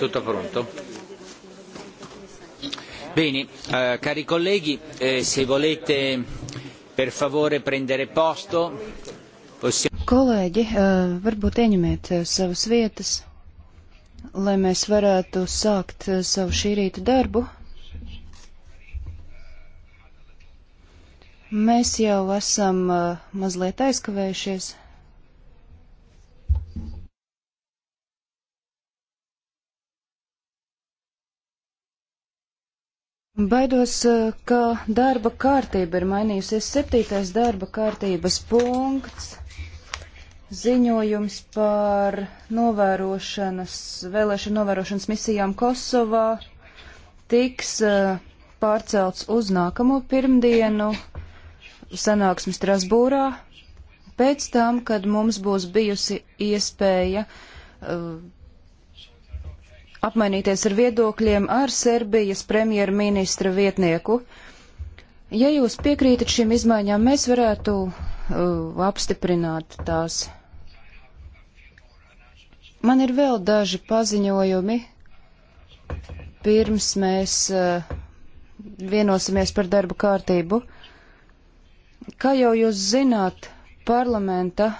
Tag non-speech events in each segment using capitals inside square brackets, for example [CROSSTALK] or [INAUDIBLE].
Tutto pronto? Bene, eh, cari colleghi, eh, se volete per favore prendere posto. Possiamo... Kolēģi, eh, varbūt ieņemiet eh, savas vietas, lai mēs varētu sākt eh, savu šī rīta darbu. Mēs jau esam eh, mazliet aizkavējušies. Baidos, eh, ka darba kārtība ir mainījusies. Septītais darba kārtības punkts - ziņojums par novērošanas, vēlēšana novērošanas misijām Kosovā tiks eh, pārcelts uz nākamo pirmdienu sanāksmi Strasbūrā, pēc tam, kad mums būs bijusi iespēja uh, apmainīties ar viedokļiem ar Serbijas premjerministra vietnieku. Ja jūs piekrītat šīm izmaiņām, mēs varētu uh, apstiprināt tās. Man ir vēl daži paziņojumi, pirms mēs uh, vienosimies par darba kārtību. Kā jau jūs zināt, parlamenta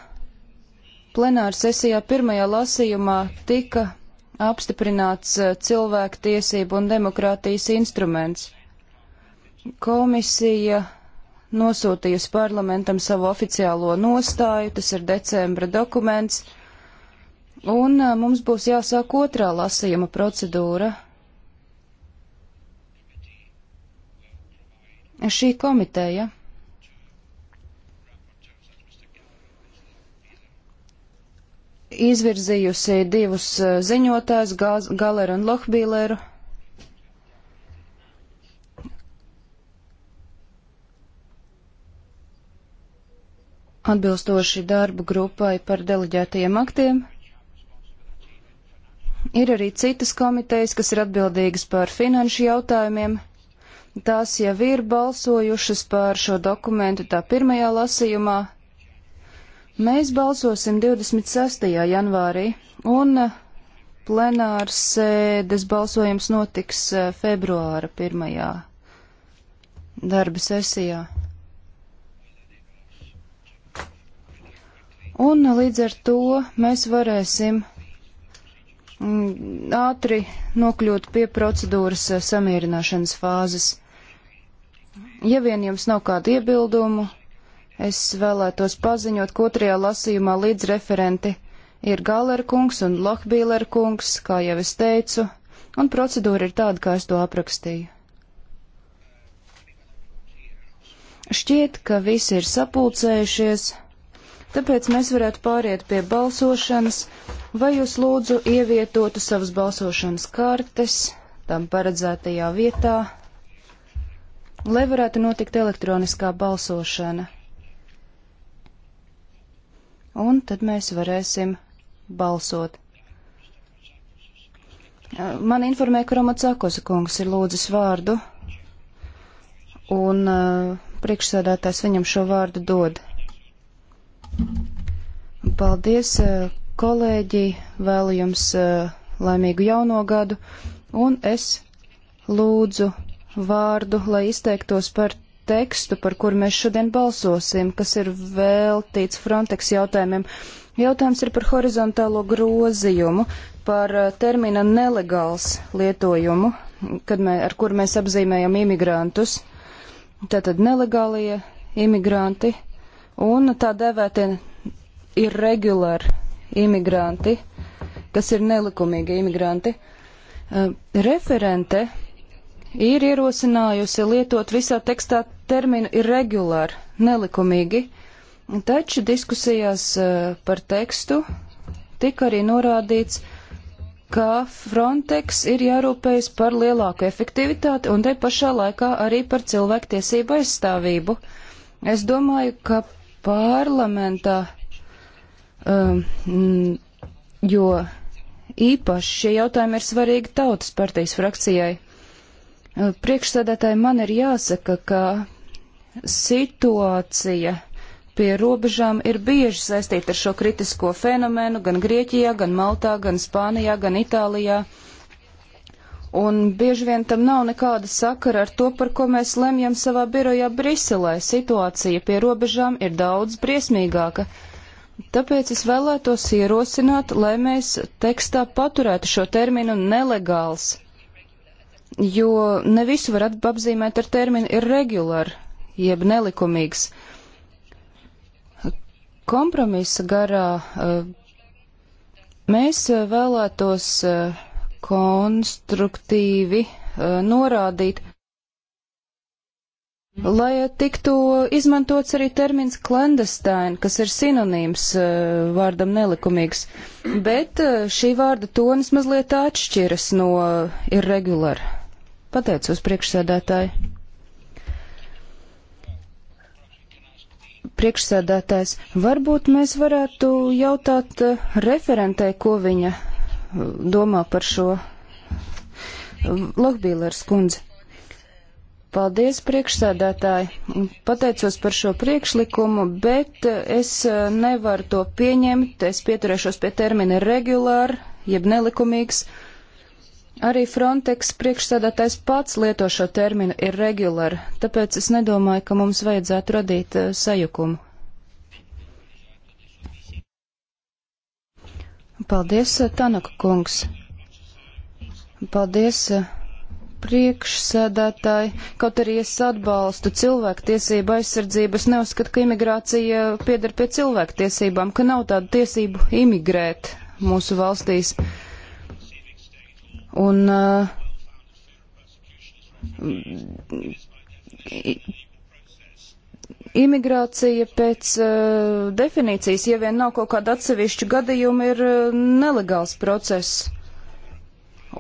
plenāra sesijā pirmajā lasījumā tika apstiprināts eh, cilvēku tiesību un demokrātijas instruments. Komisija nosūtījusi parlamentam savu oficiālo nostāju, tas ir decembra dokuments, un eh, mums būs jāsāk otrā lasījuma procedūra. Šī komiteja izvirzījusi divus eh, ziņotājus, Galeru un Lohbīleru. Atbilstoši darba grupai par deleģētajiem aktiem. Ir arī citas komitejas, kas ir atbildīgas par finanšu jautājumiem. Tās jau ir balsojušas par šo dokumentu tā pirmajā lasījumā, Mēs balsosim 26. janvārī, un eh, plenārs sēdes balsojums notiks eh, februāra pirmajā darba sesijā. Un eh, līdz ar to mēs varēsim mm, ātri nokļūt pie procedūras samierināšanas fāzes. Ja vien jums nav kādu iebildumu, Es vēlētos paziņot, ka otrajā lasījumā līdzreferenti ir Galera kungs un Lohbīler kungs, kā jau es teicu, un procedūra ir tāda, kā es to aprakstīju. Šķiet, ka visi ir sapulcējušies, tāpēc mēs varētu pāriet pie balsošanas, vai jūs lūdzu ievietotu savas balsošanas kartes tam paredzētajā vietā, lai varētu notikt elektroniskā balsošana un tad mēs varēsim balsot. Man informē, ka Romacakosa kungs ir lūdzis vārdu, un uh, priekšsēdētājs viņam šo vārdu dod. Paldies, uh, kolēģi, vēlu jums uh, laimīgu jauno gadu, un es lūdzu vārdu, lai izteiktos par tekstu, par kur mēs šodien balsosim, kas ir veltīts Frontex jautājumiem. Jautājums ir par horizontālo grozījumu, par eh, termina nelegāls lietojumu, kad mē, ar kur mēs apzīmējam imigrantus. Tātad nelegālie imigranti un tā dēvētie irregulāri imigranti, kas ir nelikumīgi imigranti. Eh, referente ir ierosinājusi lietot visā tekstā terminu irregulāri, nelikumīgi, taču diskusijās e, par tekstu tika arī norādīts, ka Frontex ir jārūpējas par lielāku efektivitāti un te pašā laikā arī par cilvēktiesību aizstāvību. Es domāju, ka parlamentā, um, jo īpaši šie jautājumi ir svarīgi tautas partijas frakcijai. Priekšsēdētāji man ir jāsaka, ka situācija pie robežām ir bieži saistīta ar šo kritisko fenomenu gan Grieķijā, gan Maltā, gan Spānijā, gan Itālijā. Un bieži vien tam nav nekāda sakara ar to, par ko mēs lemjam savā birojā Briselē. Situācija pie robežām ir daudz briesmīgāka. Tāpēc es vēlētos ierosināt, lai mēs tekstā paturētu šo terminu nelegāls jo ne visu var apzīmēt ar terminu irregular, jeb nelikumīgs. Kompromisa garā eh, mēs eh, vēlētos eh, konstruktīvi norādīt, lai tiktu izmantots arī termins clandestine, kas ir sinonīms vārdam nelikumīgs, bet šī vārda tonis mazliet atšķiras no irregular. Pateicos priekšsēdētāji. Priekšsēdētājs, varbūt mēs varētu jautāt eh, referentē, ko viņa eh, domā par šo eh, Lohbīlers kundze. Paldies, priekšsēdētāji. Pateicos par šo priekšlikumu, bet es nevaru to pieņemt. Es pieturēšos pie termina regulāri, jeb nelikumīgs. Arī Frontex priekšsēdētājs pats lieto šo terminu ir regulāri, tāpēc es nedomāju, ka mums vajadzētu radīt uh, sajukumu. Paldies, eh, Tanaka kungs. Paldies, eh, priekšsēdētāji. Kaut arī es atbalstu cilvēktiesību aizsardzības, neuzskatu, ka imigrācija pieder pie cilvēktiesībām, ka nav tādu tiesību imigrēt mūsu valstīs. Uh, Un uh, imigrācija pēc uh, definīcijas, ja vien nav kaut kāda atsevišķa gadījuma, ir uh, nelegāls process.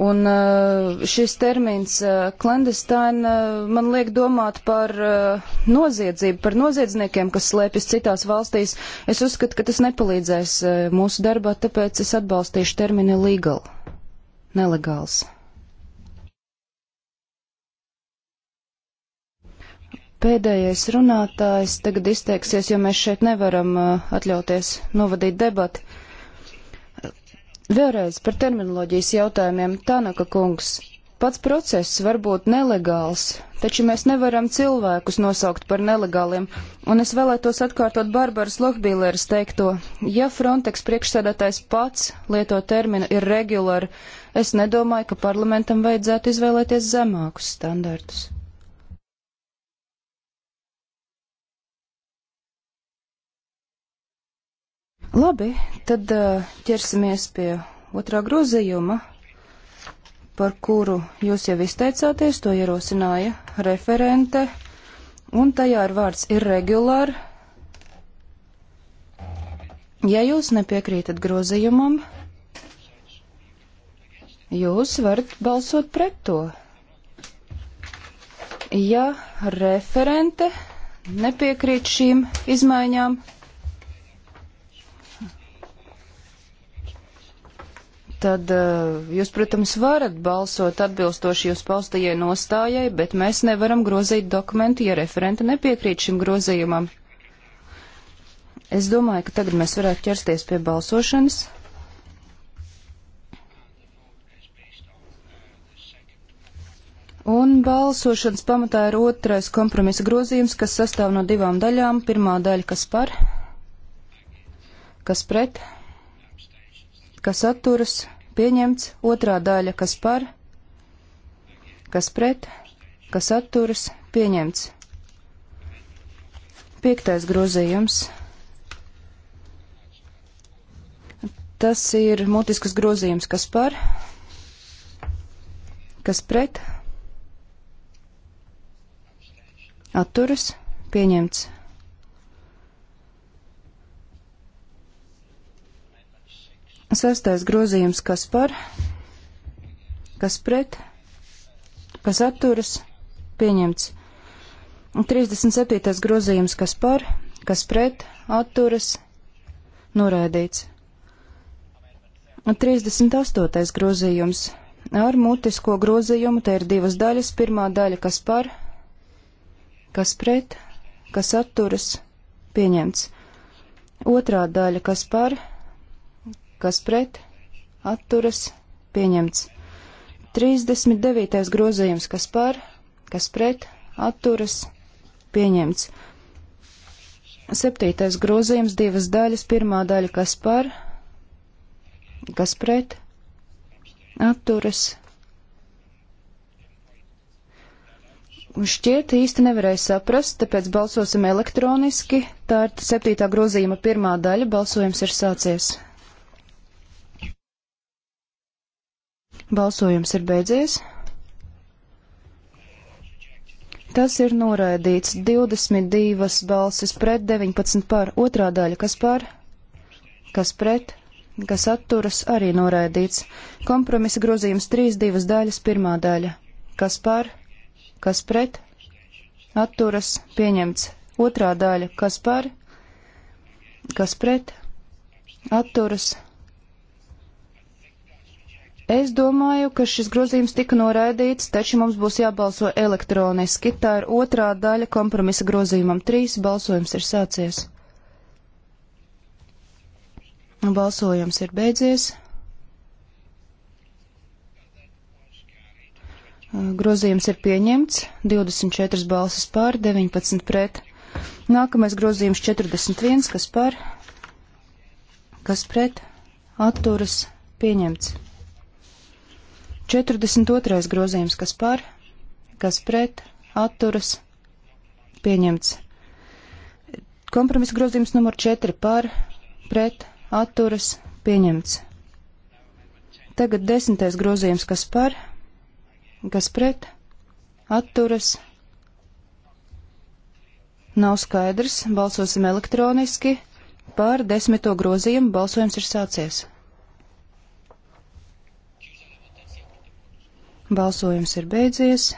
Un uh, šis termins uh, clandestīna uh, man liek domāt par uh, noziedzību, par noziedzniekiem, kas slēpjas citās valstīs. Es uzskatu, ka tas nepalīdzēs mūsu darbā, tāpēc es atbalstīšu terminu legal nelegāls. Pēdējais runātājs tagad izteiksies, jo mēs šeit nevaram uh, atļauties novadīt debati. Vēlreiz par terminoloģijas jautājumiem Tanaka kungs. Pats process var būt nelegāls, taču mēs nevaram cilvēkus nosaukt par nelegāliem, un es vēlētos atkārtot Barbaras Lohbīleres teikto, ja Frontex priekšsēdētājs pats lieto terminu ir regulāri, Es nedomāju, ka parlamentam vajadzētu izvēlēties zemākus standartus. Labi, tad eh, ķersimies pie otrā grozījuma, par kuru jūs jau izteicāties, to ierosināja referente, un tajā ir vārds irregulāri. Ja jūs nepiekrītat grozījumam, jūs varat balsot pret to. Ja referente nepiekrīt šīm izmaiņām, tad eh, jūs, protams, varat balsot atbilstoši jūs paustajai nostājai, bet mēs nevaram grozīt dokumentu, ja referenta nepiekrīt šim grozījumam. Es domāju, ka tagad mēs varētu ķersties pie balsošanas. Un balsošanas pamatā ir otrais kompromisa grozījums, kas sastāv no divām daļām. Pirmā daļa, kas par, kas pret, kas atturas, pieņemts. Otrā daļa, kas par, kas pret, kas atturas, pieņemts. Piektais grozījums. Tas ir mutiskas grozījums, kas par, kas pret, atturas pieņemts. Sastais grozījums, kas par, kas pret, kas atturas pieņemts. 37. grozījums, kas par, kas pret, atturas, noraidīts. 38. grozījums. Ar mutisko grozījumu te ir divas daļas. Pirmā daļa, kas par, kas pret, kas atturas, pieņemts. Otrā daļa, kas par, kas pret, atturas, pieņemts. 39. grozījums, kas par, kas pret, atturas, pieņemts. 7. grozījums, divas daļas, pirmā daļa, kas par, kas pret, atturas, šķiet īsti nevarēja saprast, tāpēc balsosim elektroniski. Tā ir septītā grozījuma pirmā daļa. Balsojums ir sācies. Balsojums ir beidzies. Tas ir noraidīts 22 balsis pret 19 par. Otrā daļa, kas par, kas pret, kas atturas, arī noraidīts. Kompromisa grozījums 3, 2 daļas, pirmā daļa, kas par, kas pret, atturas, pieņemts. Otrā daļa, kas par, kas pret, atturas. Es domāju, ka šis grozījums tika noraidīts, taču mums būs jābalso elektroniski. Tā ir otrā daļa kompromisa grozījumam. Trīs balsojums ir sācies. Balsojums ir beidzies. Grozījums ir pieņemts, 24 balsis pār, 19 pret. Nākamais grozījums 41, kas par, kas pret, atturas, pieņemts. 42. grozījums, kas par, kas pret, atturas, pieņemts. Kompromisa grozījums numur 4 par, pret, atturas, pieņemts. Tagad desmitais grozījums, kas par, kas pret, atturas, nav skaidrs, balsosim elektroniski, par desmito grozījumu balsojums ir sācies. Balsojums ir beidzies.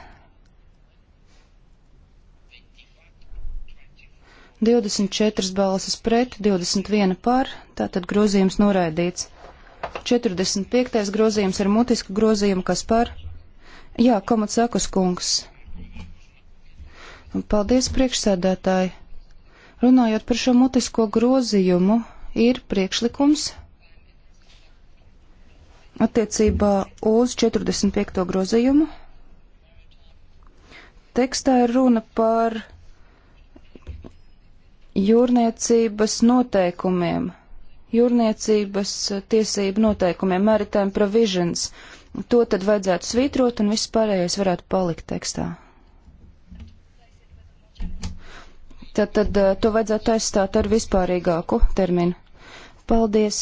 24 balsis pret, 21 par, tātad grozījums noraidīts. 45. grozījums ir mutiska grozījuma, kas par Jā, Komatsakas kungs. Paldies, priekšsēdētāji. Runājot par šo mutisko grozījumu, ir priekšlikums attiecībā uz 45. grozījumu. Tekstā ir runa par jūrniecības noteikumiem, jūrniecības tiesību noteikumiem, maritime provisions. Uh, To tad vajadzētu svītrot, un viss pārējais varētu palikt tekstā. Tad, tad eh, to vajadzētu aizstāt ar vispārīgāku terminu. Paldies!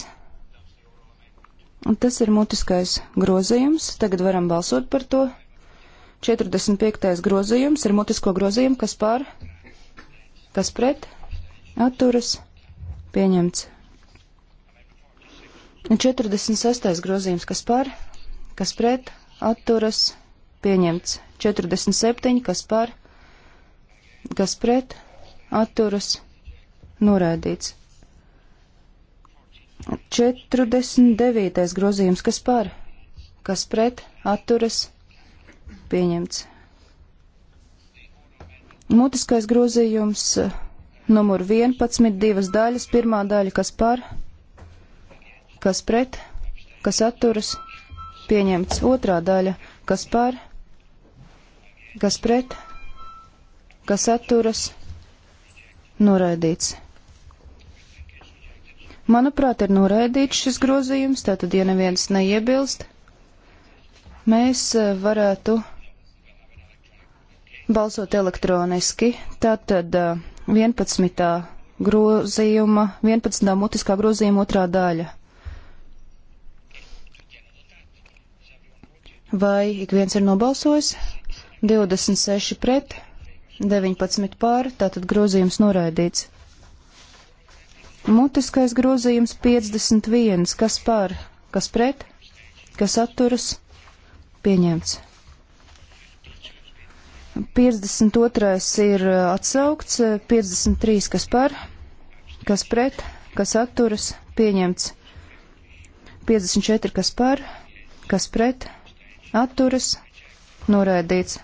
Un tas ir mutiskais grozījums. Tagad varam balsot par to. 45. grozījums ir mutisko grozījumu, kas pār, kas pret, atturas, pieņemts. Un 46. grozījums, kas pār, kas pret, atturas, pieņemts. 47, kas par, kas pret, atturas, noraidīts. 49. grozījums, kas par, kas pret, atturas, pieņemts. Mutiskais grozījums eh, numur 11, divas daļas, pirmā daļa, kas par, kas pret, kas atturas, pieņemts pieņemts. Otrā daļa, kas par, kas pret, kas atturas, noraidīts. Manuprāt, ir noraidīts šis grozījums, tātad, ja neviens neiebilst, mēs eh, varētu balsot elektroniski. Tātad 11. Eh, grozījuma, 11. mutiskā grozījuma otrā daļa. Vai ik viens ir nobalsojis? 26 pret, 19 pār, tātad grozījums noraidīts. Mutiskais grozījums 51, kas pār, kas pret, kas atturas, pieņemts. 52. ir uh, atsaukts, 53. kas par, kas pret, kas atturas, pieņemts. 54. kas par, kas pret, atturas, noraidīts.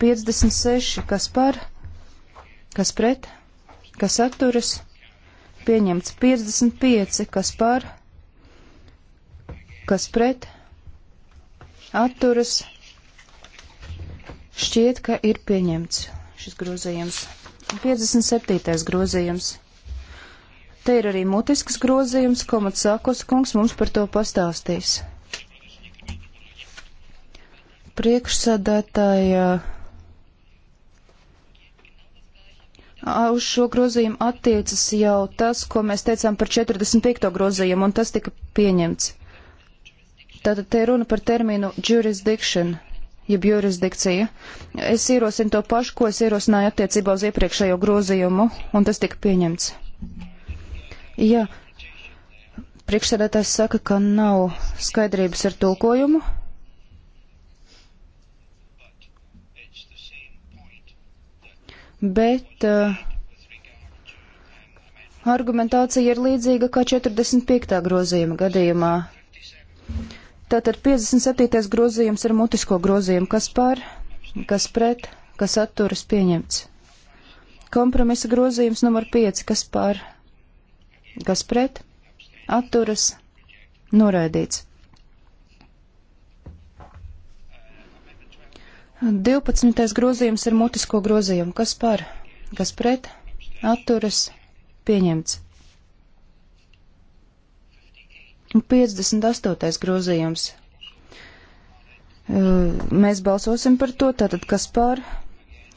56, kas par, kas pret, kas atturas, pieņemts. 55, kas par, kas pret, atturas, šķiet, ka ir pieņemts šis grozījums. 57. grozījums. Te ir arī mutisks grozījums, ko Matsākos kungs mums par to pastāstīs priekšsēdētāja. Uz šo grozījumu attiecas jau tas, ko mēs teicām par 45. grozījumu, un tas tika pieņemts. Tātad te runa par terminu jurisdiction, jeb jurisdikcija. Es ierosinu to pašu, ko es ierosināju attiecībā uz iepriekšējo grozījumu, un tas tika pieņemts. Jā, priekšsēdētājs saka, ka nav skaidrības ar tulkojumu. bet uh, argumentācija ir līdzīga kā 45. grozījuma gadījumā. Tātad 57. grozījums ir mutisko grozījumu, kas par, kas pret, kas atturas pieņemts. Kompromisa grozījums numur 5, kas par, kas pret, atturas, noraidīts. 12. grozījums ir mutisko grozījumu. Kas par? Kas pret? Atturas? Pieņemts. 58. grozījums. Mēs balsosim par to, tātad kas pār,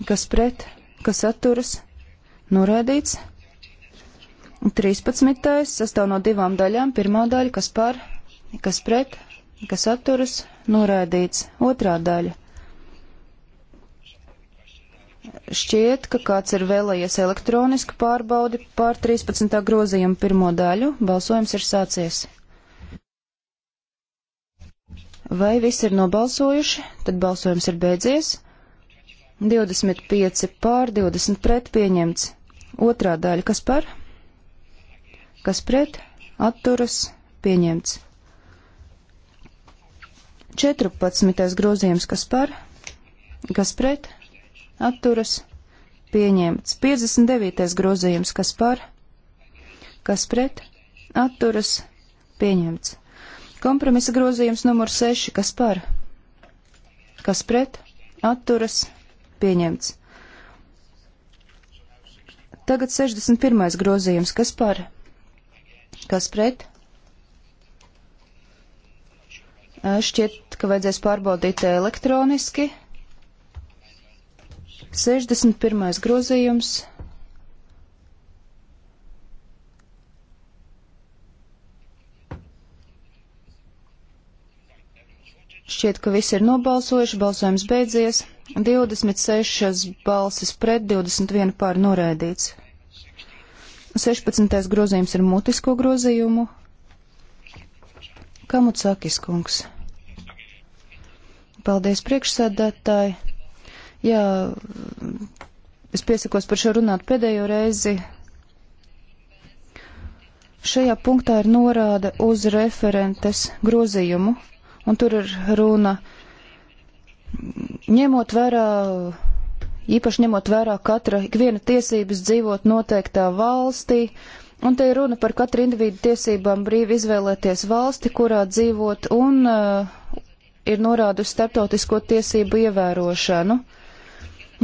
kas pret, kas atturas, norādīts. 13. sastāv no divām daļām. Pirmā daļa, kas pār, kas pret, kas atturas, norādīts. Otrā daļa šķiet, ka kāds ir vēlējies elektronisku pārbaudi pār 13. grozījumu pirmo daļu. Balsojums ir sācies. Vai visi ir nobalsojuši? Tad balsojums ir beidzies. 25 pār 20 pret pieņemts. Otrā daļa, kas par? Kas pret? Atturas pieņemts. 14. grozījums, kas par? Kas pret? atturas, pieņemts. 59. grozījums, kas par, kas pret, atturas, pieņemts. Kompromisa grozījums numur 6, kas par, kas pret, atturas, pieņemts. Tagad 61. grozījums, kas par, kas pret, šķiet, ka vajadzēs pārbaudīt elektroniski. 61. grozījums. Šķiet, ka visi ir nobalsojuši, balsojums beidzies. 26 balsis pret, 21 pār noraidīts. 16. grozījums ir mutisko grozījumu. Kamucakis kungs. Paldies priekšsēdētāji. Jā, es piesakos par šo runāt pēdējo reizi. Šajā punktā ir norāde uz referentes grozījumu, un tur ir runa ņemot vērā, īpaši ņemot vērā katra ikviena tiesības dzīvot noteiktā valstī, un te ir runa par katru individu tiesībām brīvi izvēlēties valsti, kurā dzīvot, un uh, ir norāda uz starptautisko tiesību ievērošanu. Uh,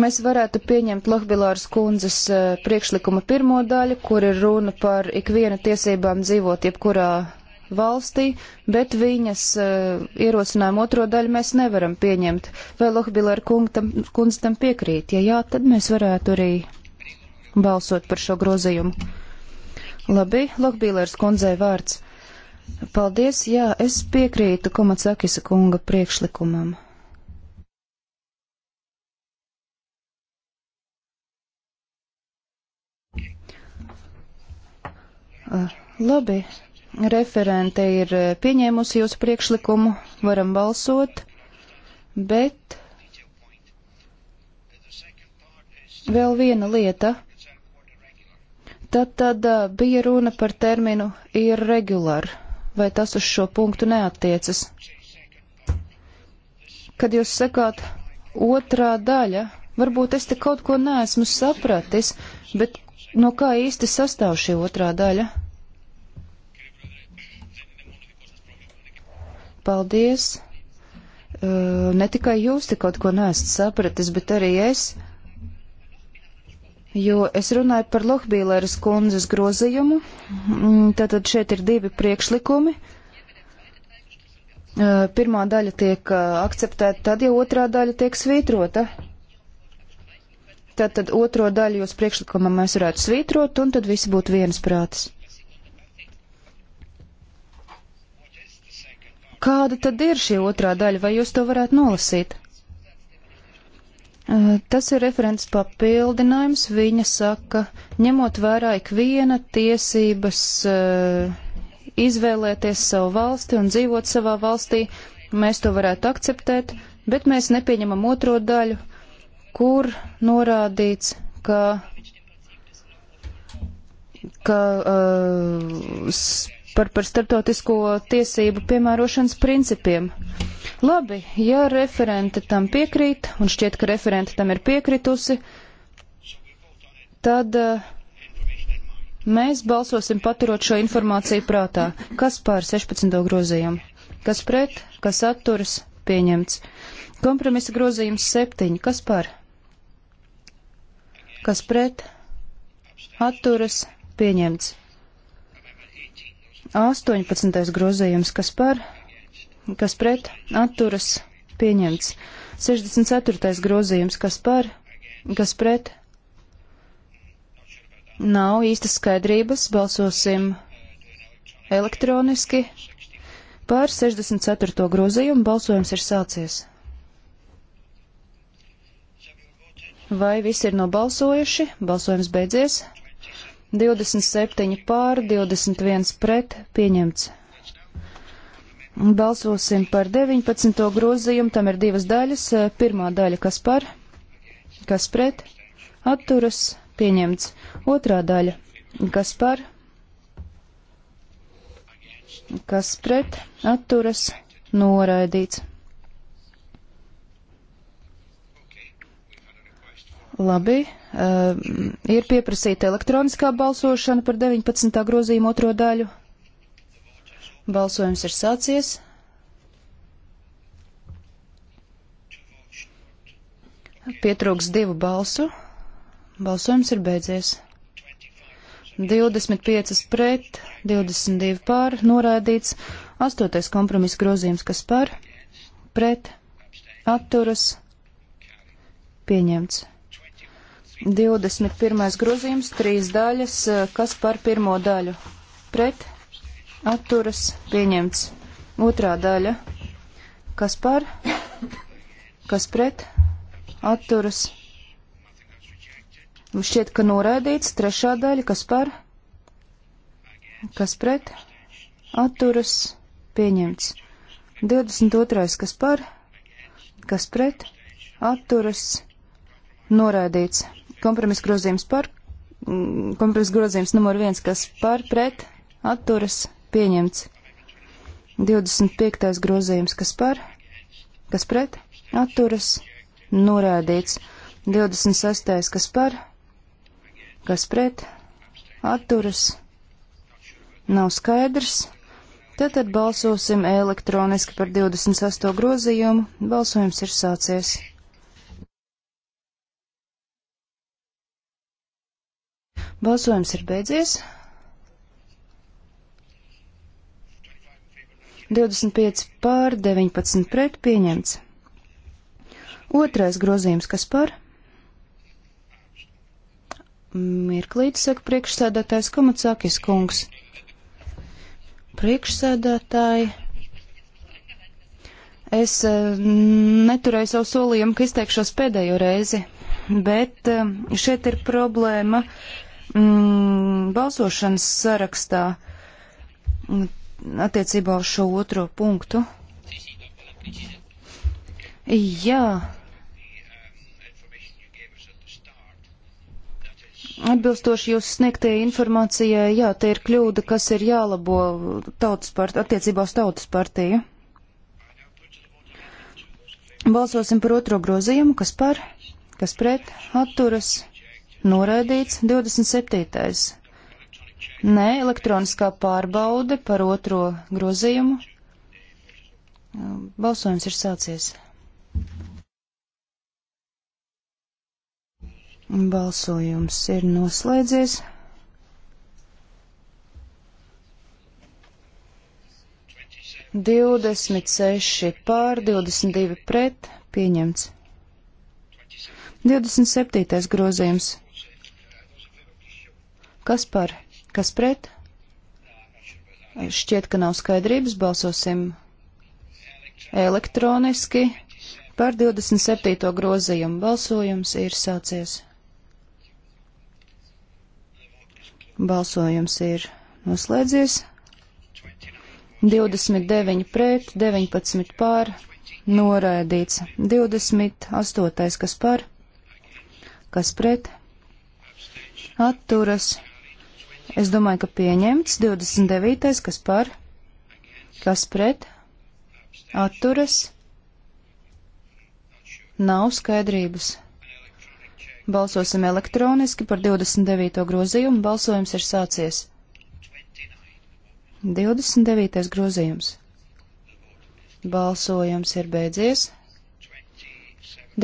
Mēs varētu pieņemt Lohbilāras kundzes e, priekšlikuma pirmo daļu, kur ir runa par ikviena tiesībām dzīvot jebkurā valstī, bet viņas e, ierosinājumu otro daļu mēs nevaram pieņemt. Vai Lohbilāra kundze tam piekrīt? Ja jā, tad mēs varētu arī balsot par šo grozījumu. Labi, Lohbilāras kundzei vārds. Paldies, jā, es piekrītu Komatsakisa kunga priekšlikumam. Labi, referente ir eh, pieņēmusi jūsu priekšlikumu, varam balsot, bet vēl viena lieta. Tad, tad eh, bija runa par terminu ir regulāri, vai tas uz šo punktu neatiecas? Kad jūs sakāt otrā daļa, varbūt es te kaut ko neesmu sapratis, bet no kā īsti sastāv šī otrā daļa? Paldies! Uh, ne tikai jūs te kaut ko neesat sapratis, bet arī es, jo es runāju par Lohbīlēras kundzes grozījumu. Mm, tātad šeit ir divi priekšlikumi. Uh, pirmā daļa tiek uh, akceptēta, tad jau otrā daļa tiek svītrota. Tātad otro daļu jūs priekšlikumam mēs varētu svītrot, un tad visi būtu viensprātis. Kāda tad ir šī otrā daļa, vai jūs to varētu nolasīt? Eh, tas ir referents papildinājums. Viņa saka, ņemot vērā ikviena tiesības eh, izvēlēties savu valsti un dzīvot savā valstī, mēs to varētu akceptēt, bet mēs nepieņemam otro daļu, kur norādīts, ka, ka uh, par, par starptautisko tiesību piemērošanas principiem. Labi, ja referente tam piekrīt, un šķiet, ka referente tam ir piekritusi, tad eh, mēs balsosim paturot šo informāciju prātā. Kas pār 16. grozījumu? Kas pret, kas atturas, pieņemts. Kompromisa grozījums 7. Kas par? Kas pret, atturas, pieņemts. 18. grozījums, kas par, kas pret, atturas, pieņemts. 64. grozījums, kas par, kas pret, nav īstas skaidrības, balsosim elektroniski. Pār 64. grozījumu balsojums ir sācies. Vai visi ir nobalsojuši? Balsojums beidzies. 27 pār, 21 pret, pieņemts. Balsosim par 19. grozījumu, tam ir divas daļas. Pirmā daļa, kas par, kas pret, atturas, pieņemts. Otrā daļa, kas par, kas pret, atturas, noraidīts. Labi, uh, ir pieprasīta elektroniskā balsošana par 19. grozījumu otro daļu. Balsojums ir sācies. Pietrūks divu balsu. Balsojums ir beidzies. 25 pret, 22 pār, noraidīts. 8. kompromisa grozījums, kas par, pret, atturas, pieņemts. 21. grozījums, trīs daļas, eh, kas par pirmo daļu pret, atturas, pieņemts. Otrā daļa, kas par, kas pret, atturas. Šķiet, ka noraidīts. Trešā daļa, kas par, kas pret, atturas, pieņemts. 22. kas par, kas pret, atturas, noraidīts. Kompromiss grozījums par, mm, kompromiss grozījums numur viens, kas par, pret, atturas, pieņemts. 25. grozījums, kas par, kas pret, atturas, norādīts. 26. kas par, kas pret, atturas, nav skaidrs. Tātad balsosim elektroniski par 28. grozījumu. Balsojums ir sācies. Balsojums ir beidzies. 25 pār 19 pret pieņemts. Otrais grozījums, kas par? Mirklīt, saka priekšsēdētājs Komatsakis kungs. Priekšsēdētāji, es eh, neturēju savu solījumu, ka izteikšos pēdējo reizi, bet eh, šeit ir problēma. Uh, mm, balsošanas sarakstā mm, attiecībā uz šo otro punktu. Jā. Atbilstoši jūsu sniegtajai informācijai, jā, te ir kļūda, kas ir jālabo tautas part, attiecībā uz tautas partiju. Balsosim par otro grozījumu, kas par, kas pret, atturas, Noraidīts 27. Nē, elektroniskā pārbaude par otro grozījumu. Balsojums ir sācies. Balsojums ir noslēdzies. Divdesmit seši pār, divdesmit divi pret, pieņemts. Divdesmit septītais grozījums Kas par? Kas pret? Šķiet, ka nav skaidrības. Balsosim elektroniski. Par 27. grozījumu balsojums ir sācies. Balsojums ir noslēdzies. 29 pret, 19 pār, noraidīts. 28. kas par, kas pret, atturas Es domāju, ka pieņemts 29. kas par, kas pret, atturas, nav skaidrības. Balsosim elektroniski par 29. grozījumu, balsojums ir sācies. 29. grozījums. Balsojums ir beidzies.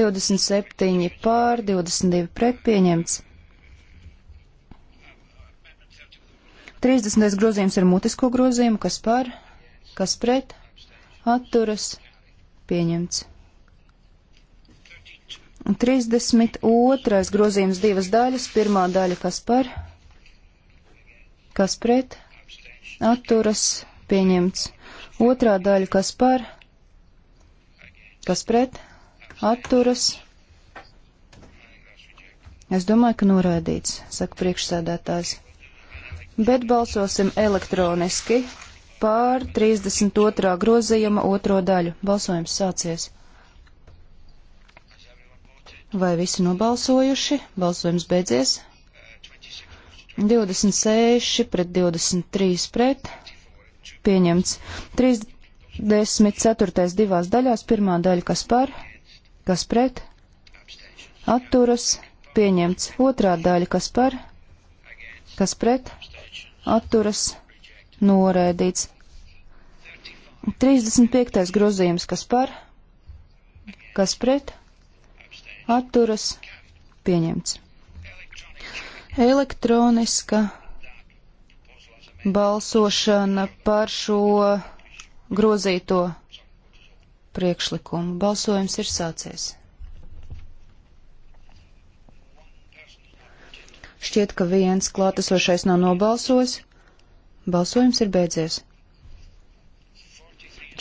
27 pār, 22 pret pieņemts. 30. grozījums ar mutisko grozījumu, kas par, kas pret, atturas, pieņemts. 32. grozījums divas daļas, pirmā daļa, kas par, kas pret, atturas, pieņemts. Otrā daļa, kas par, kas pret, atturas. Es domāju, ka noraidīts, saka priekšsēdētājs bet balsosim elektroniski pār 32. grozījuma otro daļu. Balsojums sācies. Vai visi nobalsojuši? Balsojums beidzies. 26 pret 23 pret. Pieņemts. 34. divās daļās. Pirmā daļa kas par, kas pret. Atturas. Pieņemts. Otrā daļa kas par, kas pret atturas noraidīts. 35. grozījums, kas par, kas pret, atturas pieņemts. Elektroniska balsošana par šo grozīto priekšlikumu. Balsojums ir sācies. Šķiet, ka viens klātesošais nav nobalsojis. Balsojums ir beidzies.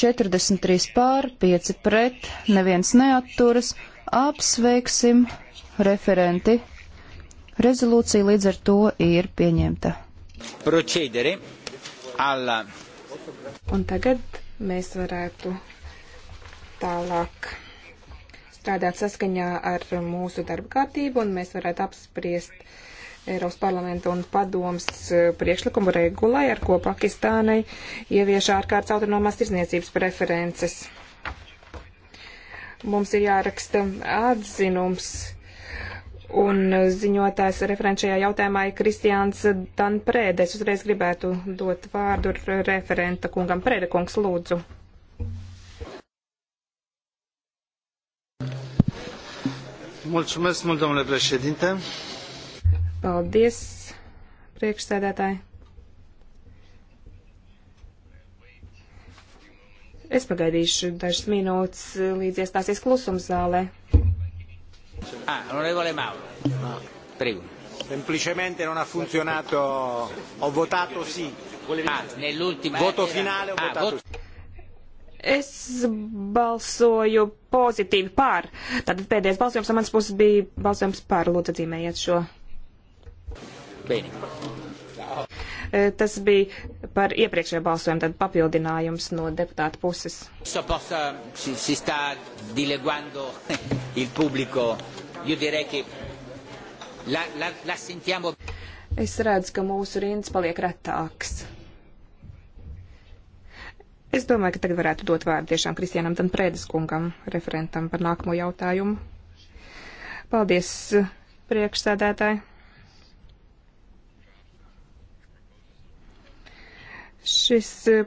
43 pār, 5 pret, neviens neatturas. Apsveiksim referenti. Rezolūcija līdz ar to ir pieņemta. Procedere alla. Un tagad mēs varētu tālāk strādāt saskaņā ar mūsu darba kārtību, un mēs varētu apspriest Eiropas parlamenta un padomas eh, priekšlikumu regulai, ar ko Pakistānai ievieš ārkārtas autonomās tirzniecības preferences. Mums ir jāraksta atzinums, un ziņotājs referenčajā jautājumā ir Kristiāns Danprēdes. Uzreiz gribētu dot vārdu referenta kungam. Prēde kungs, lūdzu. Mulțumesc mult, domnule președinte. Paldies, priekšsēdētāji. Es pagaidīšu dažas minūtes, līdz iestāsies klusums zālē. Ah, onorevole Mauro. Prego. Semplicemente non ha funzionato, ho votato sì. Ah, nell'ultima... Voto finale ho ah, votato vot... sì. Es balsoju pozitīvi par. Tātad pēdējais balsojums no manas puses bija balsojums par. Lūdzu, atzīmējiet šo Bene. Eh, tas bija par iepriekšējo balsojumu, tad papildinājums no deputāta puses. [LAUGHS] Es redzu, ka mūsu rinds paliek retāks. Es domāju, ka tagad varētu dot vārdu tiešām Kristianam Tanprēdes kungam, referentam par nākamo jautājumu. Paldies, priekšsēdētāji! Šis e,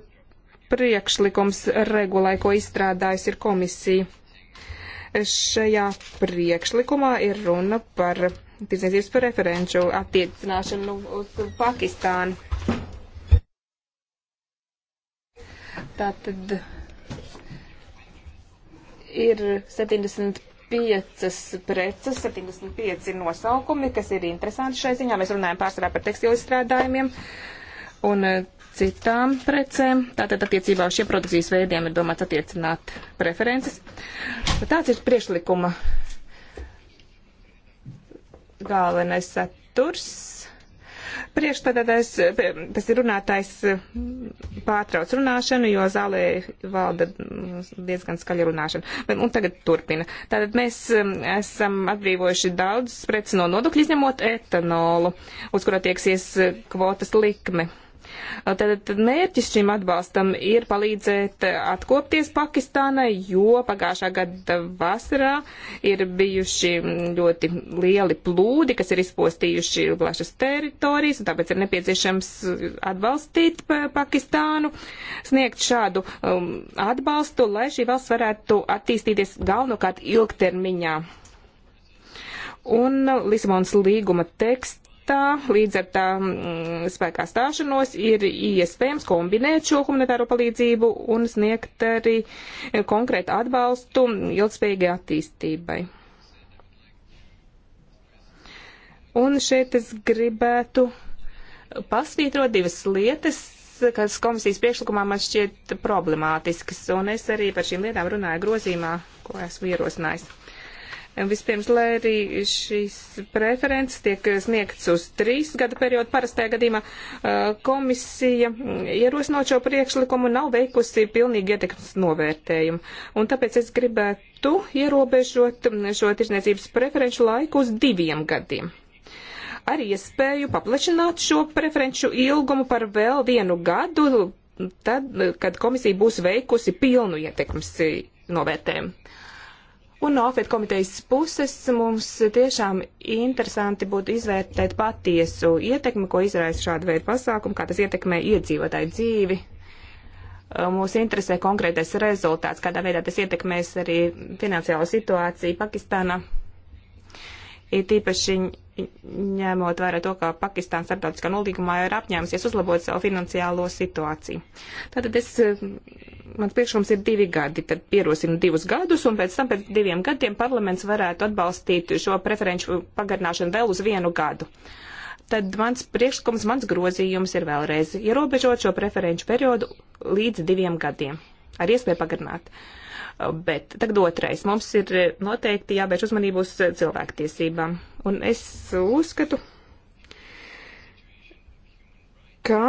priekšlikums regulai, ko izstrādājusi ir komisija. Šajā priekšlikumā ir runa par tirdzniecības preferenču attiecināšanu nu, uz Pakistānu. Tātad ir 75 preces, 75 nosaukumi, kas ir interesanti šai ziņā. Mēs runājam pārsvarā par tekstilizstrādājumiem. Un e, citām precēm. Tātad attiecībā uz šiem produkcijas veidiem ir domāts attiecināt preferences. Tāds ir priešlikuma galvenais saturs. Priekšstādātais, tas ir runātājs mm, pārtrauc runāšanu, jo zālē valda mm, diezgan skaļa runāšana. Bet, un tagad turpina. Tātad mēs mm, esam atbrīvojuši daudz preces no nodokļu izņemot etanolu, uz kura tieksies kvotas likme. Tad mērķis šim atbalstam ir palīdzēt atkopties Pakistānai, jo pagājušā gada vasarā ir bijuši ļoti lieli plūdi, kas ir izpostījuši plašas teritorijas, un tāpēc ir nepieciešams atbalstīt Pakistānu, sniegt šādu um, atbalstu, lai šī valsts varētu attīstīties galvenokārt ilgtermiņā. Un Lisabonas līguma teksts martā, līdz ar tā mm, spēkā stāšanos, ir iespējams kombinēt šo humanitāro palīdzību un sniegt arī konkrētu atbalstu ilgspējīgai attīstībai. Un šeit es gribētu pasvītrot divas lietas, kas komisijas priekšlikumā man šķiet problemātiskas, un es arī par šīm lietām runāju grozīmā, ko esmu ierosinājis. Vispirms, lai arī šīs preferences tiek sniegts uz trīs gada periodu, parastajā gadījumā komisija ierosinot šo priekšlikumu nav veikusi pilnīgi ietekmes novērtējumu. Un tāpēc es gribētu ierobežot šo tirzniecības preferenču laiku uz diviem gadiem ar iespēju paplašināt šo preferenču ilgumu par vēl vienu gadu, tad, kad komisija būs veikusi pilnu ietekmes novērtējumu. Un no Ofit komitejas puses mums tiešām interesanti būtu izvērtēt patiesu ietekmi, ko izraisa šāda veida pasākumu, kā tas ietekmē iedzīvotāju dzīvi. Mūs interesē konkrētais rezultāts, kādā veidā tas ietekmēs arī finansiālo situāciju Pakistānā. Ir tīpaši ņemot vērā to, ka Pakistāna starptautiskā nolīgumā ir apņēmusies uzlabot savu finansiālo situāciju. Tātad es, mans priekšlikums ir divi gadi, tad pierosim divus gadus, un pēc tam pēc diviem gadiem parlaments varētu atbalstīt šo preferenču pagarināšanu vēl uz vienu gadu. Tad mans priekšlikums, mans grozījums ir vēlreiz ierobežot šo preferenču periodu līdz diviem gadiem ar iespēju pagarināt. Uh, bet tagad otrais. Mums ir uh, noteikti jāvērš uzmanību uz uh, cilvēktiesībām. Un es uzskatu, ka.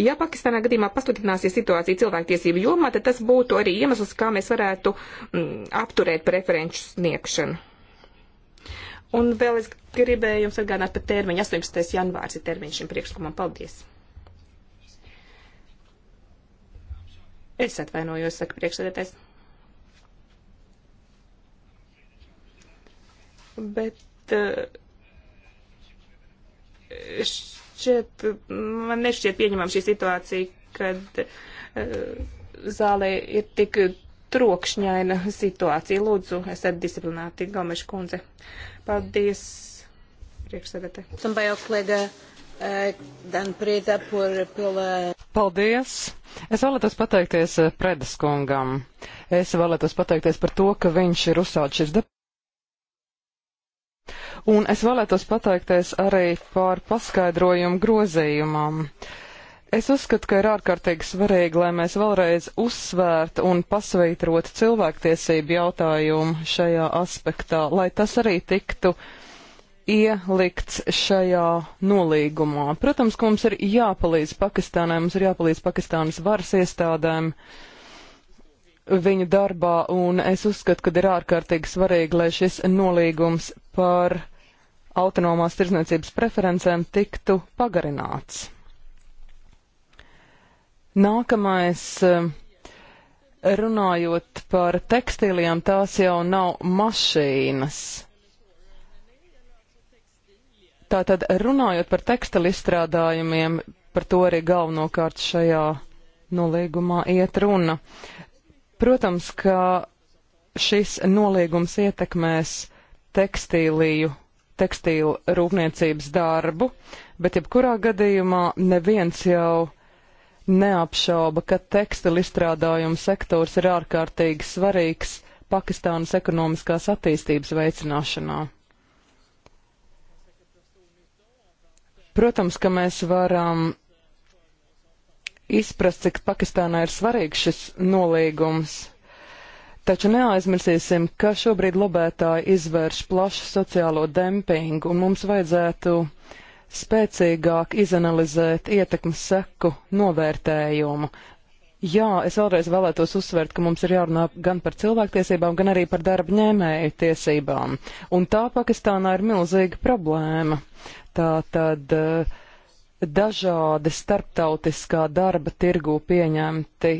Ja Pakistānā gadījumā pasliktināsies situācija cilvēktiesību jomā, tad tas būtu arī iemesls, kā mēs varētu mm, apturēt preferenču sniegšanu. Un vēl es gribēju jums atgādināt par termiņu. 18. janvārs ir termiņš šim priekšlikumam. Paldies! Es atvainojos, saka priekšsēdētājs. Bet eh, šķiet, man nešķiet pieņemam šī situācija, kad eh, zālē ir tik trokšņaina situācija. Lūdzu, esat disciplināti, Gomeša kundze. Paldies, priekšsēdētāji. Também ao colega eh, Dan Preda por, pela Paldies! Es vēlētos pateikties eh, Predes kungam. Es vēlētos pateikties par to, ka viņš ir uzsācis šis debats. Un es vēlētos pateikties arī par paskaidrojumu grozījumam. Es uzskatu, ka ir ārkārtīgi svarīgi, lai mēs vēlreiz uzsvērtu un pasveitrotu cilvēktiesību jautājumu šajā aspektā, lai tas arī tiktu uh, ielikts šajā nolīgumā. Protams, ka mums ir jāpalīdz Pakistānai, mums ir jāpalīdz Pakistānas varas iestādēm viņu darbā, un es uzskatu, ka ir ārkārtīgi svarīgi, lai šis nolīgums par autonomās tirzniecības preferencēm tiktu pagarināts. Nākamais eh, runājot par tekstīlijām, tās jau nav mašīnas. Tātad runājot par tekstilu izstrādājumiem, par to arī galvenokārt šajā nolīgumā iet runa. Protams, ka šis nolīgums ietekmēs tekstīliju, tekstīlu rūpniecības darbu, bet jebkurā gadījumā neviens jau neapšauba, ka tekstilu izstrādājumu sektors ir ārkārtīgi svarīgs Pakistānas ekonomiskās attīstības veicināšanā. Protams, ka mēs varam izprast, cik Pakistānā ir svarīgs šis nolīgums. Taču neaizmirsīsim, ka šobrīd lobētāji izvērš plašu sociālo dempingu, un mums vajadzētu spēcīgāk izanalizēt ietekmes seku novērtējumu. Jā, es vēlreiz vēlētos uzsvērt, ka mums ir jārunā gan par cilvēktiesībām, gan arī par darba ņēmēju tiesībām. Un tā Pakistānā ir milzīga problēma. Tā tad eh, dažādi starptautiskā darba tirgū pieņemti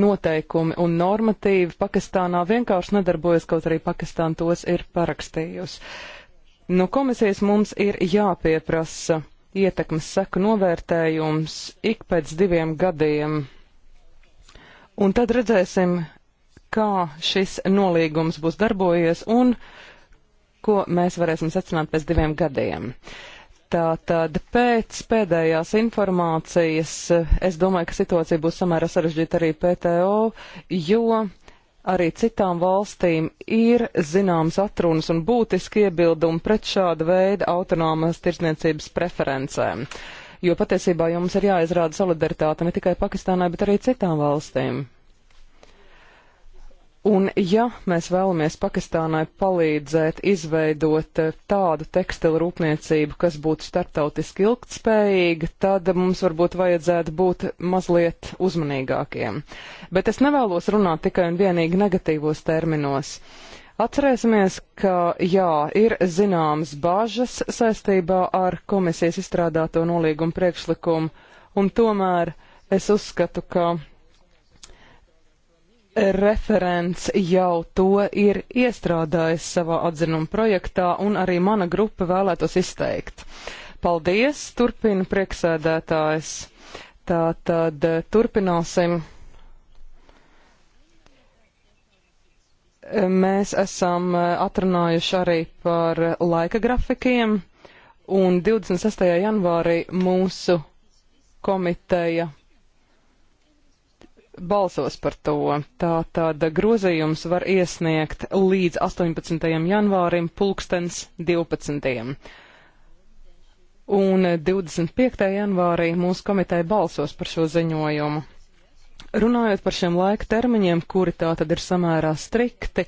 noteikumi un normatīvi Pakistānā vienkārši nedarbojas, kaut arī Pakistāna tos ir parakstījusi. No komisijas mums ir jāpieprasa ietekmes seku novērtējums ik pēc diviem gadiem. Un tad redzēsim, kā šis nolīgums būs darbojies un ko mēs varēsim secināt pēc diviem gadiem. Tātad pēc pēdējās informācijas es domāju, ka situācija būs samērā sarežģīta arī PTO, jo arī citām valstīm ir zināms atrunas un būtiski iebildumi pret šāda veida autonomās tirsniecības preferencēm. Uh, jo patiesībā jums ir jāizrāda solidaritāte ne tikai Pakistānai, bet arī citām valstīm. Un ja mēs vēlamies Pakistānai palīdzēt izveidot eh, tādu tekstilu rūpniecību, kas būtu starptautiski ilgtspējīga, tad mums varbūt vajadzētu būt mazliet uzmanīgākiem. Bet es nevēlos runāt tikai un vienīgi negatīvos terminos. Uh, Atcerēsimies, ka jā, ir zināmas bažas saistībā ar komisijas izstrādāto nolīgumu priekšlikumu, un tomēr es uzskatu, ka referents jau to ir iestrādājis savā atzinuma projektā, un arī mana grupa vēlētos izteikt. Paldies, turpina prieksēdētājs. Tātad turpināsim mēs esam eh, atrunājuši arī par laika grafikiem, un 26. janvārī mūsu komiteja balsos par to. Tātad grozījums var iesniegt līdz 18. janvārim pulkstens 12. Un 25. janvārī mūsu komiteja balsos par šo ziņojumu. Runājot par šiem laika termiņiem, kuri tā tad ir samērā strikti,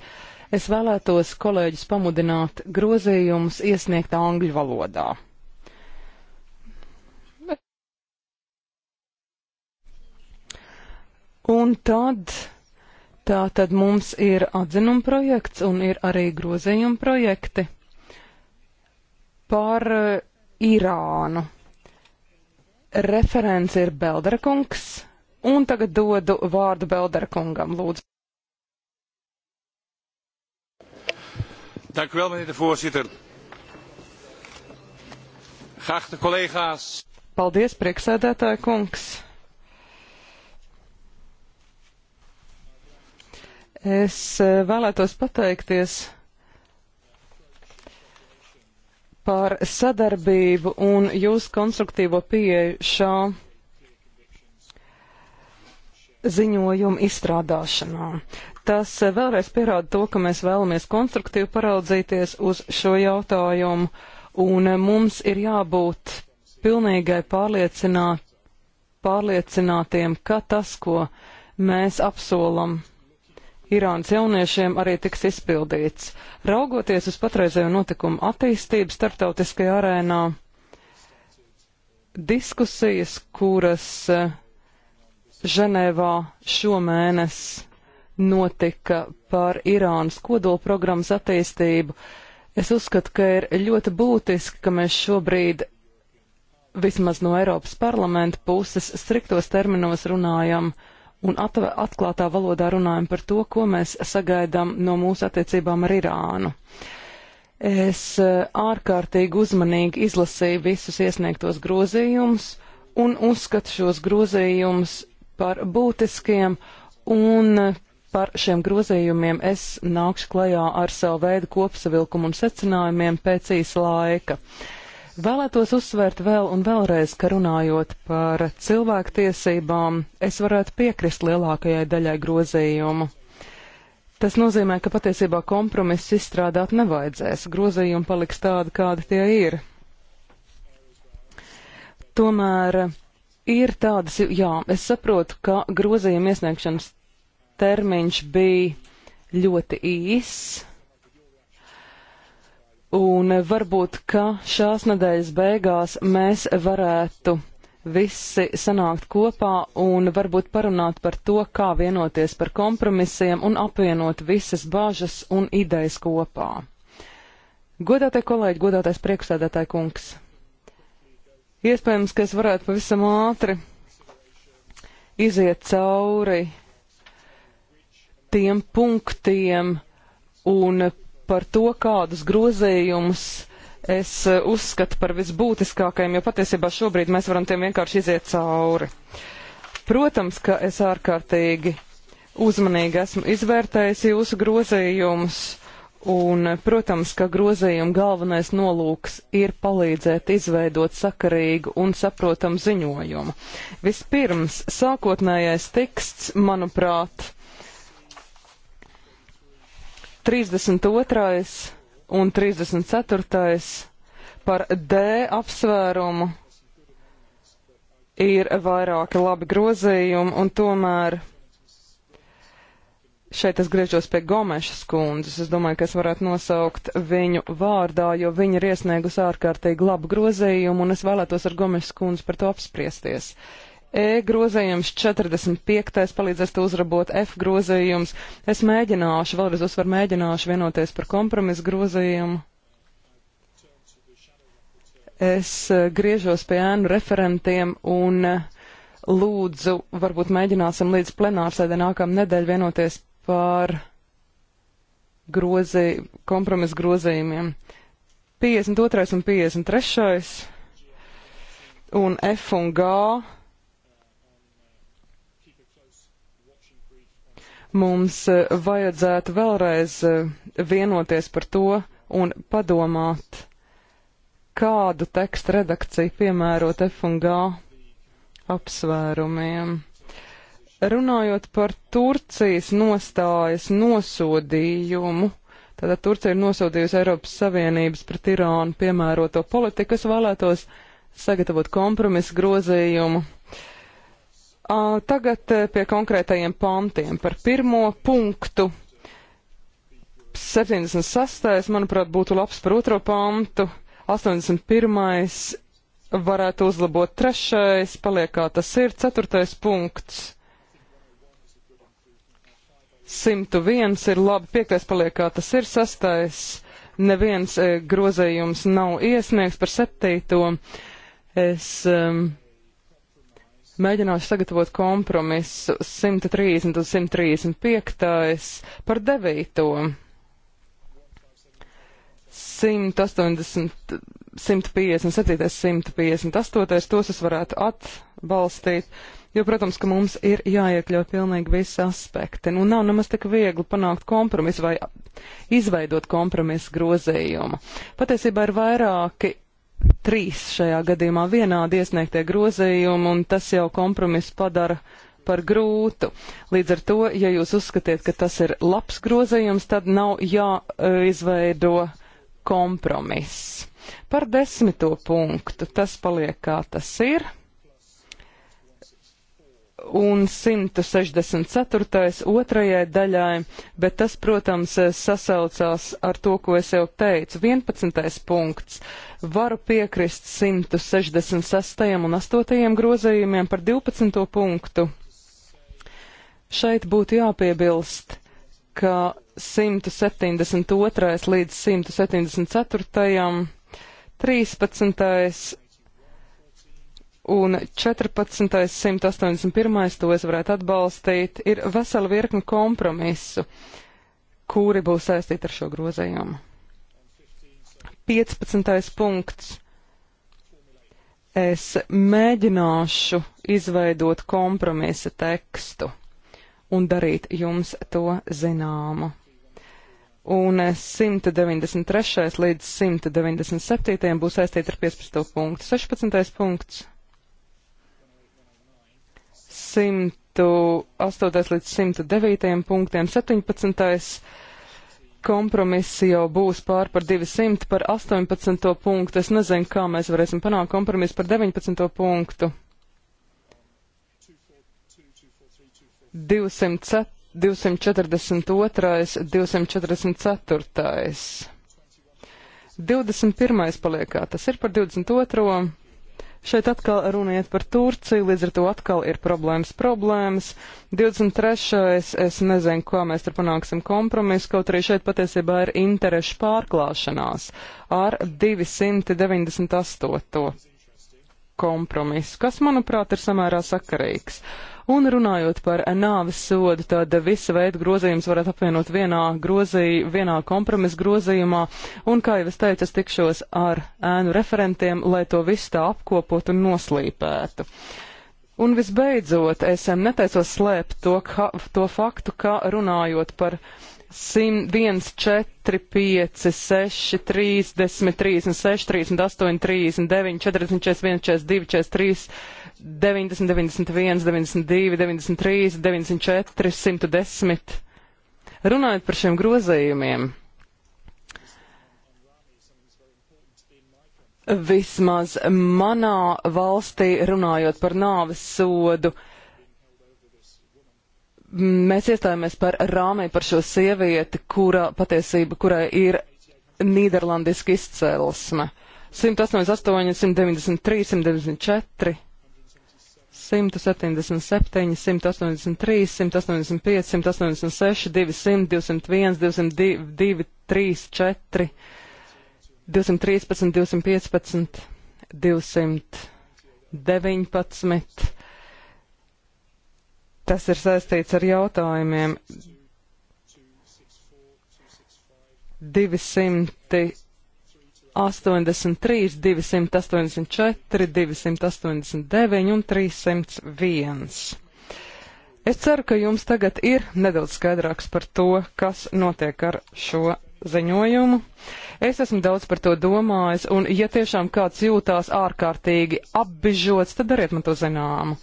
es vēlētos kolēģis pamudināt grozījumus iesniegt angļu valodā. Un tad, tā tad mums ir atzinuma projekts un ir arī grozījuma projekti par uh, Irānu. Referents ir Beldrakungs, Un tagad dodu vārdu Beldera kungam, lūdzu. Dank u wel, meneer de voorzitter. Geachte collega's. Paldies, prieksēdētāja kungs. Es eh, vēlētos pateikties par sadarbību un jūsu konstruktīvo pieeju šā ziņojumu izstrādāšanā. Tas eh, vēlreiz pierāda to, ka mēs vēlamies konstruktīvi paraudzīties uz šo jautājumu, un eh, mums ir jābūt pilnīgai pārliecināt, pārliecinātiem, ka tas, ko mēs apsolam Irānas jauniešiem arī tiks izpildīts. Raugoties uz patreizējo notikumu attīstību starptautiskajā arēnā, diskusijas, kuras uh, Ženēvā šomēnes notika par Irānas kodolprogrammas attīstību. Es uzskatu, ka ir ļoti būtiski, ka mēs šobrīd vismaz no Eiropas parlamenta puses striktos terminos runājam un atklātā valodā runājam par to, ko mēs sagaidām no mūsu attiecībām ar Irānu. Es eh, ārkārtīgi uzmanīgi izlasīju visus iesniegtos grozījumus un uzskatu šos grozījumus par būtiskiem un par šiem grozījumiem es nākšu klajā ar savu veidu kopsavilkumu un secinājumiem pēc īsa laika. Vēlētos uzsvērt vēl un vēlreiz, ka runājot par cilvēktiesībām, es varētu piekrist lielākajai daļai grozījumu. Tas nozīmē, ka patiesībā kompromiss izstrādāt nevajadzēs, grozījumi paliks tādi, kādi tie ir. Tomēr Ir tādas, jā, es saprotu, ka grozījuma iesniegšanas termiņš bija ļoti īss. Un varbūt, ka šās nedēļas beigās mēs varētu visi sanākt kopā un varbūt parunāt par to, kā vienoties par kompromisiem un apvienot visas bāžas un idejas kopā. Godātie kolēģi, godātais priekšsēdētāji kungs! Iespējams, ka es varētu pavisam ātri iziet cauri tiem punktiem un par to, kādus grozījumus es uzskatu par visbūtiskākajiem, jo patiesībā šobrīd mēs varam tiem vienkārši iziet cauri. Protams, ka es ārkārtīgi uzmanīgi esmu izvērtējis jūsu grozījumus Un, protams, ka grozījuma galvenais nolūks ir palīdzēt izveidot sakarīgu un saprotamu ziņojumu. Vispirms, sākotnējais teksts, manuprāt, 32. un 34. par D apsvērumu ir vairāki labi grozījumi, un tomēr Šeit es griežos pie Gomešas kundzes. Es domāju, ka es varētu nosaukt viņu vārdā, jo viņa ir iesniegusi ārkārtīgi labu grozījumu, un es vēlētos ar Gomešas kundzi par to apspriesties. E grozījums 45. palīdzēs te uzrabot F grozījums. Es mēģināšu, vēlreiz uzsver mēģināšu vienoties par kompromisu grozījumu. Es e, griežos pie ēnu referentiem un e, lūdzu, varbūt mēģināsim līdz plenārsēdē nākamā nedēļa vienoties par grozī, kompromisu grozījumiem. 52. un 53. un F un G. Mums eh, vajadzētu vēlreiz eh, vienoties par to un padomāt, kādu tekstu redakciju piemērot F un G apsvērumiem. Runājot par Turcijas nostājas nosodījumu, tātad Turcija ir nosodījusi Eiropas Savienības pret Irānu piemēroto politiku, es vēlētos sagatavot kompromisu grozījumu. Tagad eh, pie konkrētajiem pantiem par pirmo punktu. 76. manuprāt, būtu labs par otro pantu, 81. varētu uzlabot trešais, paliek kā tas ir, ceturtais punkts 101 ir labi, 5 paliek kā tas ir, 6 neviens e, grozējums nav iesniegts par 7. Es um, mēģināšu sagatavot kompromisu 130 un 135 par 9. 180, 157, 158, tos es varētu atbalstīt. Jo, protams, ka mums ir jāiekļauj pilnīgi visi aspekti. Nu, nav nemaz tik viegli panākt kompromisu vai izveidot kompromisu grozījumu. Patiesībā ir vairāki trīs šajā gadījumā vienādi iesniegtie grozījumi, un tas jau kompromisu padara par grūtu. Līdz ar to, ja jūs uzskatiet, ka tas ir labs grozījums, tad nav jāizveido kompromiss. Par desmito punktu tas paliek kā tas ir un 164. otrajai daļai, bet tas, protams, sasaucās ar to, ko es jau teicu. 11. punkts. Varu piekrist 166. un 8. grozījumiem par 12. punktu. Šeit būtu jāpiebilst, ka 172. līdz 174. 13 un 14. 181. to es varētu atbalstīt, ir vesela virkni kompromisu, kuri būs saistīti ar šo grozējumu. 15. punkts. Es mēģināšu izveidot kompromisa tekstu un darīt jums to zināmu. Un 193. līdz 197. būs saistīti ar 15. punktu. 16. punkts 108. līdz 109. punktiem 17. kompromiss jau būs pār par 200 par 18. punktu. Es nezinu, kā mēs varēsim panākt kompromisu par 19. punktu. 204, 242, 244. 21. paliekā, tas ir par 22. Šeit atkal runiet par Turciju, līdz ar to atkal ir problēmas problēmas. 23. es, es nezinu, kā mēs tur panāksim kompromisu, kaut arī šeit patiesībā ir interešu pārklāšanās ar 298. kompromisu, kas, manuprāt, ir samērā sakarīgs. Uh, Un runājot par nāves sodu, tad visa veida grozījums varētu apvienot vienā, grozī, vienā kompromisa grozījumā. Un, kā jau es teicu, es tikšos ar ēnu referentiem, lai to visu tā apkopot un noslīpētu. Un visbeidzot, es neteicos slēpt to, ka, to faktu, ka runājot par uh, 101, 4, 5, 6, 30, 36, 38, 39, 40, 41, 42, 43, 90, 91, 92, 93, 94, 110. Runājot par šiem grozījumiem, vismaz manā valstī runājot par nāves sodu, uh, mēs iestājāmies par Rāmei, par šo sievieti, kura patiesība, kurai ir nīderlandiski izcēlesme. 188, 193, 194, 177, 183, 185, 186, 200, 201, 202, 3, 4, 213, 215, 219. Tas ir saistīts ar jautājumiem 283, 284, 289 un 301. Es ceru, ka jums tagad ir nedaudz skaidrāks par to, kas notiek ar šo ziņojumu. Es esmu daudz par to domājis, un ja tiešām kāds jūtās ārkārtīgi apbižots, tad dariet man to zināmu.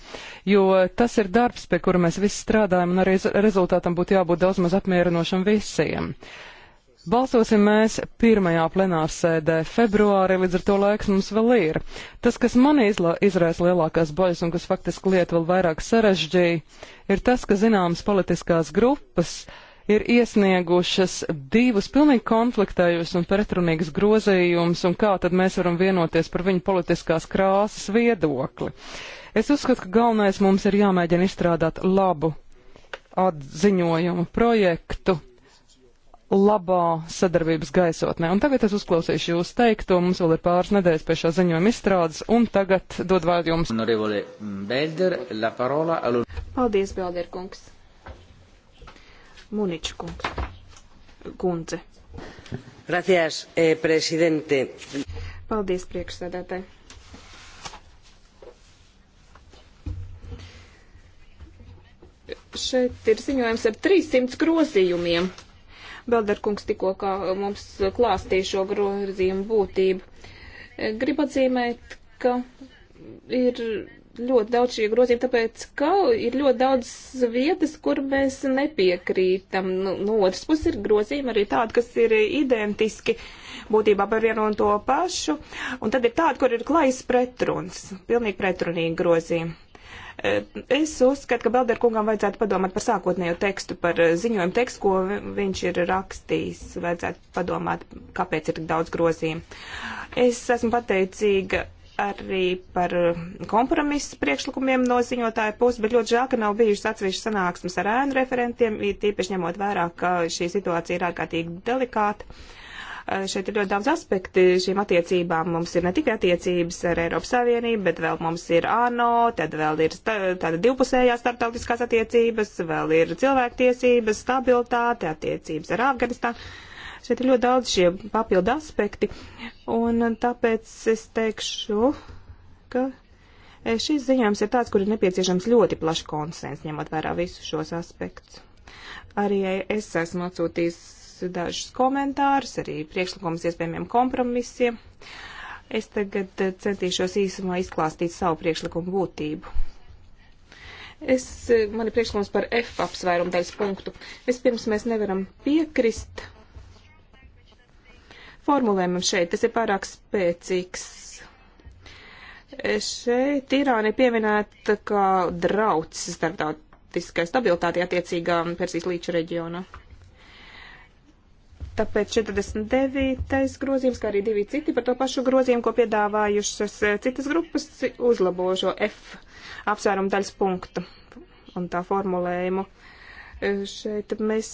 Jo tas ir darbs, pie kura mēs visi strādājam, un arī rezultātam būtu jābūt daudz maz apmierinošam visiem. Balsosim mēs pirmajā plenārsēdē februārī, līdz ar to laiks mums vēl ir. Tas, kas man izraisa lielākās bažas un kas faktiski lietu vēl vairāk sarežģīja, ir tas, ka zināmas politiskās grupas uh, ir iesniegušas divus pilnīgi konfliktējus un pretrunīgus grozījumus, un kā tad mēs varam vienoties par viņu politiskās krāsas viedokli. Es uzskatu, ka galvenais mums ir jāmēģina izstrādāt labu atziņojumu projektu labā sadarbības gaisotnē. Un tagad es uzklausīšu jūs teikto, mums vēl ir pāris nedēļas pie šā ziņojuma izstrādes, un tagad dod vārdu jums. Paldies, Belder kungs. Muniča kungs. Kundze. Gracias, eh, prezidente. Paldies, priekšsēdētāji. Šeit ir ziņojums ar 300 grozījumiem. Belderkungs tikko kā mums klāstīja šo grozījumu būtību. Gribu atzīmēt, ka ir ļoti daudz šie grozījumi, tāpēc, ka ir ļoti daudz vietas, kur mēs nepiekrītam. Nu, no otras puses ir grozījumi arī tādi, kas ir identiski būtībā par vienu un to pašu, un tad ir tādi, kur ir klais pretruns, pilnīgi pretrunīgi grozījumi. Es uzskatu, ka Belderkungam vajadzētu padomāt par sākotnējo tekstu, par ziņojumu tekstu, ko viņš ir rakstījis. Vajadzētu padomāt, kāpēc ir tik daudz grozījumu. Es esmu pateicīga arī par uh, kompromisu priekšlikumiem no ziņotāja puses, bet ļoti žēl, ka nav bijušas atsevišķas sanāksmes ar ēnu referentiem, tīpaši ņemot vērā, ka šī situācija ir ārkārtīgi delikāta. Uh, šeit ir ļoti daudz aspekti šīm attiecībām. Mums ir ne tikai attiecības ar Eiropas Savienību, bet vēl mums ir ANO, tad vēl ir tāda divpusējā starptautiskās attiecības, vēl ir cilvēktiesības, stabilitāte, attiecības ar Afganistānu Šeit ir ļoti daudz šie papildu aspekti, un tāpēc es teikšu, ka e, šis ziņojums ir tāds, kur ir nepieciešams ļoti plašs konsens, ņemot vērā visus šos aspektus. Arī es esmu atsūtījis dažus komentārus, arī priekšlikumus iespējamiem kompromisiem. Es tagad e, centīšos īsumā izklāstīt savu priekšlikumu būtību. Es, e, man ir priekšlikums par F apsvērumu daļas punktu. Vispirms mēs nevaram piekrist formulējumam šeit. Tas ir pārāk spēcīgs. E, šeit Irāna ir pieminēta kā drauds starptautiskai stabilitātei attiecīgā Persijas līča reģiona. Tāpēc 49. grozījums, kā arī divi citi par to pašu grozījumu, ko piedāvājušas citas grupas, uzlabo šo F apsvērumu daļas punktu un tā formulējumu. E, šeit mēs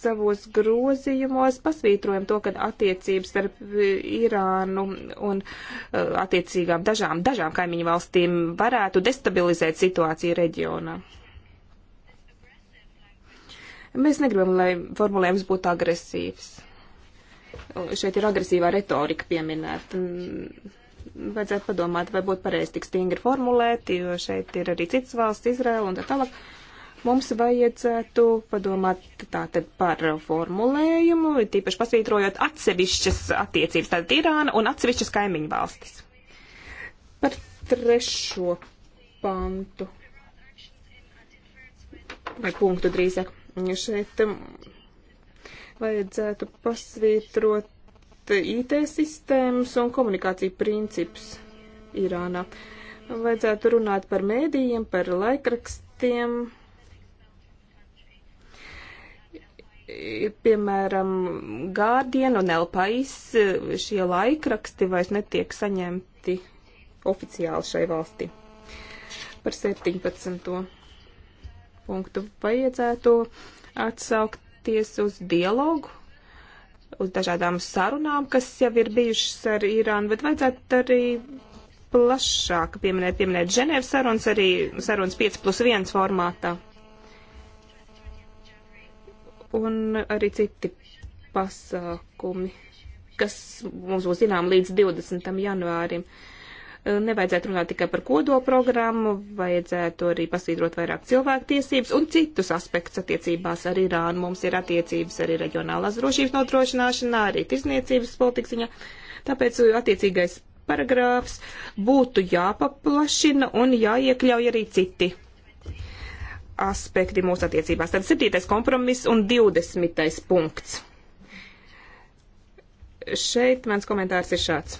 savos grozījumos pasvītrojam to, ka attiecības starp Irānu un uh, attiecīgām dažām, dažām kaimiņu valstīm varētu destabilizēt situāciju reģionā. Mēs negribam, lai formulējums būtu agresīvs. Šeit ir agresīvā retorika pieminēta vajadzētu padomāt, vai būtu pareizi tik stingri formulēti, jo šeit ir arī citas valsts, Izraela un tā tālāk. Mums vajadzētu padomāt tātad par formulējumu, tīpaši pasvītrojot atsevišķas attiecības, tātad Irāna un atsevišķas kaimiņu valstis. Par trešo pantu vai punktu drīzāk. Šeit um, vajadzētu pasvītrot IT sistēmas un komunikāciju principus Irānā. Vajadzētu runāt par mēdījiem, par laikrakstiem, piemēram, Guardian un Elpais šie laikraksti vairs netiek saņemti oficiāli šai valstī. Par 17. punktu vajadzētu atsaukties uz dialogu, uz dažādām sarunām, kas jau ir bijušas ar Irānu, bet vajadzētu arī plašāk pieminēt, pieminēt Ženēvas sarunas, arī sarunas 5 plus 1 formātā un arī citi pasākumi, kas mums būs zinām līdz 20. janvārim. Nevajadzētu runāt tikai par kodoprogrammu, vajadzētu arī pasvītrot vairāk cilvēktiesības un citus aspektus attiecībās ar Irānu. Mums ir attiecības arī reģionālās drošības nodrošināšanā, arī tirzniecības politikas ziņā. Tāpēc attiecīgais paragrāfs būtu jāpaplašina un jāiekļauj arī citi aspekti mūsu attiecībās. Tad 7. kompromiss un 20. punkts. Šeit mans komentārs ir šāds.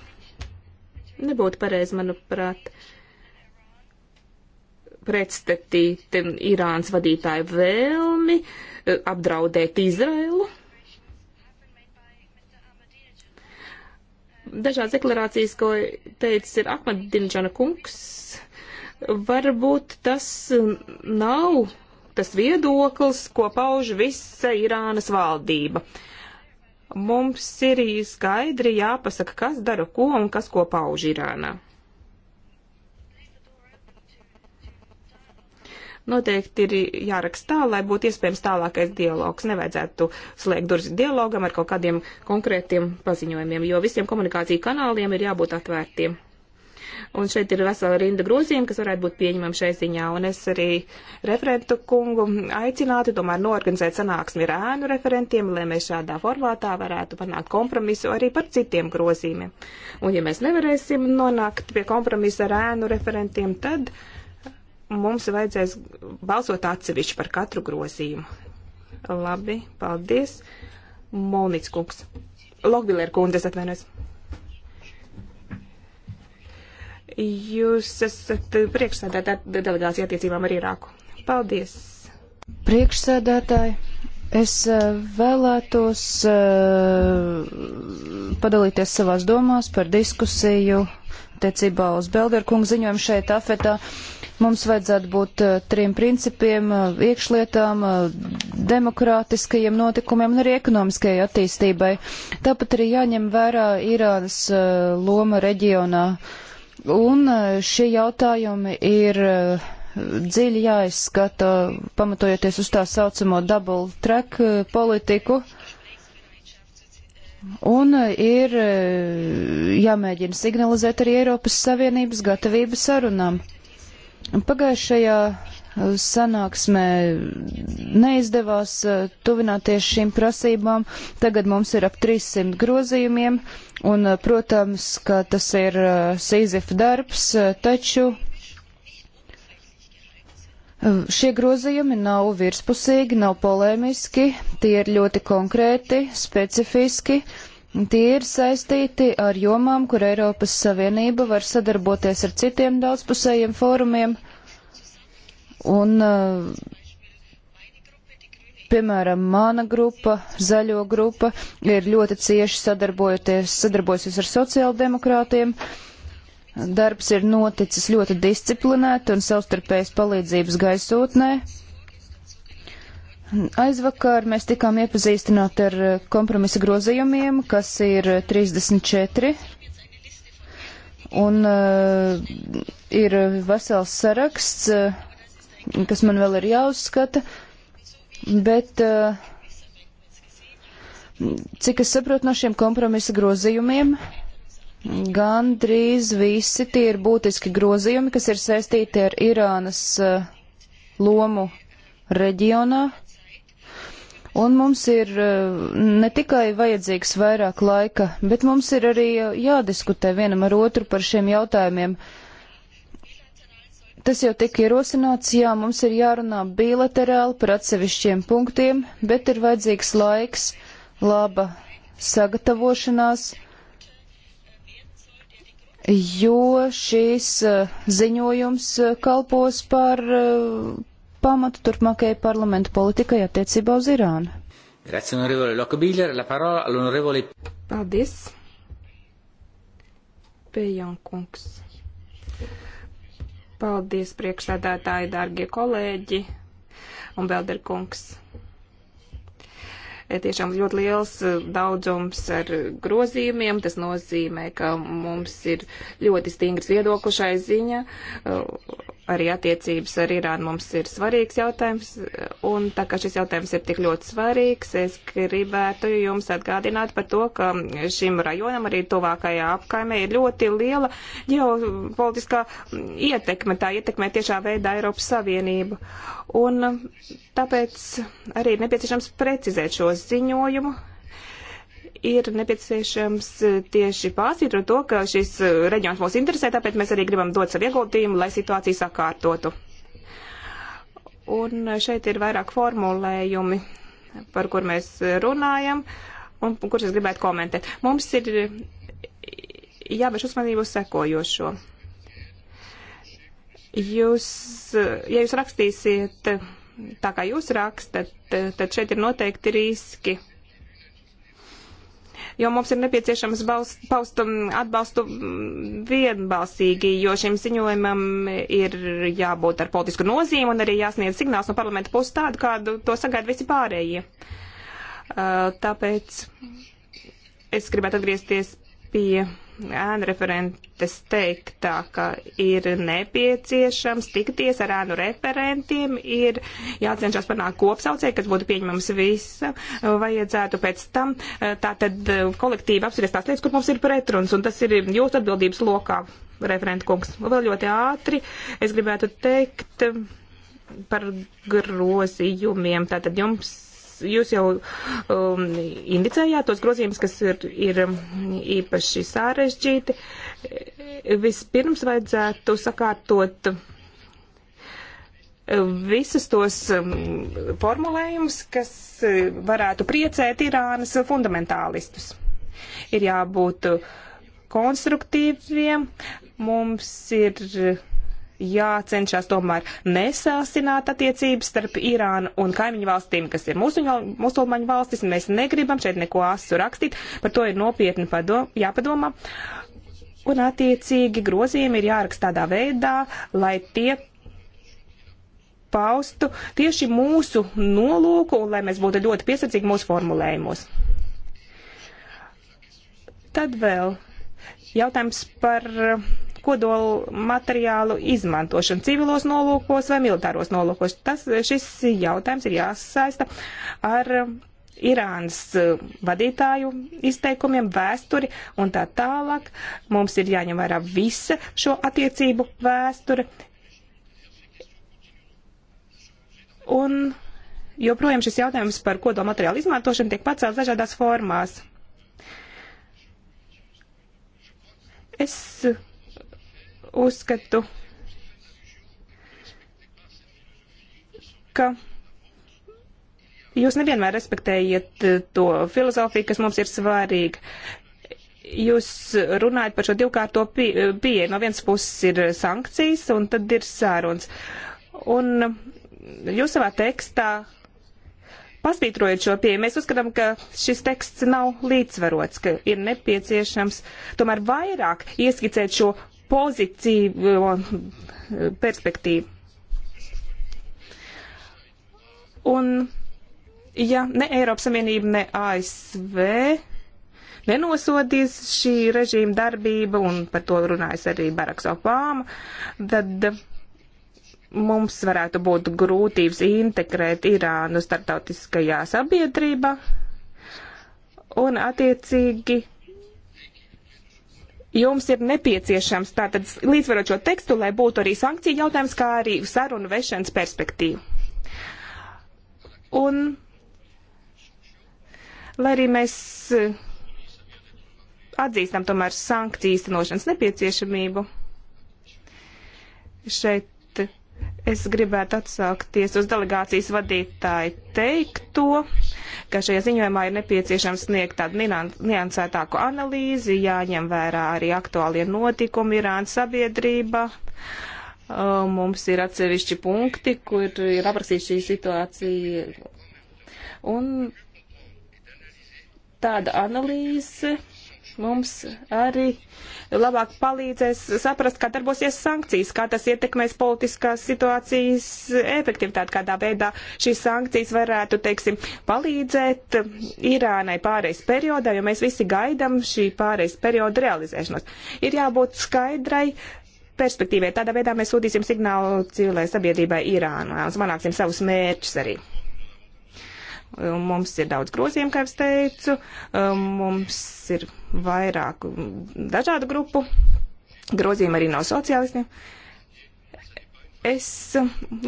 Nebūtu pareizi, manuprāt, pretstatīt Irānas vadītāju vēlmi eh, apdraudēt Izraelu. Dažādas deklarācijas, ko teicis ir Ahmadinžana kungs, Varbūt tas um, nav tas viedoklis, ko pauž visa Irānas valdība. Mums ir skaidri jāpasaka, kas dara ko un kas ko pauž Irānā. noteikti ir jāraksta, lai būtu iespējams tālākais dialogs. Nevajadzētu slēgt durvis dialogam ar kaut kādiem konkrētiem paziņojumiem, jo visiem komunikāciju kanāliem ir jābūt atvērtiem. Un šeit ir vesela rinda grozījumi, kas varētu būt pieņemami šai ziņā. Un es arī referentu kungu aicinātu, tomēr norganizēt sanāksmi ar ēnu referentiem, lai mēs šādā formātā varētu panākt kompromisu arī par citiem grozījumiem. Un ja mēs nevarēsim nonākt pie kompromisa ar ēnu referentiem, tad mums vajadzēs balsot atsevišķi par katru grozījumu. Labi, paldies. Molnīts kungs. Logvilēra kundze, atvainojos. Jūs esat priekšsēdētāja delegācija attiecībām ar Irāku. Paldies! Priekšsēdētāji, es eh, vēlētos eh, padalīties savās domās par diskusiju attiecībā uz Belderkungu ziņojumu šeit afetā. Mums vajadzētu būt eh, trim principiem - iekšlietām, demokrātiskajiem notikumiem un arī ekonomiskajai attīstībai. Tāpat arī jāņem vērā Irānas loma reģionā. Uh, Un e, šie jautājumi ir e, dziļi jāizskata, pamatojoties uz tā saucamo double track e, politiku. Un ir jāmēģina signalizēt arī Eiropas Savienības gatavību sarunām. Pagājušajā sanāksmē neizdevās eh, tuvināties šīm prasībām. Tagad mums ir ap 300 grozījumiem, un, eh, protams, ka tas ir eh, sīzifa darbs, taču šie grozījumi nav virspusīgi, nav polēmiski, tie ir ļoti konkrēti, specifiski. Tie ir saistīti ar jomām, kur Eiropas Savienība var sadarboties ar citiem daudzpusējiem fórumiem. Un, uh, piemēram, mana grupa, zaļo grupa, ir ļoti cieši sadarbojusies ar sociāldemokrātiem. Darbs ir noticis ļoti disciplinēti un savstarpējas palīdzības gaisotnē. Aizvakar mēs tikām iepazīstināti ar kompromisa grozījumiem, kas ir 34, un uh, ir vesels saraksts. Uh, kas man vēl ir jāuzskata, bet, eh, cik es saprotu no šiem kompromisa grozījumiem, gandrīz visi tie ir būtiski grozījumi, kas ir saistīti ar Irānas eh, lomu reģionā. Un mums ir eh, ne tikai vajadzīgs vairāk laika, bet mums ir arī jādiskutē vienam ar otru par šiem jautājumiem. Uh, Tas jau tika ierosināts, jā, mums ir jārunā bilaterāli par atsevišķiem punktiem, bet ir vajadzīgs laiks, laba sagatavošanās, jo šīs eh, ziņojums eh, kalpos par eh, pamatu turpmākajai parlamentu politikai attiecībā uz Irānu. Paldies! Pējankungs. Paldies, priekšsēdētāji, dārgie kolēģi un Belderkungs. E, tiešām ļoti liels e, daudzums ar grozījumiem. Tas nozīmē, ka mums ir ļoti stingrs viedokli šai ziņa e, arī attiecības ar Irānu mums ir svarīgs jautājums, un tā kā šis jautājums ir tik ļoti svarīgs, es gribētu jums atgādināt par to, ka šim rajonam arī tuvākajā apkaimē ir ļoti liela ģeopolitiskā ietekme, tā ietekmē tiešā veidā Eiropas Savienību. Un tāpēc arī ir nepieciešams precizēt šo ziņojumu, ir nepieciešams eh, tieši pārsvītrot to, ka šis eh, reģions mūs interesē, tāpēc mēs arī gribam dot savu ieguldījumu, lai situāciju sakārtotu. Un šeit ir vairāk formulējumi, par kur mēs runājam un kurus es gribētu komentēt. Mums ir jāvērš uzmanību sekojošo. Jūs, eh, ja jūs rakstīsiet tā kā jūs rakstat, tad šeit ir noteikti riski jo mums ir nepieciešams balst, paust um, atbalstu mm, vienbalsīgi, jo šim ziņojumam ir jābūt ar politisku nozīmu un arī jāsniedz signāls no parlamenta puses tādu, kādu to sagaida visi pārējie. Uh, tāpēc es gribētu atgriezties pie ēnu referentes teiktā, ka ir nepieciešams tikties ar ēnu referentiem, ir jācenšas panākt kopsaucēju, kas būtu pieņemams visa, vajadzētu pēc tam eh, tātad eh, kolektīvi apspriest tās lietas, kur mums ir pretruns, un tas ir jūsu atbildības lokā, referenta kungs. Vēl ļoti ātri es gribētu teikt par grozījumiem, tātad jums jūs jau um, indicējāt tos grozījumus, kas ir, ir īpaši sarežģīti. Vispirms vajadzētu sakārtot uh, visus tos um, formulējumus, kas uh, varētu priecēt Irānas fundamentālistus. Ir jābūt konstruktīviem, mums ir uh, jācenšas tomēr nesāsināt attiecības starp Irānu un kaimiņu valstīm, kas ir musulmaņu valstis. Mēs negribam šeit neko asu rakstīt, par to ir nopietni padom, jāpadomā. Un attiecīgi grozījumi ir jāraksta tādā veidā, lai tie paustu tieši mūsu nolūku un lai mēs būtu ļoti piesardzīgi mūsu formulējumos. Tad vēl jautājums par kodolu materiālu izmantošanu civilos nolūkos vai militāros nolūkos. Tas, šis jautājums ir jāsaista ar Irānas eh, vadītāju izteikumiem, vēsturi un tā tālāk. Mums ir jāņem vērā visa šo attiecību vēsture. Un joprojām šis jautājums par kodola materiālu izmantošanu tiek pacelts dažādās formās. Es uzskatu, ka jūs nevienmēr respektējiet eh, to filozofiju, kas mums ir svarīga. Jūs runājat par šo divkārto eh, pieeju. Pie. No vienas puses ir sankcijas, un tad ir sēruns. Un jūs savā tekstā pasvītrojot šo pieeju, mēs uzskatām, ka šis teksts nav līdzsvarots, ka ir nepieciešams tomēr vairāk ieskicēt šo pozitīvo eh, perspektīvu. Un ja ne Eiropas Savienība, ne ASV nenosodīs šī režīma darbība, un par to runājas arī Baraks Obama, tad mums varētu būt grūtības integrēt Irānu starptautiskajā sabiedrībā, un attiecīgi jums ir nepieciešams tātad līdzvarot šo tekstu, lai būtu arī sankcija jautājums, kā arī sarunu vešanas perspektīva. Un, lai arī mēs eh, atzīstam tomēr sankciju īstenošanas nepieciešamību, šeit Es gribētu atsaukties uz delegācijas vadītāju teikto, ka šajā ziņojumā ir nepieciešams sniegt tādu niansētāku analīzi, jāņem vērā arī aktuālie notikumi Irānas sabiedrība. Uh, mums ir atsevišķi punkti, kur ir aprakstīta šī situācija. Un tāda analīze mums arī labāk palīdzēs saprast, kā darbosies sankcijas, kā tas ietekmēs politiskās situācijas efektivitāti, kādā veidā šīs sankcijas varētu, teiksim, palīdzēt Irānai pārejas periodā, jo mēs visi gaidam šī pārejas perioda realizēšanos. Ir jābūt skaidrai perspektīvai, tādā veidā mēs sūtīsim signālu civilai sabiedrībai Irānā un manāksim savus mērķus arī. Um, mums ir daudz grozījumu, kā jau es teicu, um, mums ir vairāk dažādu grupu, grozījumi arī no sociālistiem. Es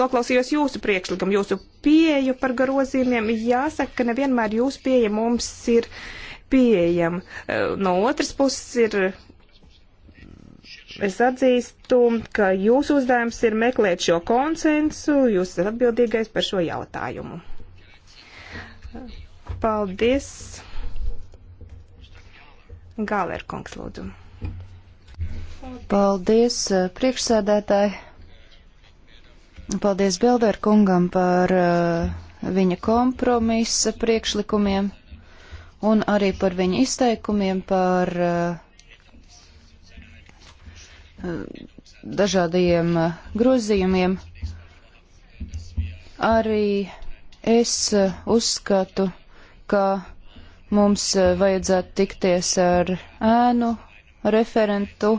noklausījos jūsu priekšlikumu, jūsu pieju par grozījumiem. Jāsaka, ka nevienmēr jūsu pieeja mums ir pieejama. Uh, no otras puses ir. Es atzīstu, ka jūsu uzdevums ir meklēt šo konsensu, jūs esat atbildīgais par šo jautājumu. Paldies. Gāler kungs, lūdzu. Paldies, eh, priekšsēdētāji. Paldies Bilder kungam par uh, viņa kompromisa priekšlikumiem un arī par viņa izteikumiem par uh, eh, dažādajiem uh, grozījumiem. Arī uh, Es eh, uzskatu, ka mums eh, vajadzētu tikties ar ēnu referentu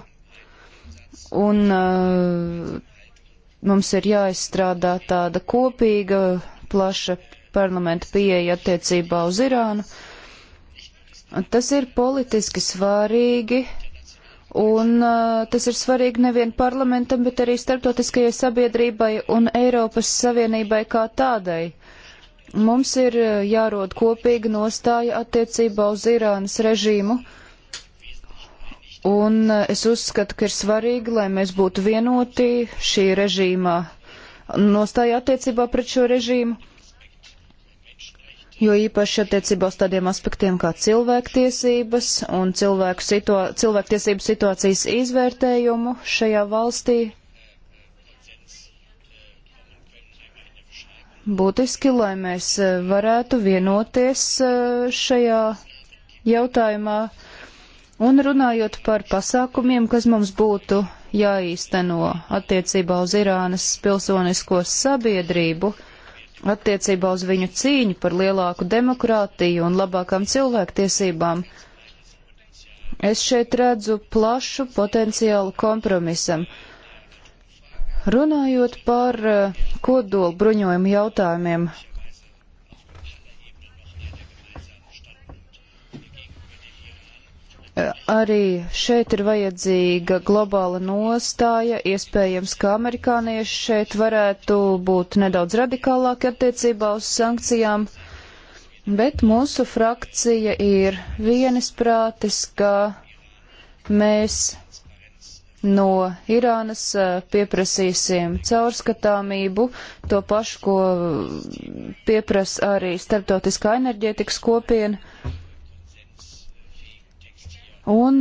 un eh, mums ir jāizstrādā tāda kopīga, plaša parlamenta pieeja attiecībā uz Irānu. Tas ir politiski svārīgi, un uh, tas ir svarīgi nevien parlamentam, bet arī starptautiskajai sabiedrībai un Eiropas Savienībai kā tādai. Mums ir eh, jārod kopīga nostāja attiecībā uz Irānas režīmu, un eh, es uzskatu, ka ir svarīgi, lai mēs būtu vienoti šī režīmā nostāja attiecībā pret šo režīmu, jo īpaši attiecībā uz tādiem aspektiem kā cilvēktiesības un cilvēku situa cilvēktiesību situācijas izvērtējumu šajā valstī būtiski, lai mēs e, varētu vienoties e, šajā jautājumā. Un runājot par pasākumiem, kas mums būtu jāīsteno attiecībā uz Irānas pilsonisko sabiedrību, attiecībā uz viņu cīņu par lielāku demokrātiju un labākām cilvēktiesībām, es šeit redzu plašu potenciālu kompromisam. Uh, Runājot par eh, kodolu bruņojumu jautājumiem. Eh, arī šeit ir vajadzīga globāla nostāja, iespējams, ka amerikānieši šeit varētu būt nedaudz radikālāki attiecībā uz sankcijām, bet mūsu frakcija ir vienisprātis, ka mēs No Irānas pieprasīsim caurskatāmību, to pašu, ko pieprasa arī starptautiskā enerģētikas kopiena. Un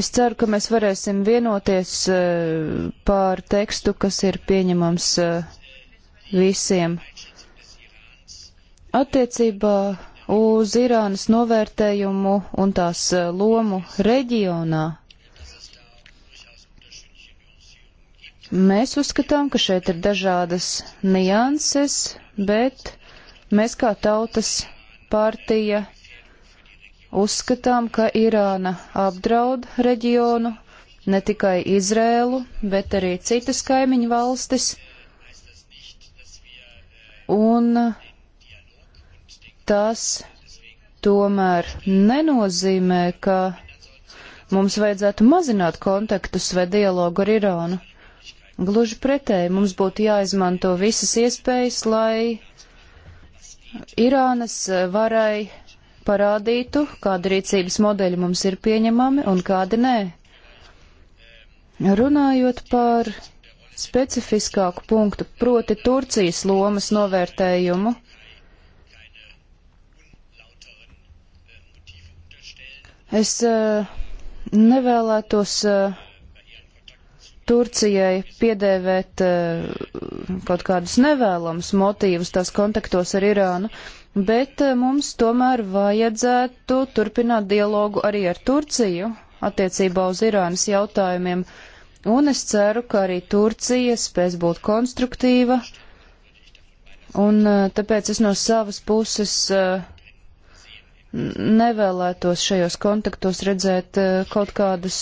es ceru, ka mēs varēsim vienoties pār tekstu, kas ir pieņemams visiem. Attiecībā uz Irānas novērtējumu un tās lomu reģionā Mēs uzskatām, ka šeit ir dažādas nianses, bet mēs kā tautas partija uzskatām, ka Irāna apdraud reģionu, ne tikai Izrēlu, bet arī citas kaimiņu valstis. Un tas tomēr nenozīmē, ka mums vajadzētu mazināt kontaktus vai dialogu ar Irānu. Gluži pretēji, mums būtu jāizmanto visas iespējas, lai Irānas eh, varai parādītu, kāda rīcības modeļa mums ir pieņemami un kāda nē. Runājot par specifiskāku punktu, proti Turcijas lomas novērtējumu, es eh, nevēlētos uh, Turcijai piedēvēt eh, kaut kādus nevēlams motīvus tās kontaktos ar Irānu, bet eh, mums tomēr vajadzētu turpināt dialogu arī ar Turciju attiecībā uz Irānas jautājumiem, un es ceru, ka arī Turcija spēs būt konstruktīva, un eh, tāpēc es no savas puses nevēlētos šajos kontaktos redzēt kaut, kādus,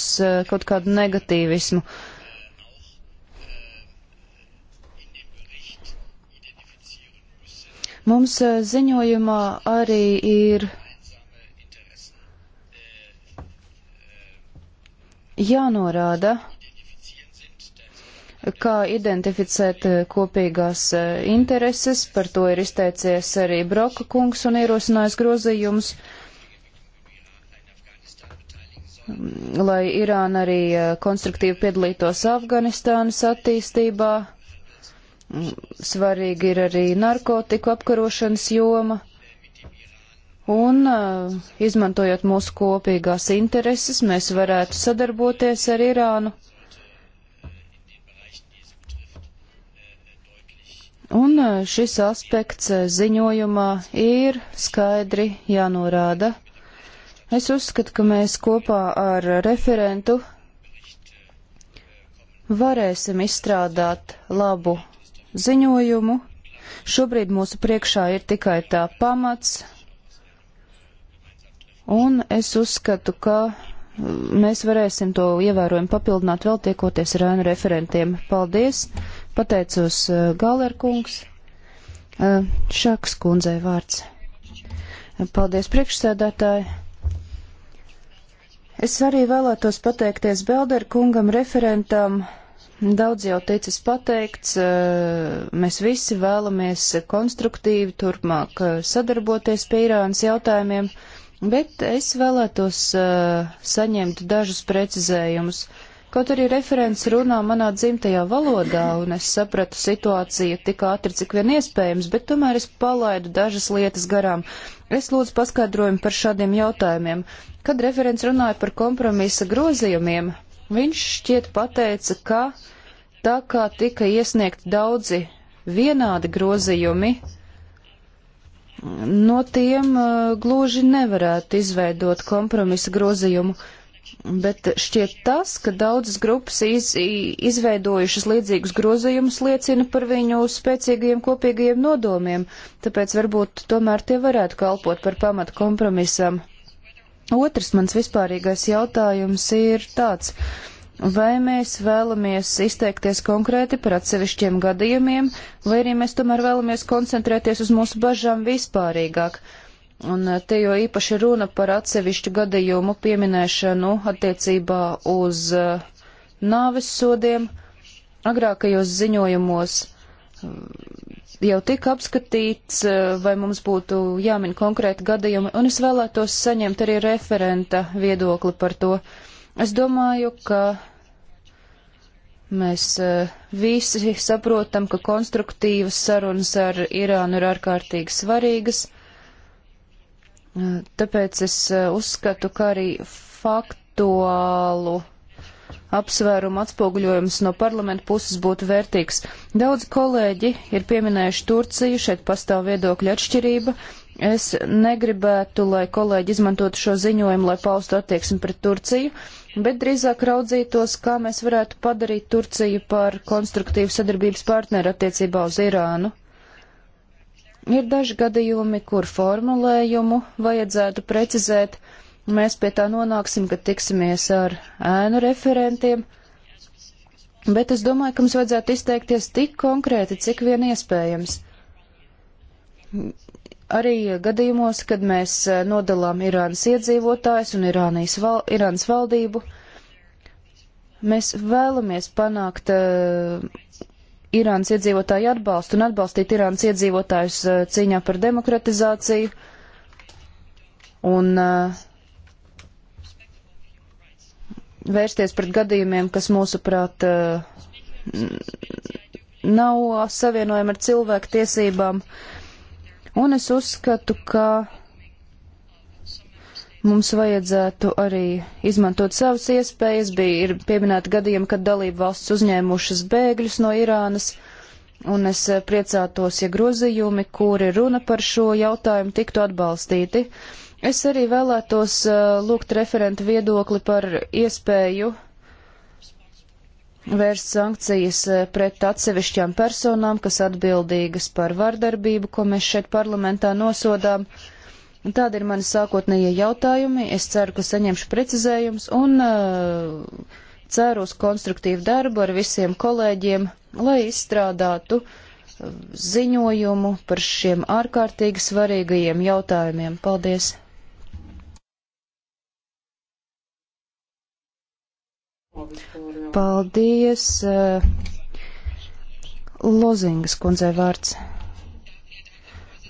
kaut kādu negatīvismu. Uh, Mums eh, ziņojumā arī ir jānorāda, kā identificēt eh, kopīgās eh, intereses, par to ir izteicies arī Broka kungs un ierosinājis grozījumus, lai Irāna arī konstruktīvi piedalītos Afganistānas attīstībā. Svarīgi ir arī narkotiku apkarošanas joma. Un, uh, izmantojot mūsu kopīgās intereses, mēs varētu sadarboties ar Irānu. Un uh, šis aspekts uh, ziņojumā ir skaidri jānorāda. Es uzskatu, ka mēs kopā ar referentu varēsim izstrādāt labu ziņojumu. Šobrīd mūsu priekšā ir tikai tā pamats, un es uzskatu, ka mm, mēs varēsim to ievērojami papildināt vēl tiekoties ar ēnu referentiem. Paldies! Pateicos eh, Galerkungs. Eh, Šaks kundzei vārds. Paldies priekšsēdētāji. Es arī vēlētos pateikties Belder kungam referentam Daudz jau teicis pateikts, eh, mēs visi vēlamies konstruktīvi turpmāk eh, sadarboties pie Irānas jautājumiem, bet es vēlētos eh, saņemt dažus precizējumus. Kaut arī referents runā manā dzimtajā valodā, un es sapratu situāciju tik ātri, cik vien iespējams, bet tomēr es palaidu dažas lietas garām. Es lūdzu paskaidrojumu par šādiem jautājumiem. Kad referents runāja par kompromisa grozījumiem, viņš šķiet pateica, ka tā kā tika iesniegti daudzi vienādi grozījumi, no tiem uh, gluži nevarētu izveidot kompromisa grozījumu, bet šķiet tas, ka daudzas grupas iz, izveidojušas līdzīgus grozījumus liecina par viņu spēcīgajiem kopīgajiem nodomiem, tāpēc varbūt tomēr tie varētu kalpot par pamatu kompromisam. Otrs mans vispārīgais jautājums ir tāds. Uh, Vai mēs vēlamies izteikties konkrēti par atsevišķiem gadījumiem, vai arī mēs tomēr vēlamies koncentrēties uz mūsu bažām vispārīgāk? Un eh, te jau īpaši runa par atsevišķu gadījumu pieminēšanu attiecībā uz uh, nāves sodiem. Agrākajos ziņojumos eh, jau tika apskatīts, vai mums būtu jāmin konkrēti gadījumi, un es vēlētos saņemt arī referenta viedokli par to. Uh, Es domāju, ka mēs e, visi saprotam, ka konstruktīvas sarunas ar Irānu ir ārkārtīgi svarīgas. E, tāpēc es e, uzskatu, ka arī faktuālu apsvērumu atspoguļojums no parlamenta puses būtu vērtīgs. Daudz kolēģi ir pieminējuši Turciju, šeit pastāv viedokļa atšķirība. Es negribētu, lai kolēģi izmantotu šo ziņojumu, lai paustu attieksmi pret Turciju. Uh, bet drīzāk raudzītos, kā mēs varētu padarīt Turciju par konstruktīvu sadarbības partneri attiecībā uz Irānu. Ir daži gadījumi, kur formulējumu vajadzētu precizēt. Mēs pie tā nonāksim, kad tiksimies ar ēnu referentiem, bet es domāju, ka mums vajadzētu izteikties tik konkrēti, cik vien iespējams arī gadījumos, kad mēs eh, nodalām Irānas iedzīvotājus un Irānijas val, Irānas valdību. Mēs vēlamies panākt uh, Irānas iedzīvotāju atbalstu un atbalstīt Irānas iedzīvotājus uh, cīņā par demokratizāciju un uh, vērsties pret gadījumiem, kas mūsuprāt uh, nav savienojami ar cilvēku tiesībām. Uh, Un es uzskatu, ka mums vajadzētu arī izmantot savas iespējas. Bija ir pieminēti gadījumi, kad dalību valsts uzņēmušas bēgļus no Irānas, un es eh, priecātos, ja grozījumi, kuri runa par šo jautājumu, tiktu atbalstīti. Es arī vēlētos uh, lūgt referentu viedokli par iespēju vērst sankcijas eh, pret atsevišķām personām, kas atbildīgas par vardarbību, ko mēs šeit parlamentā nosodām. Tādi ir mani sākotnējie jautājumi. Es ceru, ka saņemšu precizējums un uh, ceru uz konstruktīvu darbu ar visiem kolēģiem, lai izstrādātu eh, ziņojumu par šiem ārkārtīgi svarīgajiem jautājumiem. Paldies! Paldies. Eh, Lozingas kundzei vārds.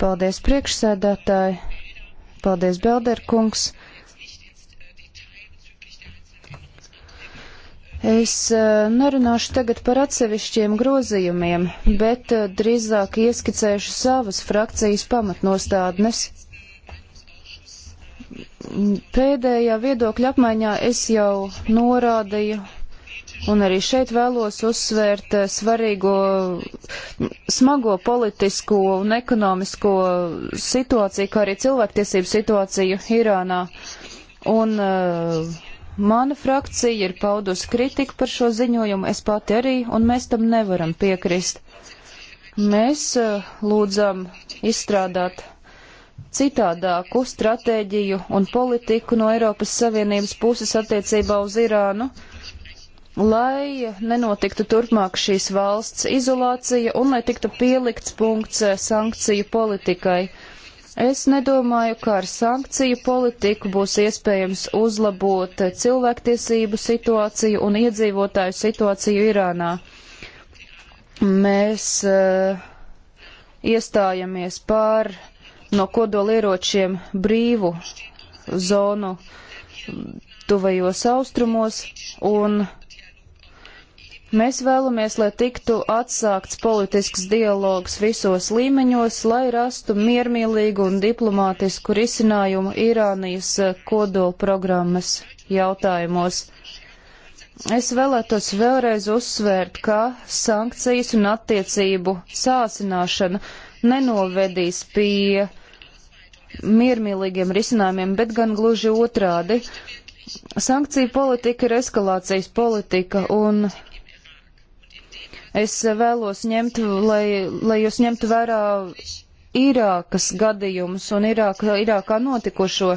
Paldies priekšsēdētāji. Paldies Belderkungs. Es eh, nerunāšu tagad par atsevišķiem grozījumiem, bet eh, drīzāk ieskicēšu savas frakcijas pamatnostādnes. Pēdējā viedokļa apmaiņā es jau norādīju Un arī šeit vēlos uzsvērt eh, svarīgo smago politisko un ekonomisko situāciju, kā arī cilvēktiesību situāciju Irānā. Un uh, mana frakcija ir paudusi kritiku par šo ziņojumu, es pati arī, un mēs tam nevaram piekrist. Mēs uh, lūdzam izstrādāt citādāku stratēģiju un politiku no Eiropas Savienības puses attiecībā uz Irānu. Uh, lai nenotiktu turpmāk šīs valsts izolācija un lai tiktu pielikts punkts eh, sankciju politikai. Es nedomāju, ka ar sankciju politiku būs iespējams uzlabot eh, cilvēktiesību situāciju un iedzīvotāju situāciju Irānā. Mēs uh, iestājamies pār no kodolieročiem brīvu zonu tuvajos austrumos un Mēs vēlamies, lai tiktu atsākts politisks dialogs visos līmeņos, lai rastu miermīlīgu un diplomātisku risinājumu Irānijas eh, kodola programmas jautājumos. Es vēlētos vēlreiz uzsvērt, ka sankcijas un attiecību sāsināšana nenovedīs pie miermīlīgiem risinājumiem, bet gan gluži otrādi. Sankcija politika ir eskalācijas politika, un Es vēlos ņemt, lai, lai jūs ņemtu vērā Irākas gadījumus un Irāka, Irākā notikušo.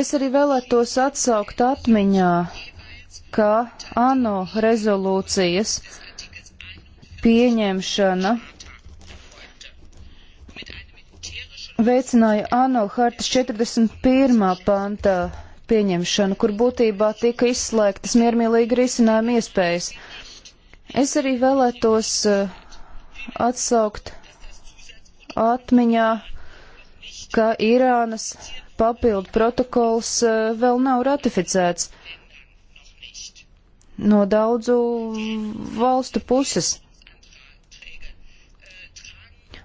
Es arī vēlētos atsaukt atmiņā, ka ANO rezolūcijas pieņemšana veicināja ANO hartas 41. pantā pieņemšanu, kur būtībā tika izslēgtas miermīlīgi risinājuma iespējas. Es arī vēlētos eh, atsaukt atmiņā, ka Irānas papildu protokols eh, vēl nav ratificēts no daudzu valstu puses.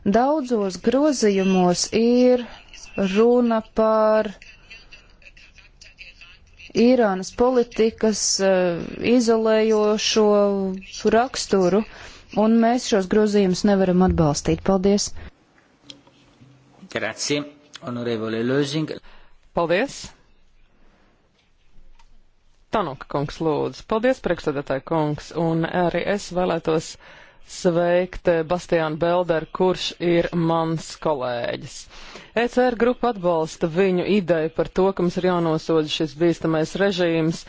Daudzos grozījumos ir runa par uh, Īrānas politikas eh, izolējošo raksturu, un mēs šos grozījumus nevaram atbalstīt. Paldies! Grazie, honorevole Lozing. Paldies! Tanuka kungs lūdzu. Paldies, priekšsēdētāji kungs, un arī es vēlētos. Uh, sveikt eh, Bastiānu Belderu, kurš ir mans kolēģis. ECR grupa atbalsta viņu ideju par to, ka mums ir jānosod šis bīstamais režīms.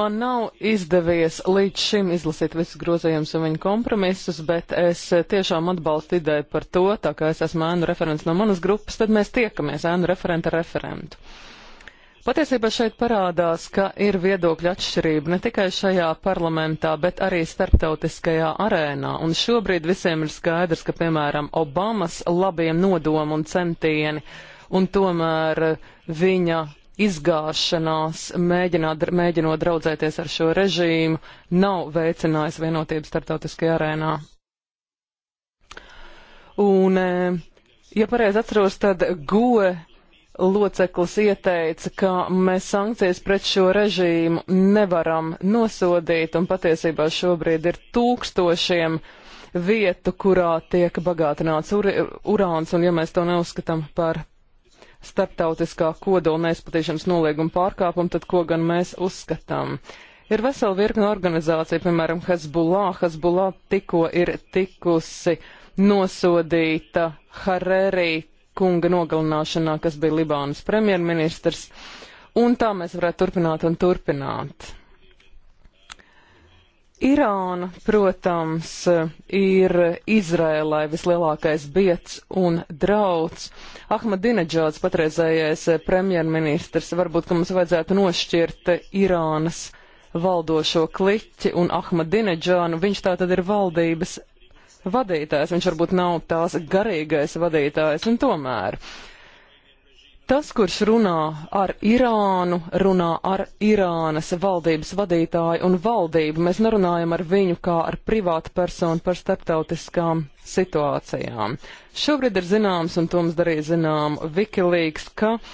Man nav izdevies līdz šim izlasīt visus grozījumus un viņu kompromisus, bet es eh, tiešām atbalstu ideju par to, tā kā es esmu ēnu referents no manas grupas, tad mēs tiekamies ēnu referenta referentu. referentu. Patiesībā šeit parādās, ka ir viedokļa atšķirība ne tikai šajā parlamentā, bet arī starptautiskajā arēnā. Un šobrīd visiem ir skaidrs, ka, piemēram, Obamas labiem nodomu un centieni un tomēr viņa izgāšanās, mēģināt, mēģinot draudzēties ar šo režīmu, nav veicinājis vienotību starptautiskajā arēnā. Un, eh, ja pareizi atceros, tad GOE loceklis ieteica, ka mēs sankcijas pret šo režīmu nevaram nosodīt, un patiesībā šobrīd ir tūkstošiem vietu, kurā tiek bagātināts ur urāns, un ja mēs to neuzskatām par starptautiskā kodola neizplatīšanas nolieguma pārkāpumu, tad ko gan mēs uzskatām? Ir vesela virkna organizācija, piemēram, Hezbollah. Hezbollah tikko ir tikusi nosodīta Harerī kunga nogalināšanā, kas bija Libānas premjerministrs, un tā mēs varētu turpināt un turpināt. Irāna, protams, ir Izrēlai vislielākais biets un drauds. Ahmadineģāds, patreizējais premjerministrs, varbūt, ka mums vajadzētu nošķirt Irānas valdošo kliķi un Ahmadineģānu. Viņš tā tad ir valdības vadītājs, viņš varbūt nav tās garīgais vadītājs, un tomēr tas, kurš runā ar Irānu, runā ar Irānas valdības vadītāju un valdību. Mēs nerunājam ar viņu kā ar privātu personu par starptautiskām situācijām. Šobrīd ir zināms, un to mums darīja zinām Wikileaks, ka uh,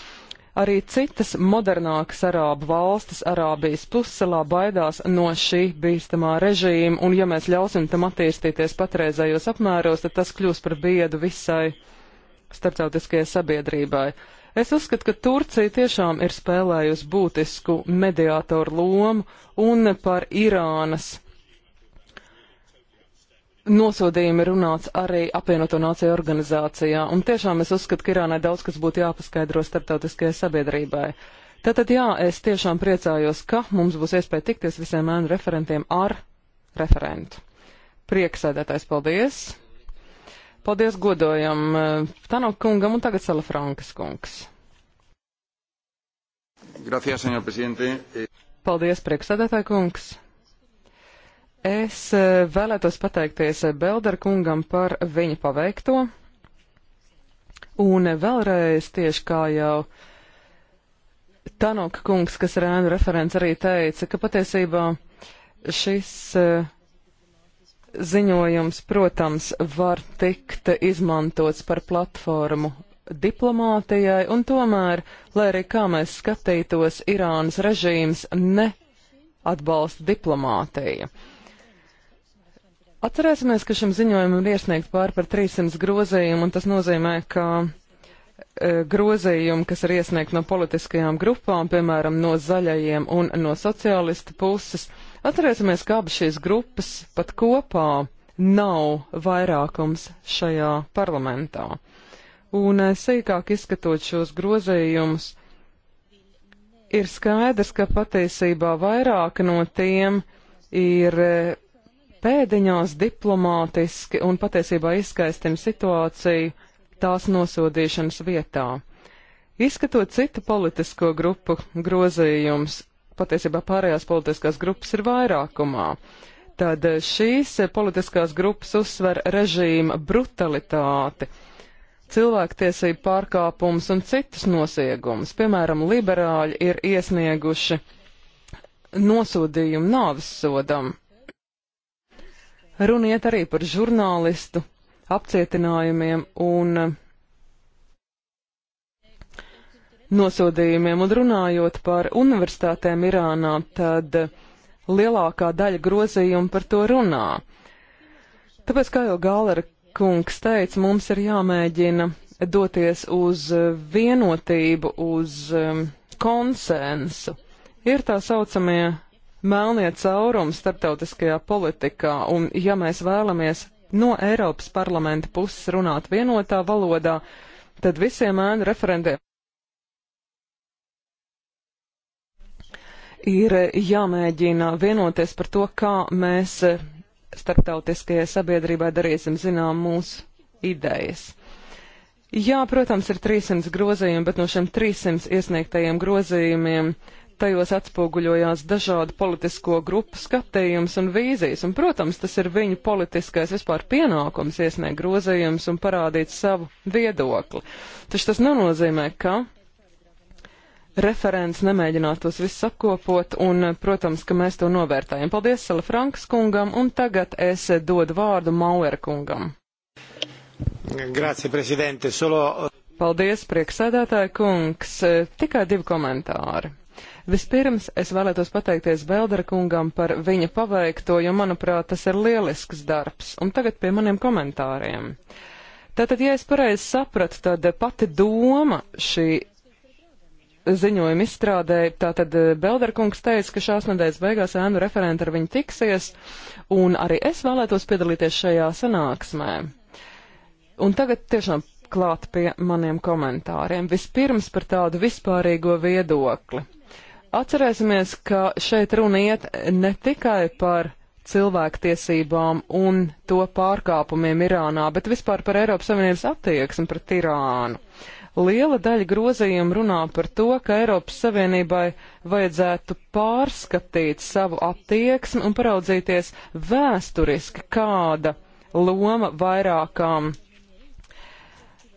Arī citas modernākas arābu valstis Arābijas pusselā baidās no šī bīstamā režīma, un ja mēs ļausim tam attīstīties patreizējos apmēros, tad tas kļūs par biedu visai starptautiskajai sabiedrībai. Es uzskatu, ka Turcija tiešām ir spēlējusi būtisku mediātoru lomu un par Irānas nosodījumi runāts arī apvienoto nāciju organizācijā, un tiešām es uzskatu, ka Irānai daudz kas būtu jāpaskaidro starptautiskajai sabiedrībai. Tātad jā, es tiešām priecājos, ka mums būs iespēja tikties visiem ēnu referentiem ar referentu. Prieksēdētais paldies! Paldies godojam eh, Tanok kungam un tagad Salafrankas kungs. Gracias, senor presidente. Paldies, prieksēdētāj kungs. Es eh, vēlētos pateikties Belderkungam par viņa paveikto. Un vēlreiz tieši kā jau Tanoka kungs, kas ir ēnu referents, arī teica, ka patiesībā šis eh, ziņojums, protams, var tikt izmantots par platformu diplomātijai, un tomēr, lai arī kā mēs skatītos, Irānas režīms ne atbalsta diplomātiju. Atcerēsimies, ka šim ziņojumam ir iesniegt pār par 300 grozījumu, un tas nozīmē, ka e, grozījumi, kas ir iesniegti no politiskajām grupām, piemēram, no zaļajiem un no sociālistu puses. Atcerēsimies, ka abas šīs grupas pat kopā nav vairākums šajā parlamentā. Un e, sīkāk izskatot šos grozījumus, ir skaidrs, ka patiesībā vairāk no tiem ir e, pēdiņās diplomātiski un patiesībā izskaistam situāciju tās nosodīšanas vietā. Izskatot citu politisko grupu grozījums, patiesībā pārējās politiskās grupas ir vairākumā, tad šīs politiskās grupas uzsver režīma brutalitāti, cilvēktiesību pārkāpumus un citus nosiegumus. Piemēram, liberāļi ir iesnieguši nosodījumu nāvis sodam. Runiet arī par žurnālistu apcietinājumiem un eh, nosodījumiem, un runājot par universitātēm Irānā, tad lielākā daļa grozījumu par to runā. Tāpēc, kā jau Gālera kungs teica, mums ir jāmēģina doties uz vienotību, uz um, konsensu. Ir tā saucamie melnie caurumi starptautiskajā politikā, un ja mēs vēlamies no Eiropas parlamenta puses runāt vienotā valodā, tad visiem ēnu referentiem ir jāmēģina vienoties par to, kā mēs starptautiskajai sabiedrībai darīsim zinām mūsu idejas. Jā, protams, ir 300 grozījumi, bet no šiem 300 iesniegtajiem grozījumiem uh, tajos atspoguļojās dažādu politisko grupu skatījums un vīzijas, un, protams, tas ir viņu politiskais vispār pienākums iesniegt grozījums un parādīt savu viedokli. Taču tas nenozīmē, ka referents nemēģināt tos visus apkopot, un, protams, ka mēs to novērtējam. Paldies Sala Frankas kungam, un tagad es dodu vārdu Mauer kungam. Grazie, prezidente. Solo... Paldies, prieksēdētāja kungs. Tikai divi komentāri. Vispirms es vēlētos pateikties Beldera kungam par viņa paveikto, jo, manuprāt, tas ir lielisks darbs. Un tagad pie maniem komentāriem. Tātad, ja es pareizi sapratu, tad pati doma šī ziņojuma izstrādē, tātad Belderkungs teica, ka šās nedēļas beigās ēnu referenti ar viņu tiksies, un arī es vēlētos piedalīties šajā sanāksmē. Un tagad tiešām klāt pie maniem komentāriem. Vispirms par tādu vispārīgo viedokli. Atcerēsimies, ka šeit runa iet ne tikai par cilvēktiesībām un to pārkāpumiem Irānā, bet vispār par Eiropas Savienības attieksmi pret Irānu. Liela daļa grozījumu runā par to, ka Eiropas Savienībai vajadzētu pārskatīt savu attieksmi un paraudzīties vēsturiski, kāda loma vairākām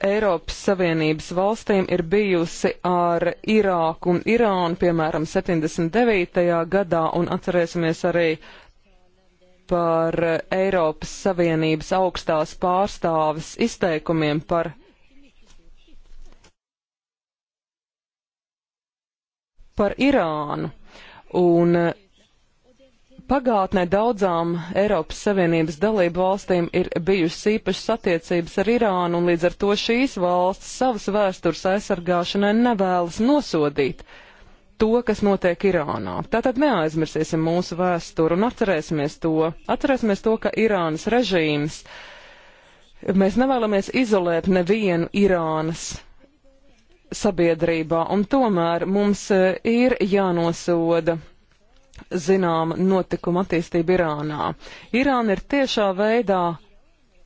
Eiropas Savienības valstīm ir bijusi ar Irāku un Irānu, piemēram, 79. gadā, un atcerēsimies arī par Eiropas Savienības augstās pārstāves izteikumiem par par Irānu. Un Pagātnē daudzām Eiropas Savienības dalību valstīm ir bijušas īpašas attiecības ar Irānu, un līdz ar to šīs valsts savas vēstures aizsargāšanai nevēlas nosodīt to, kas notiek Irānā. Tātad neaizmirsīsim mūsu vēsturu un atcerēsimies to. Atcerēsimies to, ka Irānas režīms, mēs nevēlamies izolēt nevienu Irānas sabiedrībā, un tomēr mums eh, ir jānosoda zināma notikuma attīstība Irānā. Irāna ir tiešā veidā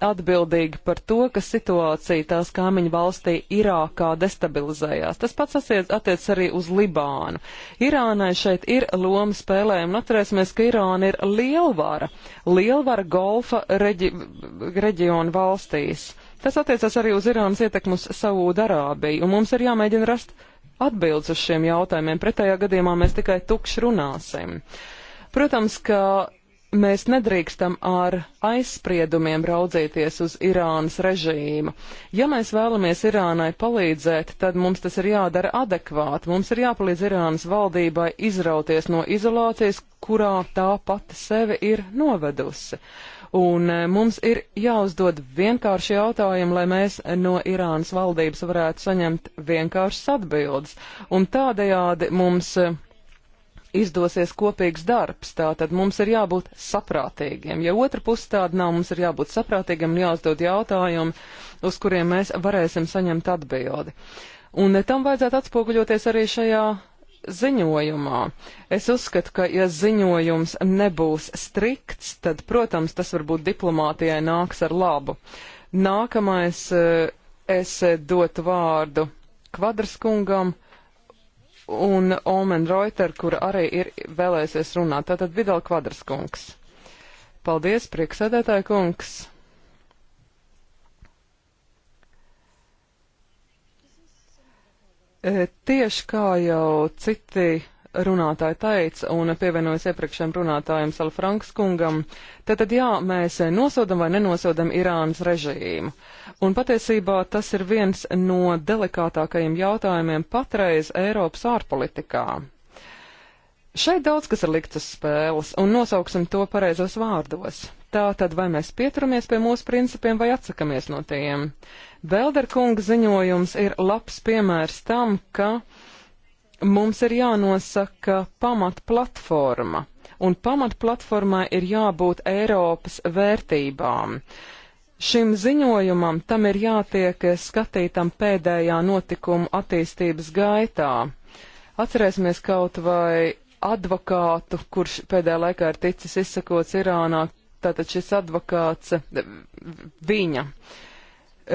atbildīga par to, ka situācija tās kaimiņu valstī Irākā destabilizējās. Tas pats attiec arī uz Libānu. Irānai šeit ir loma spēlējuma, un nu, atcerēsimies, ka Irāna ir lielvara, lielvara golfa reģi, reģionu valstīs. Tas attiecas arī uz Irānas ietekmu uz Saūda Arābiju, un mums ir jāmēģina rast atbildes uz šiem jautājumiem. Pretējā gadījumā mēs tikai tukši runāsim. Protams, ka mēs nedrīkstam ar aizspriedumiem raudzīties uz Irānas režīmu. Ja mēs vēlamies Irānai palīdzēt, tad mums tas ir jādara adekvāti. Mums ir jāpalīdz Irānas valdībai izrauties no izolācijas, kurā tā pati sevi ir novedusi. Un e, mums ir jāuzdod vienkārši jautājumi, lai mēs no Irānas valdības varētu saņemt vienkāršas atbildes. Un tādējādi mums e, izdosies kopīgs darbs. Tātad mums ir jābūt saprātīgiem. Ja otra puse tāda nav, mums ir jābūt saprātīgiem un jāuzdod jautājumi, uz kuriem mēs varēsim saņemt atbildi. Un e, tam vajadzētu atspoguļoties arī šajā ziņojumā. Es uzskatu, ka ja ziņojums nebūs strikts, tad, protams, tas varbūt diplomātijai nāks ar labu. Nākamais eh, es dotu vārdu Kvadraskungam un Omen Reuter, kura arī ir vēlēsies runāt. Tātad Vidal Kvadraskungs. Paldies, prieksēdētāja kungs! E, tieši kā jau citi runātāji teica, un pievienojas iepriekšējiem runātājiem Salfrankas kungam, tad, tad jā, mēs nosodam vai nenosodam Irānas režīmu. Un patiesībā tas ir viens no delikātākajiem jautājumiem patreiz Eiropas ārpolitikā. Šeit daudz kas ir likts uz spēles, un nosauksim to pareizos vārdos. Tā tad vai mēs pieturamies pie mūsu principiem vai atsakamies no tiem. Belderkunga ziņojums ir labs piemērs tam, ka mums ir jānosaka pamat platforma, un pamat platformai ir jābūt Eiropas vērtībām. Šim ziņojumam tam ir jātiek skatītam pēdējā notikuma attīstības gaitā. Atcerēsimies kaut vai advokātu, kurš pēdējā laikā ir ticis izsakots Irānā, tātad šis advokāts, eh, viņa,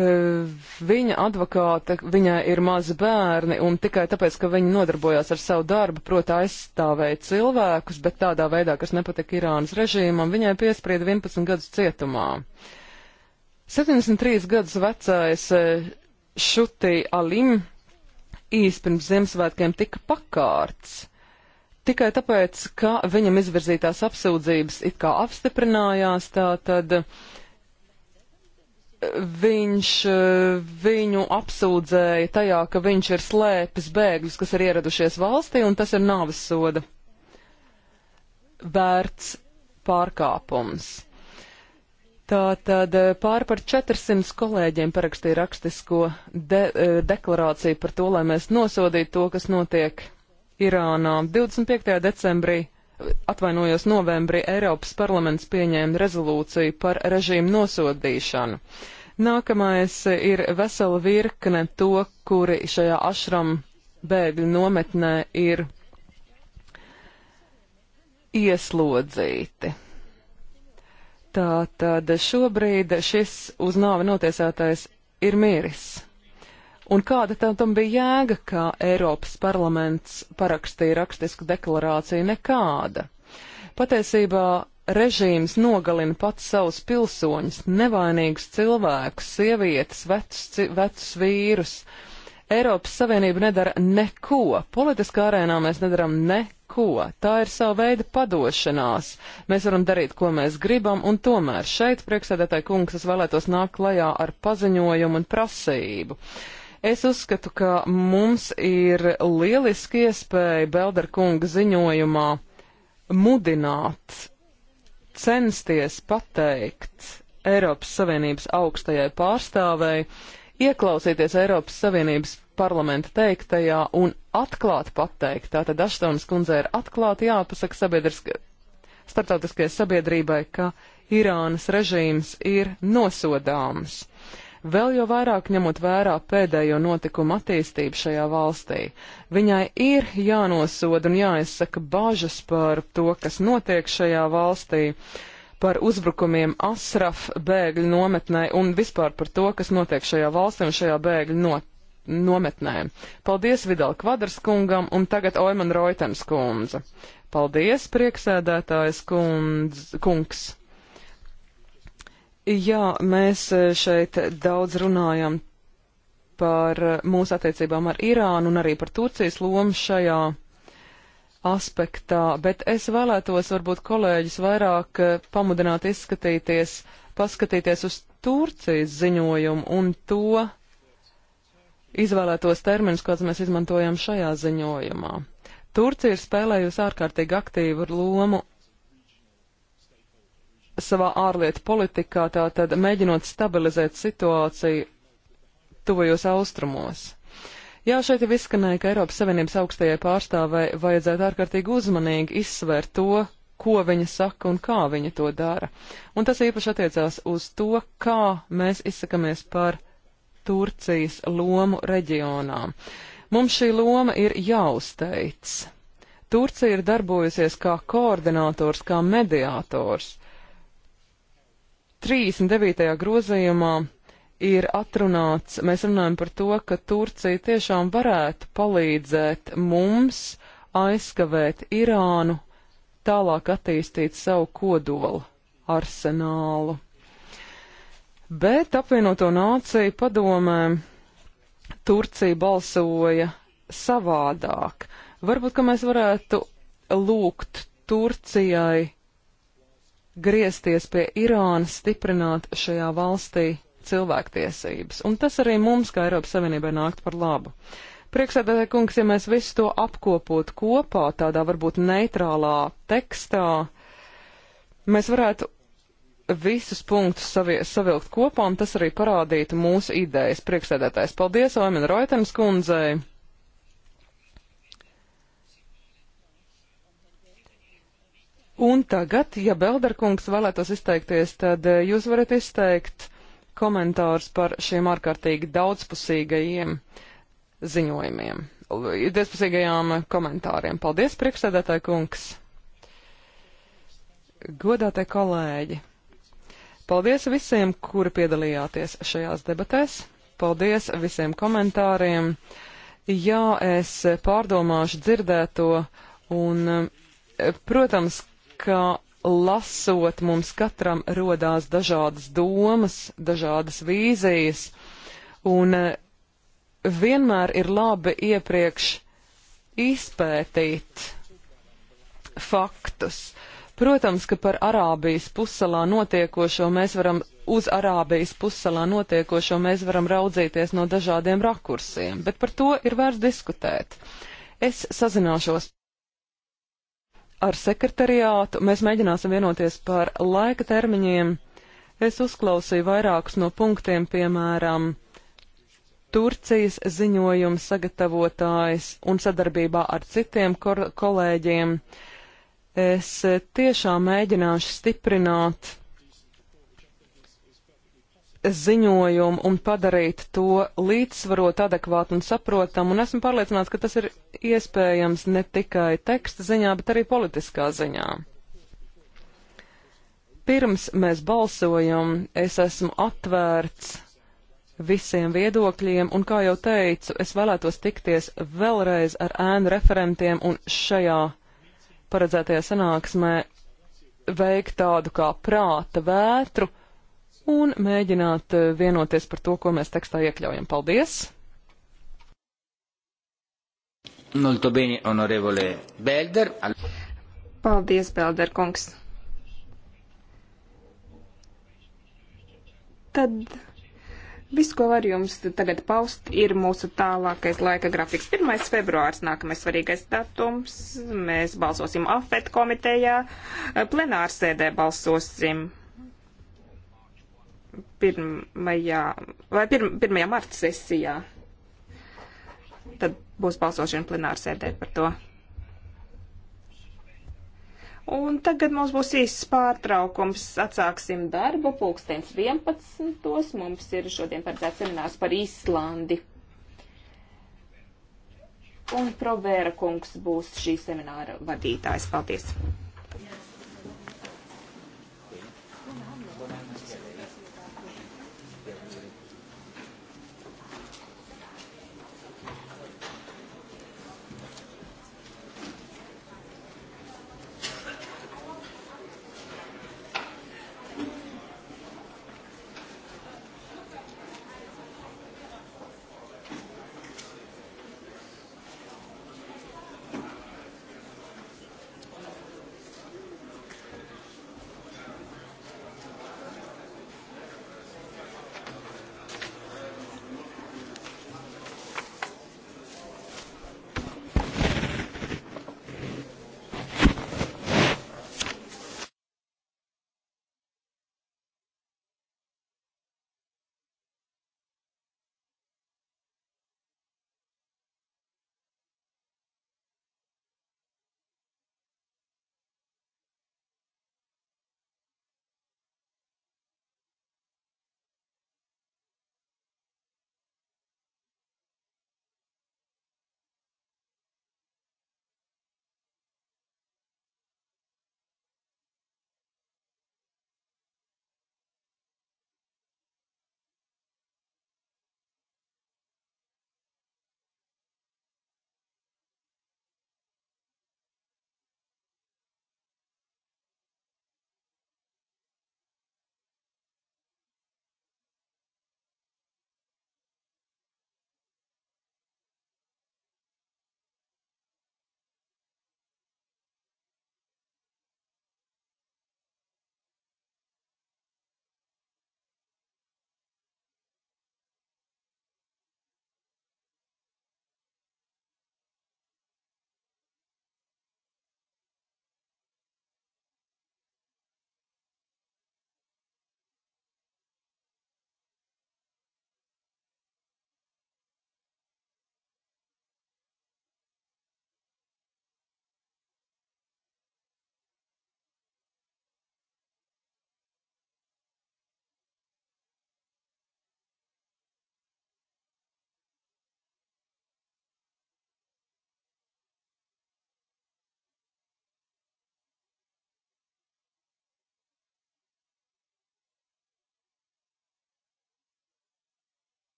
eh, viņa advokāte, viņai ir mazi bērni, un tikai tāpēc, ka viņa nodarbojās ar savu darbu, proti aizstāvēja cilvēkus, bet tādā veidā, kas nepatika Irānas režīmam, viņai piesprieda 11 gadus cietumā. 73 gadus vecais Šutī eh, Alim īsti pirms Ziemassvētkiem tika pakārts tikai tāpēc, ka viņam izvirzītās apsūdzības it kā apstiprinājās, tā tad eh, viņš eh, viņu apsūdzēja tajā, ka viņš ir slēpis bēgļus, kas ir ieradušies valstī, un tas ir nāves soda vērts pārkāpums. Tātad eh, pāri par 400 kolēģiem parakstīja rakstisko de deklarāciju par to, lai mēs nosodītu to, kas notiek Irānā. 25. decembrī, atvainojos novembrī, Eiropas parlaments pieņēma rezolūciju par režīmu nosodīšanu. Nākamais ir vesela virkne to, kuri šajā ašram bēgļu nometnē ir ieslodzīti. Tātad šobrīd šis uz nāvi notiesātais ir miris. Un kāda tam, tam bija jēga, ka Eiropas parlaments parakstīja rakstisku deklarāciju? Nekāda. Patiesībā režīms nogalina pats savus pilsoņus, nevainīgus cilvēkus, sievietes, vecus, vecus vīrus. Eiropas Savienība nedara neko. Politiskā arēnā mēs nedaram neko. Tā ir sava veida padošanās. Mēs varam darīt, ko mēs gribam, un tomēr šeit, priekšsēdētāji kungs, es vēlētos nākt klajā ar paziņojumu un prasību. Uh, Es uzskatu, ka mums ir lieliski iespēja Belderkunga ziņojumā mudināt, censties pateikt Eiropas Savienības augstajai pārstāvēji, ieklausīties Eiropas Savienības parlamenta teiktajā un atklāt pateikt. Tātad Aštonas kundzē ir atklāti jāpasaka sabiedrisk... starptautiskajai sabiedrībai, ka Irānas režīms ir nosodāms vēl jo vairāk ņemot vērā pēdējo notikumu attīstību šajā valstī. Viņai ir jānosoda un jāizsaka bažas par to, kas notiek šajā valstī, par uzbrukumiem Asraf bēgļu nometnē un vispār par to, kas notiek šajā valstī un šajā bēgļu not nometnē. Paldies Vidal Kvadras kungam un tagad Oiman Roitens kundze. Paldies, prieksēdētājas kundz, kungs! Jā, mēs e, šeit daudz runājam par e, mūsu attiecībām ar Irānu un arī par Turcijas lomu šajā aspektā, bet es vēlētos varbūt kolēģis vairāk e, pamudināt izskatīties, paskatīties uz Turcijas ziņojumu un to izvēlētos terminus, kāds mēs izmantojam šajā ziņojumā. Turcija ir spēlējusi ārkārtīgi aktīvu lomu savā ārlietu politikā, tātad mēģinot stabilizēt situāciju tuvajos austrumos. Jā, šeit jau izskanēja, ka Eiropas Savienības augstajai pārstāvai vajadzētu ārkārtīgi uzmanīgi izsvērt to, ko viņa saka un kā viņa to dara. Un tas īpaši attiecās uz to, kā mēs izsakamies par Turcijas lomu reģionā. Mums šī loma ir jāuzteic. Turcija ir darbojusies kā koordinators, kā mediātors, 39. grozījumā ir atrunāts, mēs runājam par to, ka Turcija tiešām varētu palīdzēt mums aizskavēt Irānu, tālāk attīstīt savu kodolu arsenālu. Bet apvienoto nāciju padomē Turcija balsoja savādāk. Varbūt, ka mēs varētu lūgt Turcijai griezties pie Irānas, stiprināt šajā valstī cilvēktiesības. Un tas arī mums, kā Eiropas Savienībai, nākt par labu. Priekšsēdētāji kungs, ja mēs visu to apkopot kopā tādā varbūt neitrālā tekstā, mēs varētu visus punktus savie, savilkt kopā, un tas arī parādītu mūsu idejas. Priekšsēdētājs, paldies Oimen Roitenes kundzei! Un tagad, ja Belderkungs vēlētos izteikties, tad eh, jūs varat izteikt komentārus par šiem ārkārtīgi daudzpusīgajiem ziņojumiem, eh, daudzpusīgajām komentāriem. Paldies, priekšsēdētāji kungs! Godātie kolēģi! Paldies visiem, kuri piedalījāties šajās debatēs. Paldies visiem komentāriem. Jā, es pārdomāšu dzirdēto un, eh, protams, ka lasot mums katram rodās dažādas domas, dažādas vīzijas, un eh, vienmēr ir labi iepriekš izpētīt faktus. Protams, ka par Arābijas pussalā notiekošo mēs varam, uz Arābijas pussalā notiekošo mēs varam raudzīties no dažādiem rakursiem, bet par to ir vērts diskutēt. Es sazināšos ar sekretariātu mēs mēģināsim vienoties par laika termiņiem. Es uzklausīju vairākus no punktiem, piemēram, Turcijas ziņojuma sagatavotājs un sadarbībā ar citiem kolēģiem. Es tiešām mēģināšu stiprināt ziņojumu un padarīt to līdzsvarot, adekvātu un saprotamu, un esmu pārliecināts, ka tas ir iespējams ne tikai teksta ziņā, bet arī politiskā ziņā. Pirms mēs balsojam, es esmu atvērts visiem viedokļiem, un kā jau teicu, es vēlētos tikties vēlreiz ar ēnu referentiem un šajā paredzētajā sanāksmē veikt tādu kā prāta vētru, un mēģināt eh, vienoties par to, ko mēs tekstā iekļaujam. Paldies! Molto bene, onorevole Belder. Paldies, Belder kungs. Tad Viss, ko var jums tagad paust, ir mūsu tālākais laika grafiks. 1. februārs nākamais svarīgais datums. Mēs balsosim AFET komitejā, plenārsēdē balsosim pirmajā, vai pirm, pirmajā marta sesijā. Tad būs balsošana plenāra sēdē par to. Un tagad mums būs īsts pārtraukums. Atsāksim darbu pulkstens 11. Mums ir šodien paredzēts seminārs par Īslandi. Un Provēra kungs būs šī semināra vadītājs. Paldies!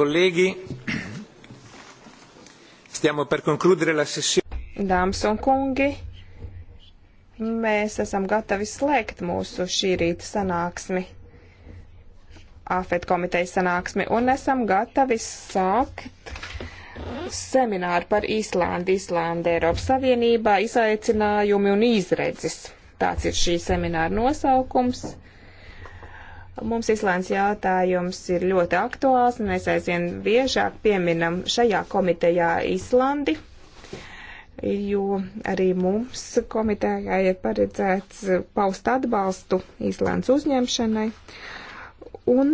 colleghi, stiamo per concludere la sessione. Dāmas un kungi, mēs esam gatavi slēgt mūsu šī rīta sanāksmi, AFET komitejas sanāksmi, un esam gatavi sākt semināru par Īslandi, Īslandi Eiropas Savienībā, izaicinājumi un izredzes. Tāds ir šī semināra nosaukums. Mums Islēns jautājums ir ļoti aktuāls, un mēs aizvien biežāk pieminam šajā komitejā Islandi, jo arī mums komitejā ir paredzēts paust atbalstu Islēns uzņemšanai. Un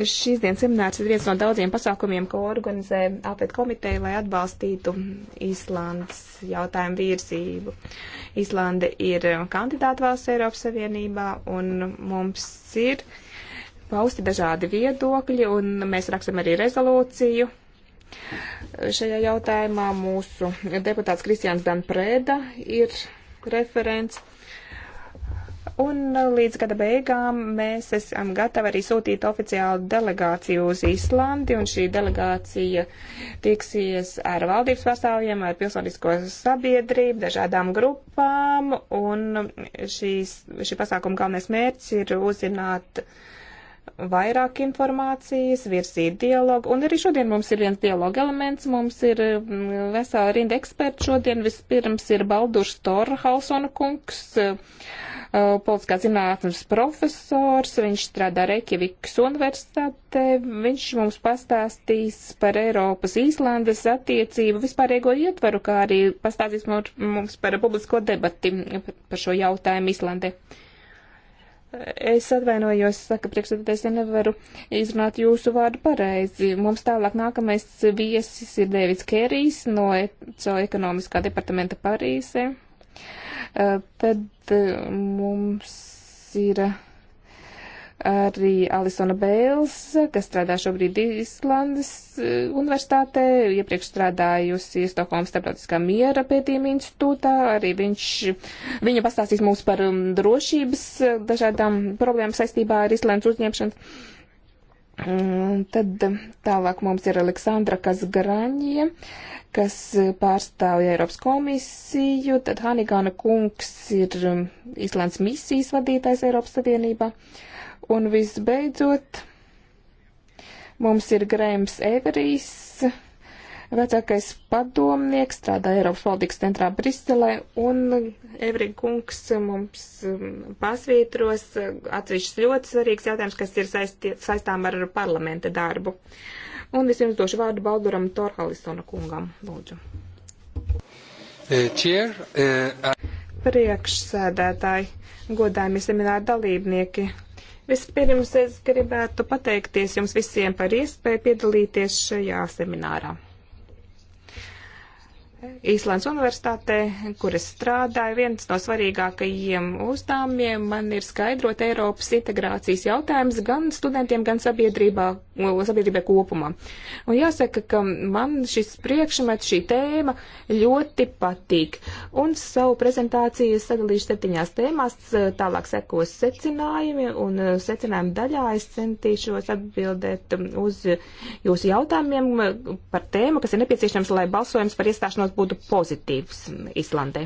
šīs dienas seminārs ir viens no daudziem pasākumiem, ko organizē APET komiteja, lai atbalstītu Īslandes jautājumu virzību. Īslande ir kandidāta valsts Eiropas Savienībā, un mums ir uh, pausti dažādi viedokļi, un mēs rakstam arī rezolūciju. Šajā jautājumā mūsu deputāts Kristians Danprēda ir referents. Un līdz gada beigām mēs esam gatavi arī sūtīt oficiālu delegāciju uz Īslandi, un šī delegācija tiksies ar valdības pārstāvjiem, ar pilsonisko sabiedrību, dažādām grupām, un šīs, šī pasākuma galvenais mērķis ir uzzināt uh, vairāk informācijas, virsīt dialogu. Un arī šodien mums ir viens dialoga elements, mums ir mm, vesela rinda eksperti. Šodien vispirms ir Baldušs Torhausona kungs, eh, eh, politiskā zinātnes profesors, viņš strādā Reikjavikas universitātē. Viņš mums pastāstīs par Eiropas Īslandes attiecību vispārējo ietvaru, kā arī pastāstīs mums par publisko debati par šo jautājumu Īslandē. Es atvainojos, saka priekšsēdētājs, ja nevaru izrunāt jūsu vārdu pareizi. Mums tālāk nākamais viesis ir Dēvids Kērijs no ECO ekonomiskā departamenta Parīzē. Tad eh, mums ir arī Alisona Bēls, kas strādā šobrīd Īslandes eh, universitātē, iepriekš strādājusi Stokholmas starptautiskā miera pētījuma institūtā. Arī viņš, viņa pastāstīs mums par um, drošības eh, dažādām problēmām saistībā ar Īslandes uzņemšanu. Tad eh, tālāk mums ir Aleksandra Kazgraņie, kas pārstāvja Eiropas komisiju, tad Hanigāna kungs ir Īslandes um, misijas vadītājs Eiropas Savienībā. Uh, Un visbeidzot, mums ir Grēms Everijs, vecākais padomnieks, strādā Eiropas valdības centrā Briselē, un Evri kungs mums um, pasvītros atsevišķs ļoti svarīgs jautājums, kas ir saisti, saistām ar parlamenta darbu. Un vispirms došu vārdu Balduram Torhalisona kungam, lūdzu. Čier, eh, uh, eh, priekšsēdētāji, godājumi semināru dalībnieki, Vispirms es gribētu pateikties jums visiem par iespēju piedalīties šajā seminārā. Īslands universitātē, kur es strādāju, viens no svarīgākajiem uzdevumiem man ir skaidrot Eiropas integrācijas jautājumus gan studentiem, gan sabiedrībā, sabiedrībai kopumā. Un jāsaka, ka man šis priekšmets, šī tēma ļoti patīk. Un savu prezentāciju sadalīšu septiņās tēmās, tālāk sekos secinājumi, un secinājumu daļā es centīšos atbildēt uz jūsu jautājumiem par tēmu, kas ir nepieciešams, lai balsojums par iestāšanos būtu pozitīvs Islandē.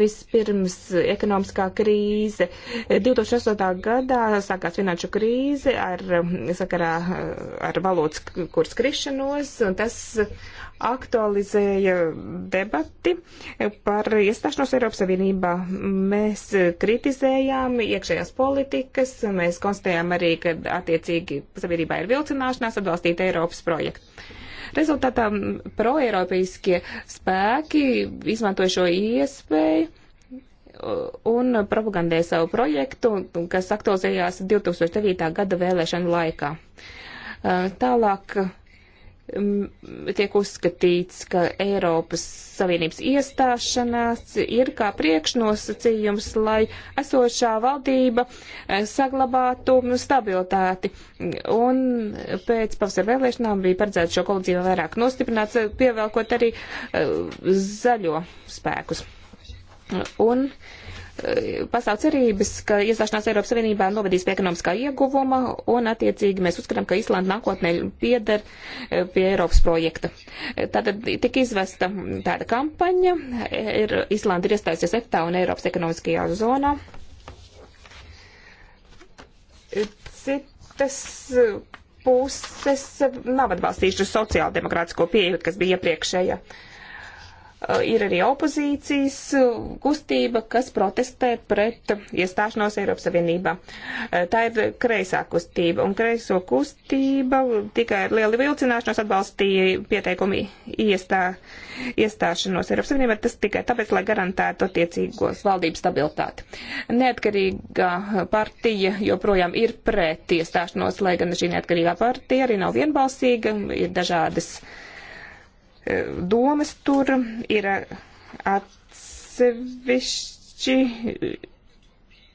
Vispirms ekonomiskā krīze. 2008. gadā sākās finanšu krīze ar, sakarā, ar valodas kurs krišanos, un tas aktualizēja debati par iestāšanos Eiropas Savienībā. Mēs kritizējām iekšējās politikas, mēs konstatējām arī, ka attiecīgi sabiedrībā ir vilcināšanās atbalstīt Eiropas projektu. Rezultātā proeiropeiskie spēki izmantoja šo iespēju un propagandēja savu projektu, kas aktualizējās 2009. gada vēlēšanu laikā. Tālāk tiek uzskatīts, ka Eiropas Savienības iestāšanās ir kā priekšnosacījums, lai esošā valdība eh, saglabātu stabilitāti. Un pēc pavasara vēlēšanām bija paredzēts šo koalīciju vairāk nostiprināt, eh, pievelkot arī eh, zaļo spēkus. Un uh, pasaules cerības, ka iestāšanās Eiropas Savienībā novedīs pie ekonomiskā ieguvuma, un attiecīgi mēs uzskatām, ka Islanda nākotnē pieder eh, pie Eiropas projekta. Tātad tika izvesta tāda kampaņa, ir, Islanda ir iestājusies EFTA un Eiropas ekonomiskajā zonā. Citas puses nav atbalstījušas sociāldemokrātisko pieeju, kas bija iepriekšējā. Ja Eh, ir arī opozīcijas eh, kustība, kas protestē pret iestāšanos Eiropas Savienībā. Eh, tā ir kreisā kustība, un kreiso kustība tikai ar lielu vilcināšanos atbalstīja pieteikumi iestā, iestāšanos Eiropas Savienībā, tas tikai tāpēc, lai garantētu attiecīgos valdības stabilitāti. Neatkarīgā partija joprojām ir pret iestāšanos, lai gan šī neatkarīgā partija arī nav vienbalsīga, ir dažādas uh, domas tur ir atsevišķi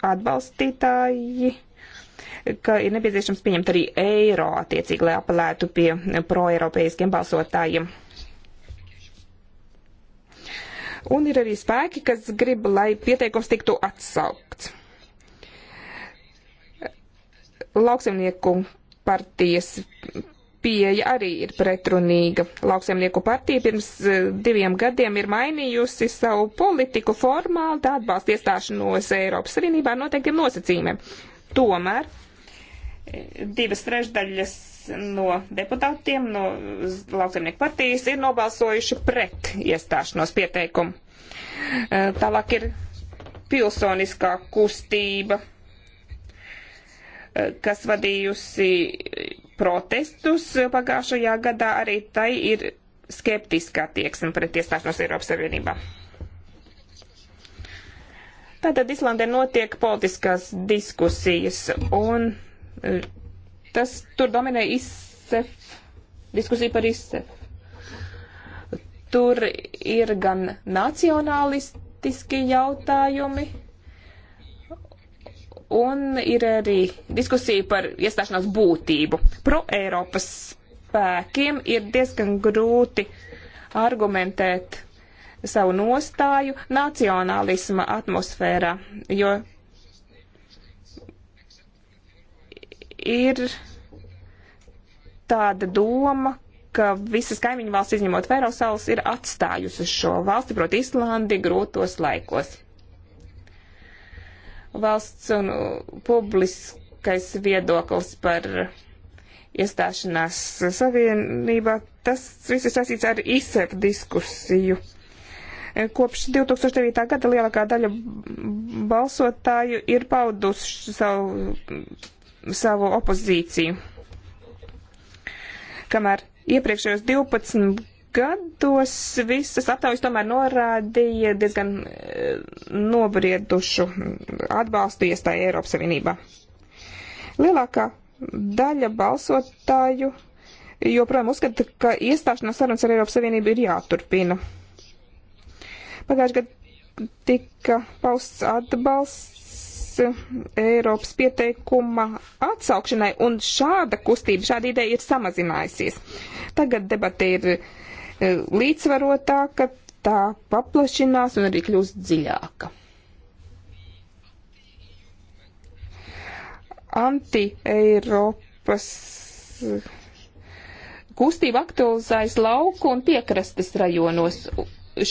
atbalstītāji, ka ir nepieciešams pieņemt arī eiro attiecīgi, lai apelētu pie proeiropeiskiem balsotājiem. Un ir arī spēki, kas grib, lai pieteikums tiktu atsaukts. Lauksimnieku partijas pieeja arī ir pretrunīga. Lauksemnieku partija pirms eh, diviem gadiem ir mainījusi savu politiku formāli, tā atbalsta iestāšanos Eiropas Savienībā ar noteiktiem nosacījumiem. Tomēr eh, divas trešdaļas no deputātiem no lauksemnieku partijas ir nobalsojuši pret iestāšanos pieteikumu. Eh, tālāk ir pilsoniskā kustība kas vadījusi protestus pagājušajā gadā, arī tai ir skeptiska attieksme pret iestāšanos Eiropas Savienībā. Tātad Islandē notiek politiskās diskusijas, un e, tas tur dominē ISEF, diskusija par ISEF. Tur ir gan nacionālistiski jautājumi, un ir arī diskusija par iestāšanās būtību. Pro Eiropas spēkiem ir diezgan grūti argumentēt savu nostāju nacionālisma atmosfērā, jo ir tāda doma, ka visas kaimiņu valsts, izņemot Fērosalas, ir atstājusi šo valsti, proti Islandi, grūtos laikos valsts un publiskais viedoklis par iestāšanās savienībā, tas viss ir saistīts ar ISEP diskusiju. Kopš 2009. gada lielākā daļa balsotāju ir paudusi savu, savu opozīciju. Kamēr iepriekšējos 12 gados visas aptaujas tomēr norādīja diezgan e, nobriedušu atbalstu iestāju Eiropas Savienībā. Lielākā daļa balsotāju joprojām uzskata, ka iestāšanās sarunas ar Eiropas Savienību ir jāturpina. Pagājušajā gadā tika pausts atbalsts Eiropas pieteikuma atsaukšanai, un šāda kustība, šāda ideja ir samazinājusies. Tagad debata ir E, līdzsvarotāka, tā paplašinās un arī kļūst dziļāka. Anti-Eiropas e, kustība aktualizējas lauku un piekrastes rajonos.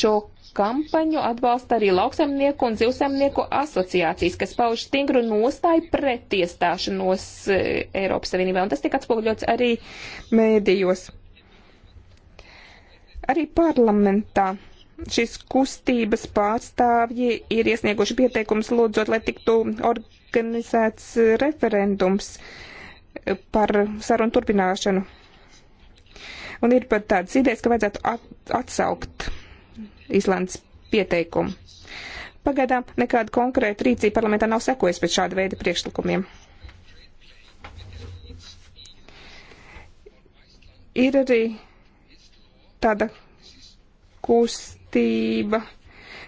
Šo kampaņu atbalsta arī lauksaimnieku un dzīvsaimnieku asociācijas, kas pauž stingru nostāju pret iestāšanos e, Eiropas Savienībā, un tas tiek atspoguļots arī mēdījos. Arī parlamentā šīs kustības pārstāvji ir iesnieguši pieteikumus lūdzot, lai tiktu organizēts referendums par sarunu turpināšanu. Un ir pat tādas idejas, ka vajadzētu atsaukt Islandes pieteikumu. Pagaidām nekāda konkrēta rīcība parlamentā nav sekojas pēc šāda veida priekšlikumiem. Ir arī tāda kustība,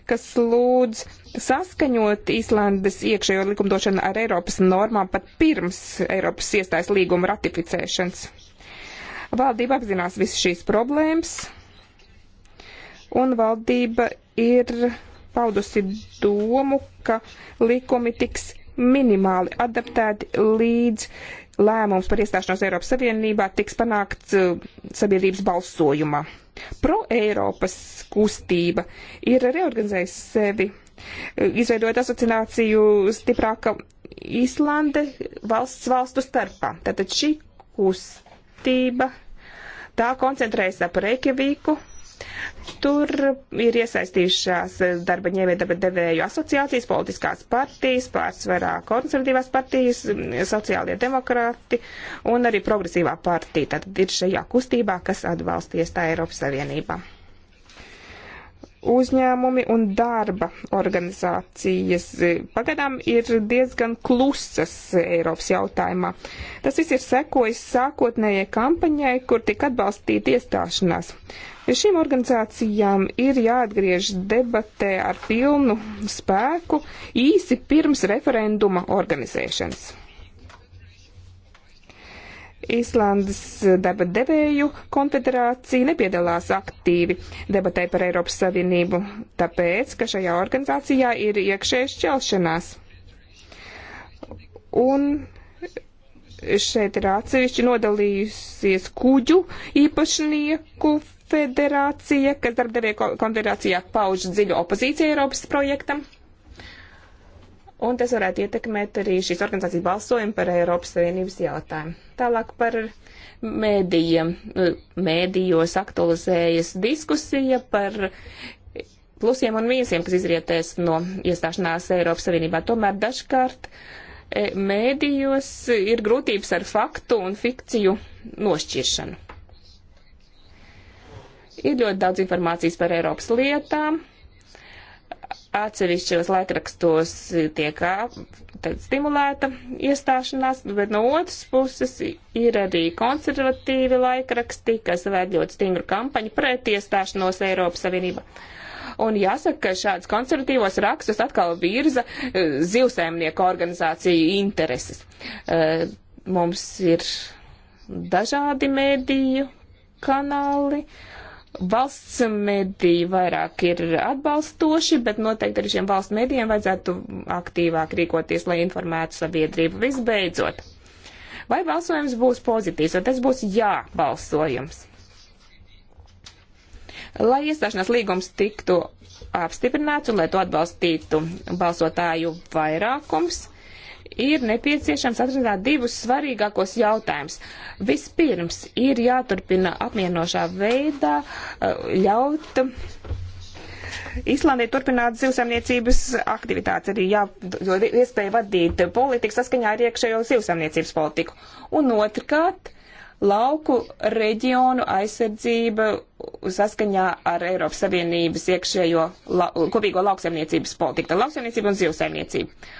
kas lūdz saskaņot Īslandes iekšējo likumdošanu ar Eiropas normām pat pirms Eiropas iestājas līguma ratificēšanas. Valdība apzinās visas šīs problēmas, un valdība ir paudusi domu, ka likumi tiks minimāli adaptēti līdz lēmums par iestāšanos Eiropas Savienībā tiks panākts uh, sabiedrības balsojumā. Pro-Eiropas kustība ir reorganizējusi sevi, izveidojot asociāciju stiprāka Īslande valsts valstu starpā. Tātad šī kustība, tā koncentrējas ap Reikjavīku, Tur ir iesaistījušās darba ņēmē darba devēju asociācijas, politiskās partijas, pārsvarā konservatīvās partijas, sociālie demokrāti un arī progresīvā partija. Tad ir šajā kustībā, kas atbalsties tā Eiropas Savienībā. Uzņēmumi un darba organizācijas pagadām ir diezgan klusas Eiropas jautājumā. Tas viss ir sekojis sākotnējai kampaņai, kur tika atbalstīta iestāšanās. Uh, Šīm organizācijām ir jāatgriež debatē ar pilnu spēku īsi pirms referenduma organizēšanas. Īslandes darba devēju konfederācija nepiedalās aktīvi debatē par Eiropas Savienību, tāpēc, ka šajā organizācijā ir iekšējas šķelšanās. Un šeit ir atsevišķi nodalījusies kuģu īpašnieku konfederācija, kas darbdevēja konfederācijā pauž dziļu opozīciju Eiropas projektam. Un tas varētu ietekmēt arī šīs organizācijas balsojumu par Eiropas Savienības jautājumu. Tālāk par mēdījiem. Mēdījos aktualizējas diskusija par plusiem un mīnusiem, kas izrietēs no iestāšanās Eiropas Savienībā. Tomēr dažkārt e, mēdījos ir grūtības ar faktu un fikciju nošķiršanu. Ir ļoti daudz informācijas par Eiropas lietām. Atsevišķos laikrakstos tiek stimulēta iestāšanās, bet no otras puses ir arī konservatīvi laikraksti, kas vēd ļoti stingru kampaņu pret iestāšanos Eiropas Savienībā. Un jāsaka, ka šāds konservatīvos rakstus atkal virza zivsēmnieku organizāciju intereses. Mums ir dažādi mēdīju kanāli, Valsts mediji vairāk ir atbalstoši, bet noteikti arī šiem valsts medijiem vajadzētu aktīvāk rīkoties, lai informētu sabiedrību. Visbeidzot, vai balsojums būs pozitīvs, vai tas būs jā balsojums? Lai iestāšanās līgums tiktu apstiprināts un lai to atbalstītu balsotāju vairākums, ir nepieciešams atrast divus svarīgākos jautājumus. Vispirms ir jāturpina apmienošā veidā eh, ļaut Īslandē turpināt zivsaimniecības aktivitātes, arī jādod iespēja vadīt politiku saskaņā ar iekšējo zivsaimniecības politiku. Un otrkārt, lauku reģionu aizsardzība saskaņā ar Eiropas Savienības iekšējo la, kopīgo lauksaimniecības politiku, tad lauksaimniecība un zivsaimniecība.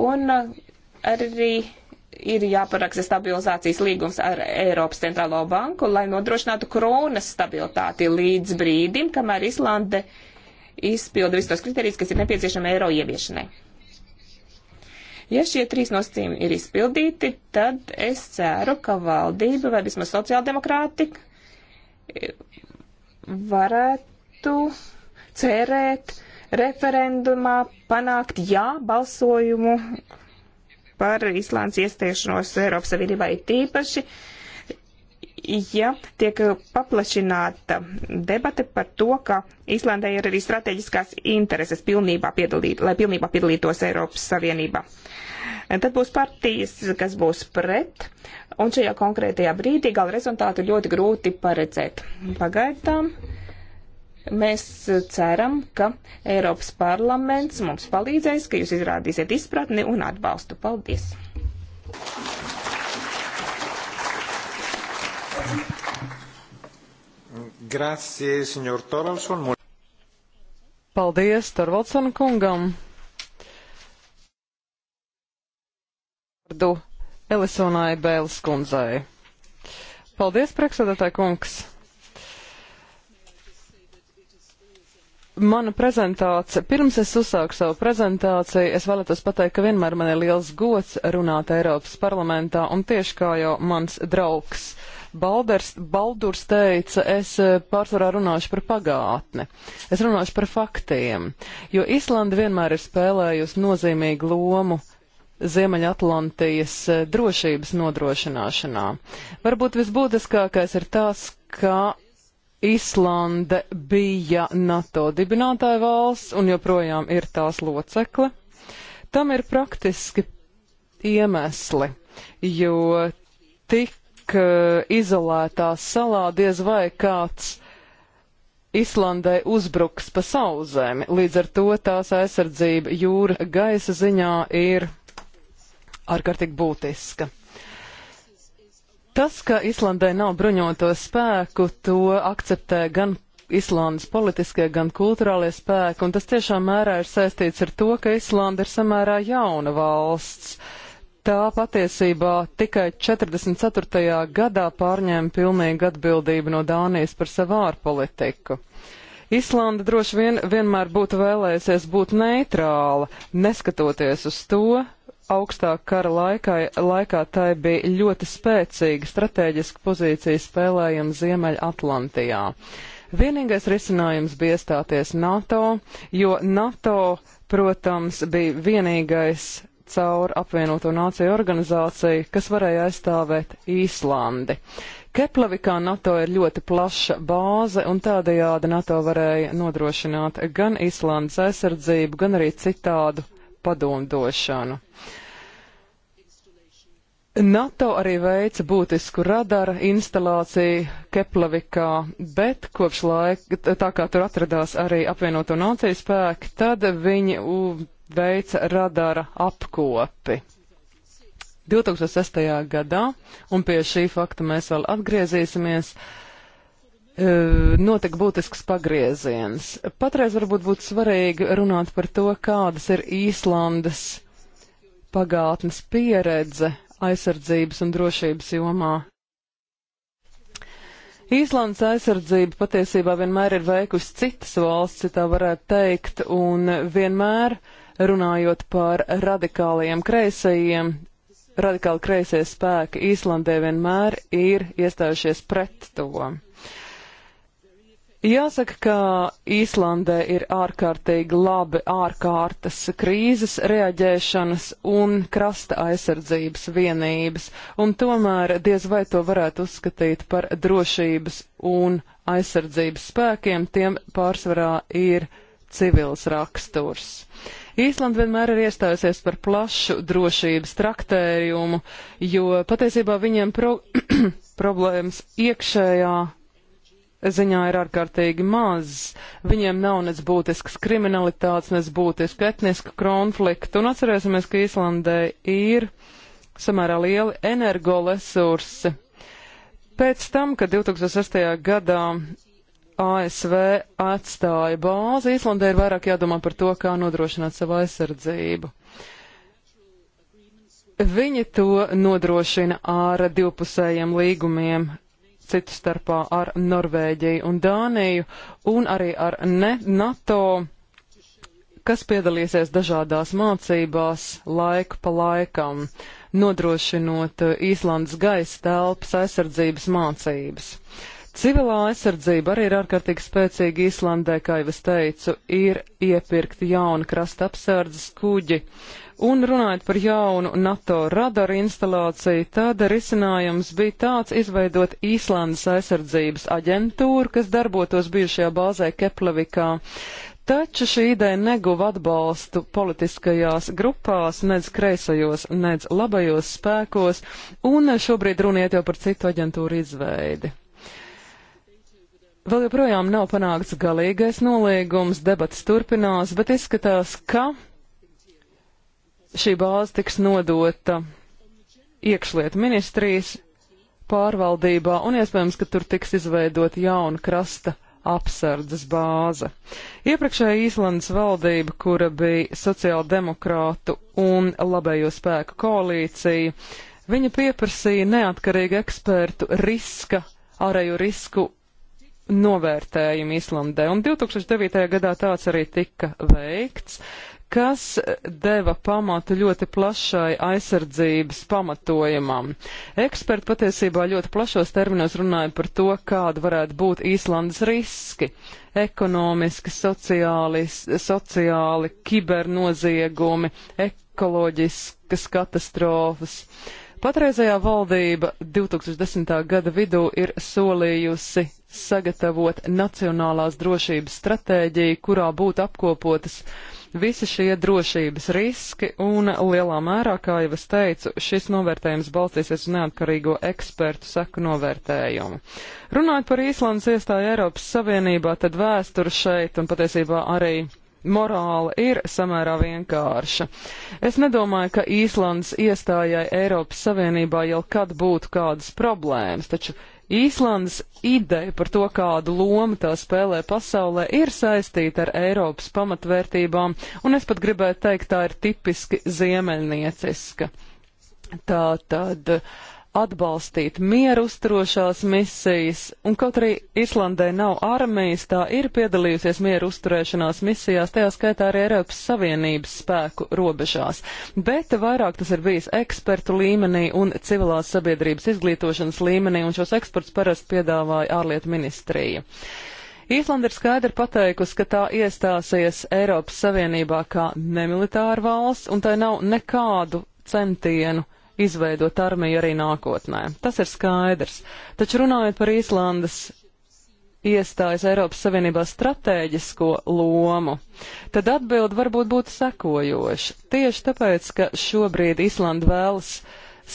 Un uh, arī ir jāparaksta stabilizācijas līgums ar Eiropas centrālo banku, lai nodrošinātu kronas stabilitāti līdz brīdim, kamēr Islande izpilda visus tos kriterijus, kas ir nepieciešami eiro ieviešanai. Ja šie trīs nosacījumi ir izpildīti, tad es ceru, ka valdība vai vismaz sociāldemokrāti eh, varētu cerēt, referendumā panākt jā balsojumu par Islandes iestiešanos Eiropas Savienībā ir tīpaši, ja tiek paplašināta debate par to, ka Islandē ir arī strateģiskās intereses pilnībā piedalīt, lai pilnībā piedalītos Eiropas Savienībā. Tad būs partijas, kas būs pret, un šajā konkrētajā brīdī gala rezultātu ļoti grūti paredzēt. Pagaidām Mēs ceram, ka Eiropas parlaments mums palīdzēs, ka jūs izrādīsiet izpratni un atbalstu. Paldies! Grazie, signor Torvalson. Paldies Torvalson kungam. Vārdu Elisonai Bēles kundzai. Paldies, priekšsēdētāji kungs. mana prezentācija, pirms es uzsāku savu prezentāciju, es vēlētos pateikt, ka vienmēr man ir liels gods runāt Eiropas parlamentā, un tieši kā jau mans draugs Balders, Baldurs teica, es eh, pārsvarā runāšu par pagātni, es runāšu par faktiem, jo Islanda vienmēr ir spēlējusi nozīmīgu lomu Ziemeļatlantijas eh, drošības nodrošināšanā. Varbūt visbūtiskākais ir tas, ka Islande bija NATO dibinātāja valsts un joprojām ir tās locekle. Tam ir praktiski iemesli, jo tik uh, izolētā salā diez vai kāds Islandai uzbruks pa sauzemi, līdz ar to tās aizsardzība jūra gaisa ziņā ir ārkārtīgi būtiska. Tas, ka Islandē nav bruņoto spēku, to akceptē gan Islandes politiskie, gan kulturālie spēki, un tas tiešām mērā ir saistīts ar to, ka Islanda ir samērā jauna valsts. Tā patiesībā tikai 44. gadā pārņēma pilnīgu atbildību no Dānijas par savu ārpolitiku. Islanda droši vien vienmēr būtu vēlējusies būt neitrāla, neskatoties uz to, augstā kara laikā, laikā tai bija ļoti spēcīga strateģiska pozīcija spēlējama Ziemeļatlantijā. Vienīgais risinājums bija iestāties NATO, jo NATO, protams, bija vienīgais caur apvienoto nāciju organizāciju, kas varēja aizstāvēt Īslandi. Keplavikā NATO ir ļoti plaša bāze, un tādējādi NATO varēja nodrošināt gan Īslandes aizsardzību, gan arī citādu padomdošanu. NATO arī veica būtisku radara instalāciju Keplavikā, bet kopš laika, tā kā tur atradās arī apvienoto nāciju spēki, tad viņi veica radara apkopi. 2006. gadā, un pie šī fakta mēs vēl atgriezīsimies, uh, notika būtisks pagrieziens. Patreiz varbūt būtu svarīgi runāt par to, kādas ir Īslandes pagātnes pieredze aizsardzības un drošības jomā. Īslandes aizsardzība patiesībā vienmēr ir veikusi citas valsts, ja tā varētu teikt, un vienmēr runājot par radikālajiem kreisajiem, radikāli kreisie spēki Īslandē vienmēr ir iestājušies pret to. Jāsaka, ka Īslandē ir ārkārtīgi labi ārkārtas krīzes reaģēšanas un krasta aizsardzības vienības, un tomēr diez vai to varētu uzskatīt par drošības un aizsardzības spēkiem, tiem pārsvarā ir civils raksturs. Īslanda vienmēr ir iestājusies par plašu drošības traktējumu, jo patiesībā viņiem pro [CLEARS THROAT] problēmas iekšējā ziņā ir ārkārtīgi maz. Viņiem nav nec būtisks kriminalitātes, nec būtisku etnisku konfliktu. Un atcerēsimies, ka Īslandē ir samērā lieli energoresursi. Pēc tam, kad 2008. gadā ASV atstāja bāzi, Īslandē ir vairāk jādomā par to, kā nodrošināt savu aizsardzību. Viņi to nodrošina ar divpusējiem līgumiem citu starpā ar Norvēģiju un Dāniju un arī ar ne NATO, kas piedalīsies dažādās mācībās laiku pa laikam, nodrošinot Īslandes gaisa telpas aizsardzības mācības. Uh, Civilā aizsardzība arī ir ārkārtīgi spēcīga Īslandē, kā jau es teicu, ir iepirkti jauni krasta apsardzes kuģi. Un runājot par jaunu NATO radaru instalāciju, tad risinājums bija tāds izveidot Īslandes aizsardzības aģentūru, kas darbotos bijušajā bāzē Keplavikā. Taču šī ideja neguva atbalstu politiskajās grupās, nedz kreisajos, nedz labajos spēkos, un šobrīd runiet jau par citu aģentūru izveidi. Vēl joprojām nav panākts galīgais nolīgums, debatas turpinās, bet izskatās, ka šī bāze tiks nodota iekšlietu ministrijas pārvaldībā un iespējams, ka tur tiks izveidot jauna krasta apsardzes bāze. Iepriekšējā Īslandes valdība, kura bija sociāldemokrātu un labējo spēku koalīcija, viņa pieprasīja neatkarīgu ekspertu riska, ārēju risku novērtējumu Islandē. Un 2009. gadā tāds arī tika veikts kas deva pamatu ļoti plašai aizsardzības pamatojumam. Eksperti patiesībā ļoti plašos terminos runāja par to, kāda varētu būt Īslandes riski - ekonomiski, sociāli, sociāli kibernoziegumi, ekoloģiskas katastrofas. Uh, Patreizējā valdība 2010. gada vidū ir solījusi sagatavot nacionālās drošības stratēģiju, kurā būtu apkopotas visi šie drošības riski, un lielā mērā, kā jau es teicu, šis novērtējums balstīsies uz neatkarīgo ekspertu seku novērtējumu. Runājot par Īslandes iestāju Eiropas Savienībā, tad vēsture šeit un patiesībā arī morāla ir samērā vienkārša. Es nedomāju, ka Īslandes iestājai Eiropas Savienībā jau kad būtu kādas problēmas, taču Īslandes ideja par to, kādu lomu tā spēlē pasaulē, ir saistīta ar Eiropas pamatvērtībām, un es pat gribētu teikt, tā ir tipiski ziemeļnieciska. Tā tad. Uh, atbalstīt mieru uzturošās misijas, un kaut arī Islandē nav armijas, tā ir piedalījusies mieru uzturēšanās misijās, tajā skaitā arī Eiropas Savienības spēku robežās. Bet vairāk tas ir bijis ekspertu līmenī un civilās sabiedrības izglītošanas līmenī, un šos ekspertus parasti piedāvāja ārlietu ministrija. Īslanda ir skaidri pateikusi, ka tā iestāsies Eiropas Savienībā kā nemilitāra valsts, un tai nav nekādu centienu izveidot armiju arī nākotnē. Tas ir skaidrs. Taču runājot par Īslandes iestājas Eiropas Savienībā stratēģisko lomu, tad atbildi varbūt būtu sekojoša. Tieši tāpēc, ka šobrīd Islanda vēlas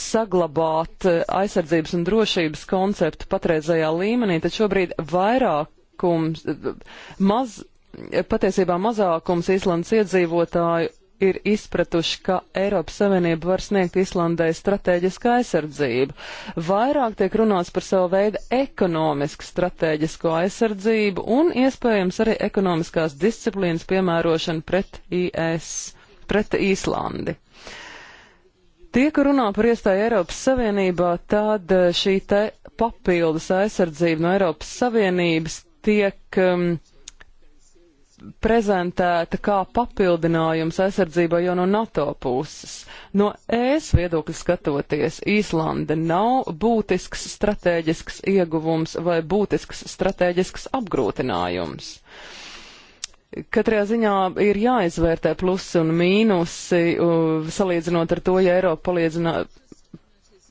saglabāt eh, aizsardzības un drošības konceptu patreizajā līmenī, tad šobrīd vairākums, eh, maz, eh, patiesībā mazākums Islandas iedzīvotāju ir izpratuši, ka Eiropas Savienība var sniegt Islandai strateģisku aizsardzību. Vairāk tiek runāts par savu veidu ekonomisku strateģisko aizsardzību un iespējams arī ekonomiskās disciplīnas piemērošanu pret IS, pret Īslandi. Tie, kur runā par iestāju Eiropas Savienībā, tad eh, šī te papildus aizsardzība no Eiropas Savienības tiek um, prezentēta kā papildinājums aizsardzībai jau no NATO puses. No ES viedokļa skatoties, Īslande nav būtisks strateģisks ieguvums vai būtisks strateģisks apgrūtinājums. Katrā ziņā ir jāizvērtē plusi un mīnusi, salīdzinot ar to, ja Eiropa palīdzinātu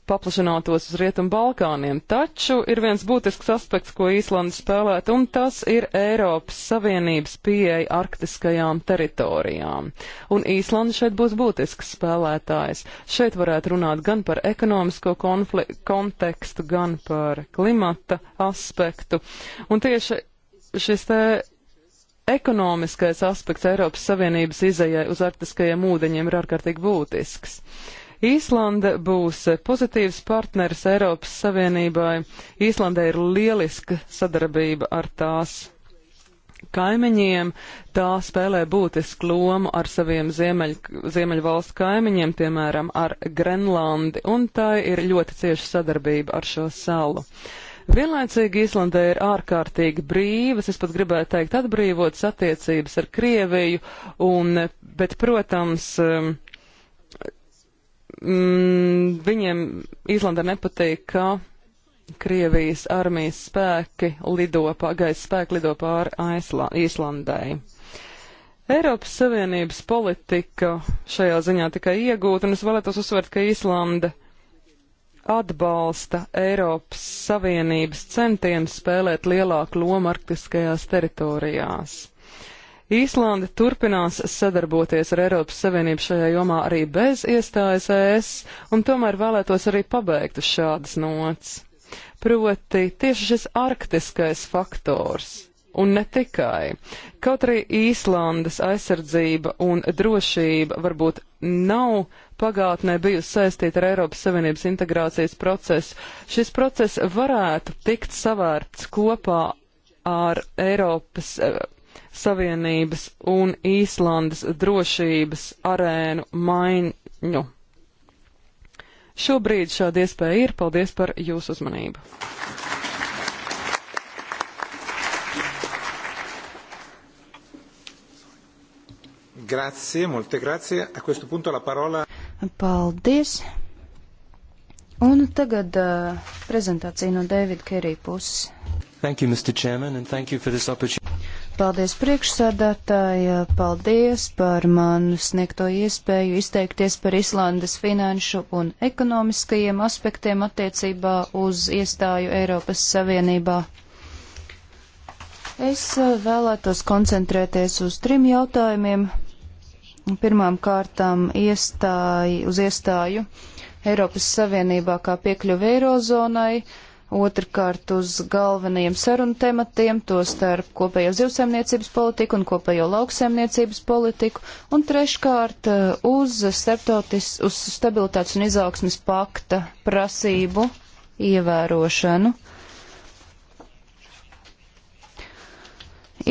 paplašinātos uz Rietumu Balkāniem. Taču ir viens būtisks aspekts, ko Īslanda spēlēt, un tas ir Eiropas Savienības pieeja arktiskajām teritorijām. Un Īslanda šeit būs būtisks spēlētājs. Šeit varētu runāt gan par ekonomisko kontekstu, gan par klimata aspektu. Un tieši šis te ekonomiskais aspekts Eiropas Savienības izējai uz arktiskajiem ūdeņiem ir ārkārtīgi būtisks. Uh, Īslande būs pozitīvs partneris Eiropas Savienībai. Īslandē ir lieliska sadarbība ar tās kaimiņiem. Tā spēlē būtisku lomu ar saviem ziemeļ, ziemeļvalstu kaimiņiem, piemēram, ar Grenlandi, un tā ir ļoti cieša sadarbība ar šo salu. Vienlaicīgi Īslandē ir ārkārtīgi brīvas, es pat gribētu teikt, atbrīvotas attiecības ar Krieviju, un, bet, protams, um, mm, viņiem Īslanda nepatīk, ka Krievijas armijas spēki lido, gaisa spēki lido pāri Aisla, Īslandai. Eiropas Savienības politika šajā ziņā tikai iegūta, un es vēlētos uzsvērt, ka Īslanda atbalsta Eiropas Savienības centienu spēlēt lielāku lomu arktiskajās teritorijās. Īslande turpinās sadarboties ar Eiropas Savienību šajā jomā arī bez iestājas ES, un tomēr vēlētos arī pabeigt uz šādas nots. Proti tieši šis arktiskais faktors, un ne tikai. Kaut arī Īslandes aizsardzība un drošība varbūt nav pagātnē bijusi saistīta ar Eiropas Savienības integrācijas procesu, šis process varētu tikt savērts kopā ar Eiropas Savienības un Īslandes drošības arēnu maiņu. Šobrīd šāda iespēja ir. Paldies par jūsu uzmanību. Grazie, molte grazie. A questo punto la parola. Paldies. Un tagad uh, prezentācija no Davida Kerija puses. Thank you, Mr. Chairman, and thank you for this opportunity. Paldies priekšsēdētāji, paldies par man sniegto iespēju izteikties par Islandes finanšu un ekonomiskajiem aspektiem attiecībā uz iestāju Eiropas Savienībā. Es eh, vēlētos koncentrēties uz trim jautājumiem. Pirmām kārtām iestāju, uz iestāju Eiropas Savienībā kā piekļuvi Eirozonai otrkārt uz galvenajiem sarunu tematiem, to starp kopējo zivsaimniecības politiku un kopējo lauksaimniecības politiku, un treškārt eh, uz, uz stabilitātes un izaugsmes pakta prasību ievērošanu.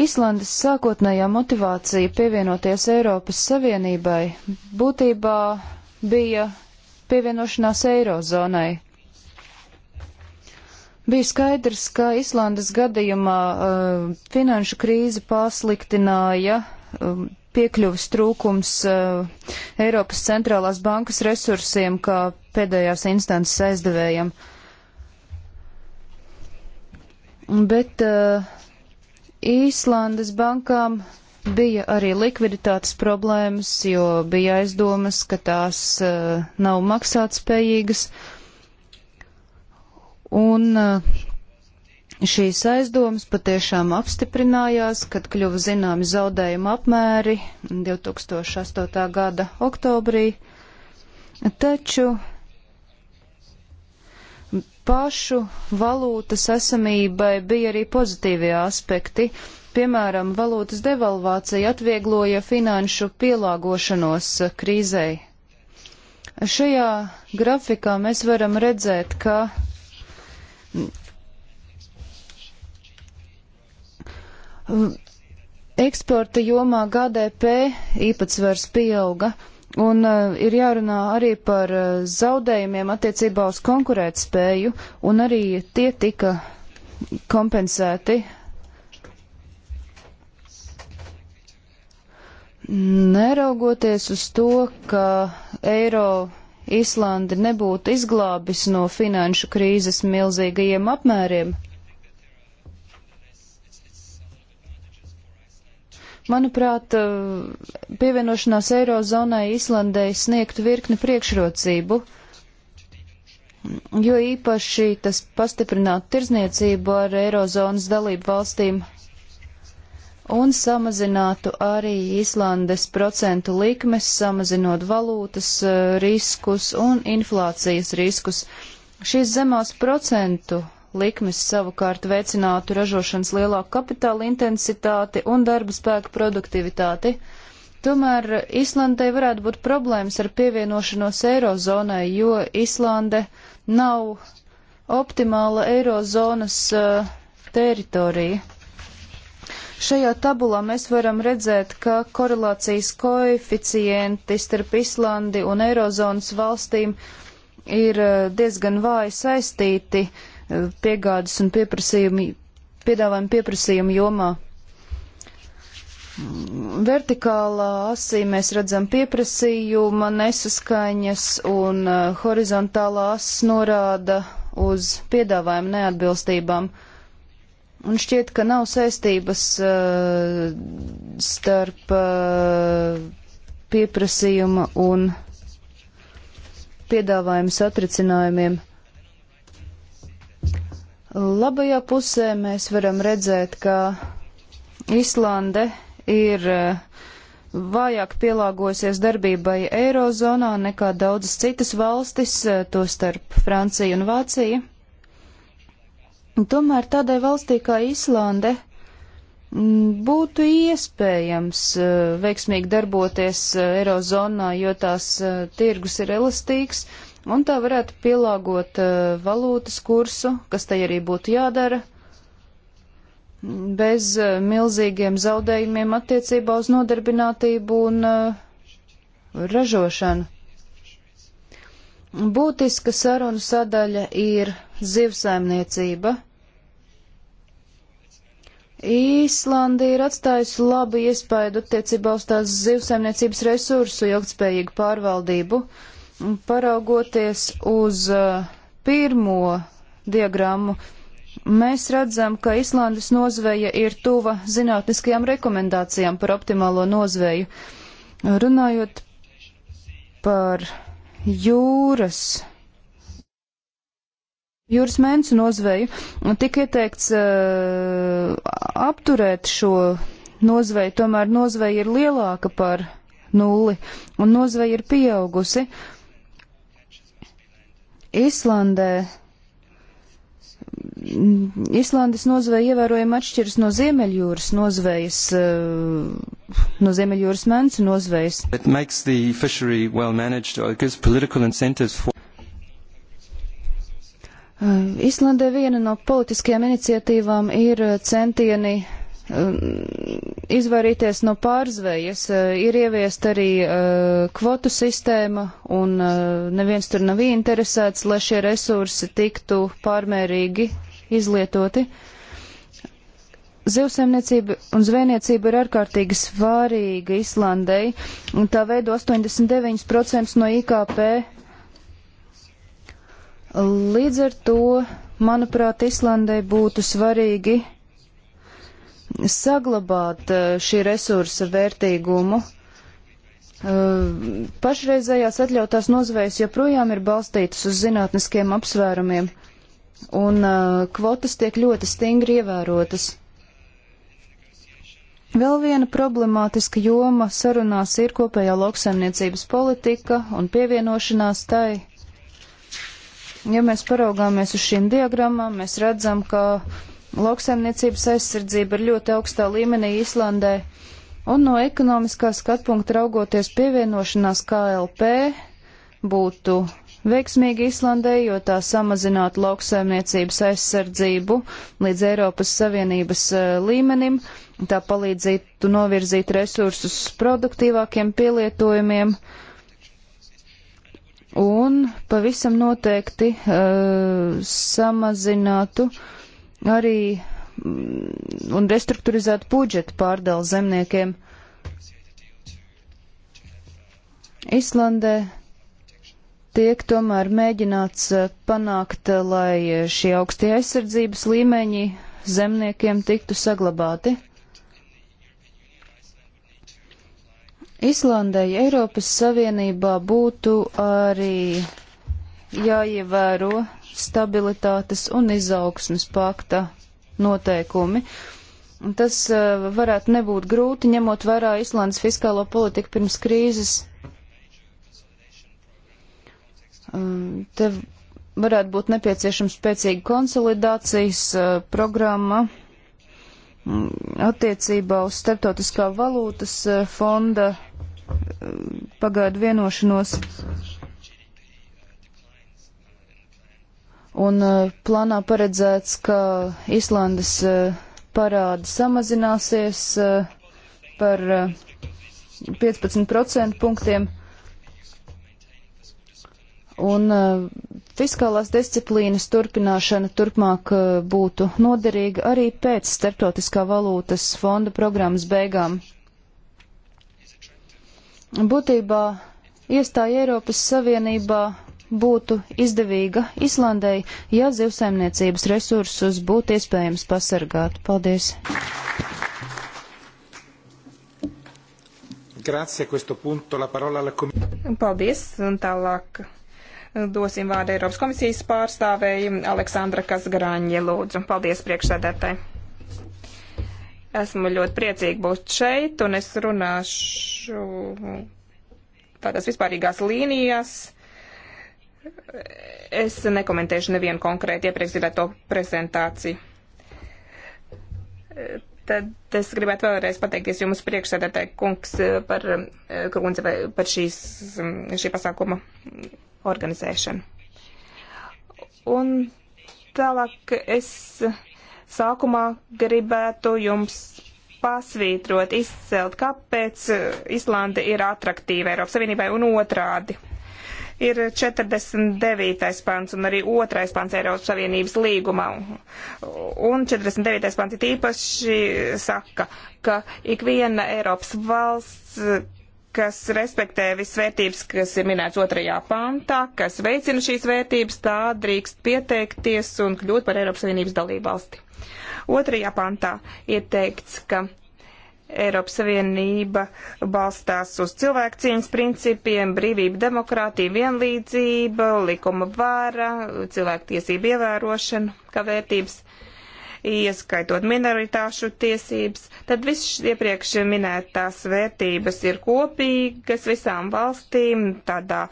Islandes sākotnējā motivācija pievienoties Eiropas Savienībai būtībā bija pievienošanās Eirozonai, Bija skaidrs, ka Islandes gadījumā uh, finanšu krīze pasliktināja uh, piekļuvas trūkums uh, Eiropas centrālās bankas resursiem, kā pēdējās instances aizdevējiem. Bet uh, Īslandes bankām bija arī likviditātes problēmas, jo bija aizdomas, ka tās uh, nav maksātspējīgas. spējīgas. Un eh, šīs aizdomas patiešām apstiprinājās, kad kļuva zināmi zaudējuma apmēri 2008. gada oktobrī. Taču pašu valūtas esamībai bija arī pozitīvie aspekti. Piemēram, valūtas devalvācija atviegloja finanšu pielāgošanos eh, krīzei. Šajā grafikā mēs varam redzēt, ka Eksporta jomā GDP īpatsvars pieauga, un uh, ir jārunā arī par uh, zaudējumiem attiecībā uz konkurētspēju, un arī tie tika kompensēti Neraugoties uz to, ka eiro Islandi nebūtu izglābis no finanšu krīzes milzīgajiem apmēriem. Manuprāt, eh, pievienošanās Eirozonai Islandai sniegtu virkni priekšrocību, jo īpaši tas pastiprinātu tirzniecību ar Eirozonas dalību valstīm un samazinātu arī Īslandes procentu likmes, samazinot valūtas eh, riskus un inflācijas riskus. Šīs zemās procentu likmes savukārt veicinātu ražošanas lielāku kapitāla intensitāti un darba spēku produktivitāti. Tomēr Islandai varētu būt problēmas ar pievienošanos Eirozonai, jo Islande nav optimāla Eirozonas uh, teritorija. Šajā tabulā mēs varam redzēt, ka korelācijas koeficienti starp Islandi un Eirozonas valstīm ir eh, diezgan vāji saistīti eh, piegādes un pieprasījumi, piedāvājumi pieprasījumi jomā. Vertikālā asī mēs redzam pieprasījuma nesaskaņas un eh, horizontālā asas norāda uz piedāvājuma neatbilstībām. Uh, Un šķiet, ka nav saistības uh, starp uh, pieprasījuma un piedāvājuma satricinājumiem. Labajā pusē mēs varam redzēt, ka Islande ir uh, vājāk pielāgojusies darbībai Eirozonā nekā daudzas citas valstis, to starp Franciju un Vāciju. Un tomēr tādai valstī kā Islande būtu iespējams e, veiksmīgi darboties e, Eirozonā, jo tās e, tirgus ir elastīgs, un tā varētu pielāgot valūtas kursu, kas tai arī būtu jādara, bez milzīgiem zaudējumiem attiecībā uz nodarbinātību un ražošanu. Būtiska sarunu sadaļa ir zivsaimniecība. Īslandi ir atstājusi labu iespaidu attiecībā uz tās zivsaimniecības resursu ilgtspējīgu pārvaldību. Paraugoties uz uh, pirmo diagrammu, mēs redzam, ka Īslandes nozveja ir tuva zinātniskajām rekomendācijām par optimālo nozveju. Runājot par jūras. Jūras mēnesu nozveju tika ieteikts uh, apturēt šo nozveju, tomēr nozveja ir lielāka par nulli, un nozveja ir pieaugusi. Islandē Islandes nozveja ievērojami atšķiras no Ziemeļjūras nozvejas, eh, no Ziemeļjūras mēnesi nozvejas. Well managed, for... Eh, Islandē viena no politiskajām iniciatīvām ir eh, centieni Um, izvairīties no pārzvejas. Uh, ir ieviest arī uh, kvotu sistēma, un uh, neviens tur nav ieinteresēts, lai šie resursi tiktu pārmērīgi izlietoti. Zivsaimniecība un zvejniecība ir ārkārtīgi svārīga Islandei, un tā veido 89% no IKP. Līdz ar to, manuprāt, Islandei būtu svarīgi saglabāt eh, šī resursa vērtīgumu. Eh, pašreizējās atļautās nozvējas joprojām ir balstītas uz zinātniskiem apsvērumiem, un eh, kvotas tiek ļoti stingri ievērotas. Vēl viena problemātiska joma sarunās ir kopējā lauksaimniecības politika un pievienošanās tai. Ja mēs paraugāmies uz šīm diagrammām, mēs redzam, ka uh, Lauksaimniecības aizsardzība ir ļoti augstā līmenī Īslandē, un no ekonomiskā skatpunkta raugoties pievienošanās KLP būtu veiksmīgi Īslandē, jo tā samazinātu lauksaimniecības aizsardzību līdz Eiropas Savienības eh, līmenim, tā palīdzītu novirzīt resursus produktīvākiem pielietojumiem. Un pavisam noteikti uh, samazinātu uh, arī mm, un restruktūrizētu budžetu pārdala zemniekiem. Islandē tiek tomēr mēģināts eh, panākt, eh, lai eh, šie augstie aizsardzības līmeņi zemniekiem tiktu saglabāti. Islandai Eiropas Savienībā būtu arī jāievēro stabilitātes un izaugsmes pakta noteikumi. Tas uh, varētu nebūt grūti, ņemot vērā Islandes fiskālo politiku pirms krīzes. Um, te varētu būt nepieciešama spēcīga konsolidācijas uh, programma um, attiecībā uz starptautiskā valūtas uh, fonda pagaidu vienošanos. un uh, plānā paredzēts, ka Islandes uh, parādi samazināsies uh, par 15 procentu punktiem. Un fiskālās disciplīnas turpināšana turpmāk būtu noderīga arī pēc Startautiskā valūtas fonda programmas beigām. Būtībā iestāja Eiropas Savienībā būtu izdevīga Islandai, ja zivsaimniecības resursus būtu iespējams pasargāt. Paldies! Grazie, punto, la parola alla Paldies, un tālāk eh, dosim vārdu Eiropas komisijas pārstāvēji Aleksandra Kasgarāņa lūdzu. Paldies priekšsēdētāji. Esmu ļoti priecīgi būt šeit, un es runāšu tādās vispārīgās līnijās Es nekomentēšu nevienu konkrēti iepriekš dzirdēto prezentāciju. Tad es gribētu vēlreiz pateikties jums priekšsēdētāji kungs par, kundze, par šīs, šī pasākuma organizēšanu. Un tālāk es sākumā gribētu jums pasvītrot, izcelt, kāpēc Islanda ir atraktīva Eiropas Savienībai un otrādi ir 49. pants un arī 2. pants Eiropas Savienības līgumā. Un 49. pants ir īpaši saka, ka ikviena Eiropas valsts kas respektē visas vērtības, kas ir minēts otrajā pantā, kas veicina šīs vērtības, tā drīkst pieteikties un kļūt par Eiropas Savienības dalībvalsti. Otrajā pantā ir teikts, ka Eiropas Savienība balstās uz cilvēkcieņas principiem, brīvība, demokrātija, vienlīdzība, likuma vāra, cilvēktiesība ievērošana, kā vērtības, ieskaitot minoritāšu tiesības. Tad viss iepriekš minētās vērtības ir kopīgas visām valstīm, tādā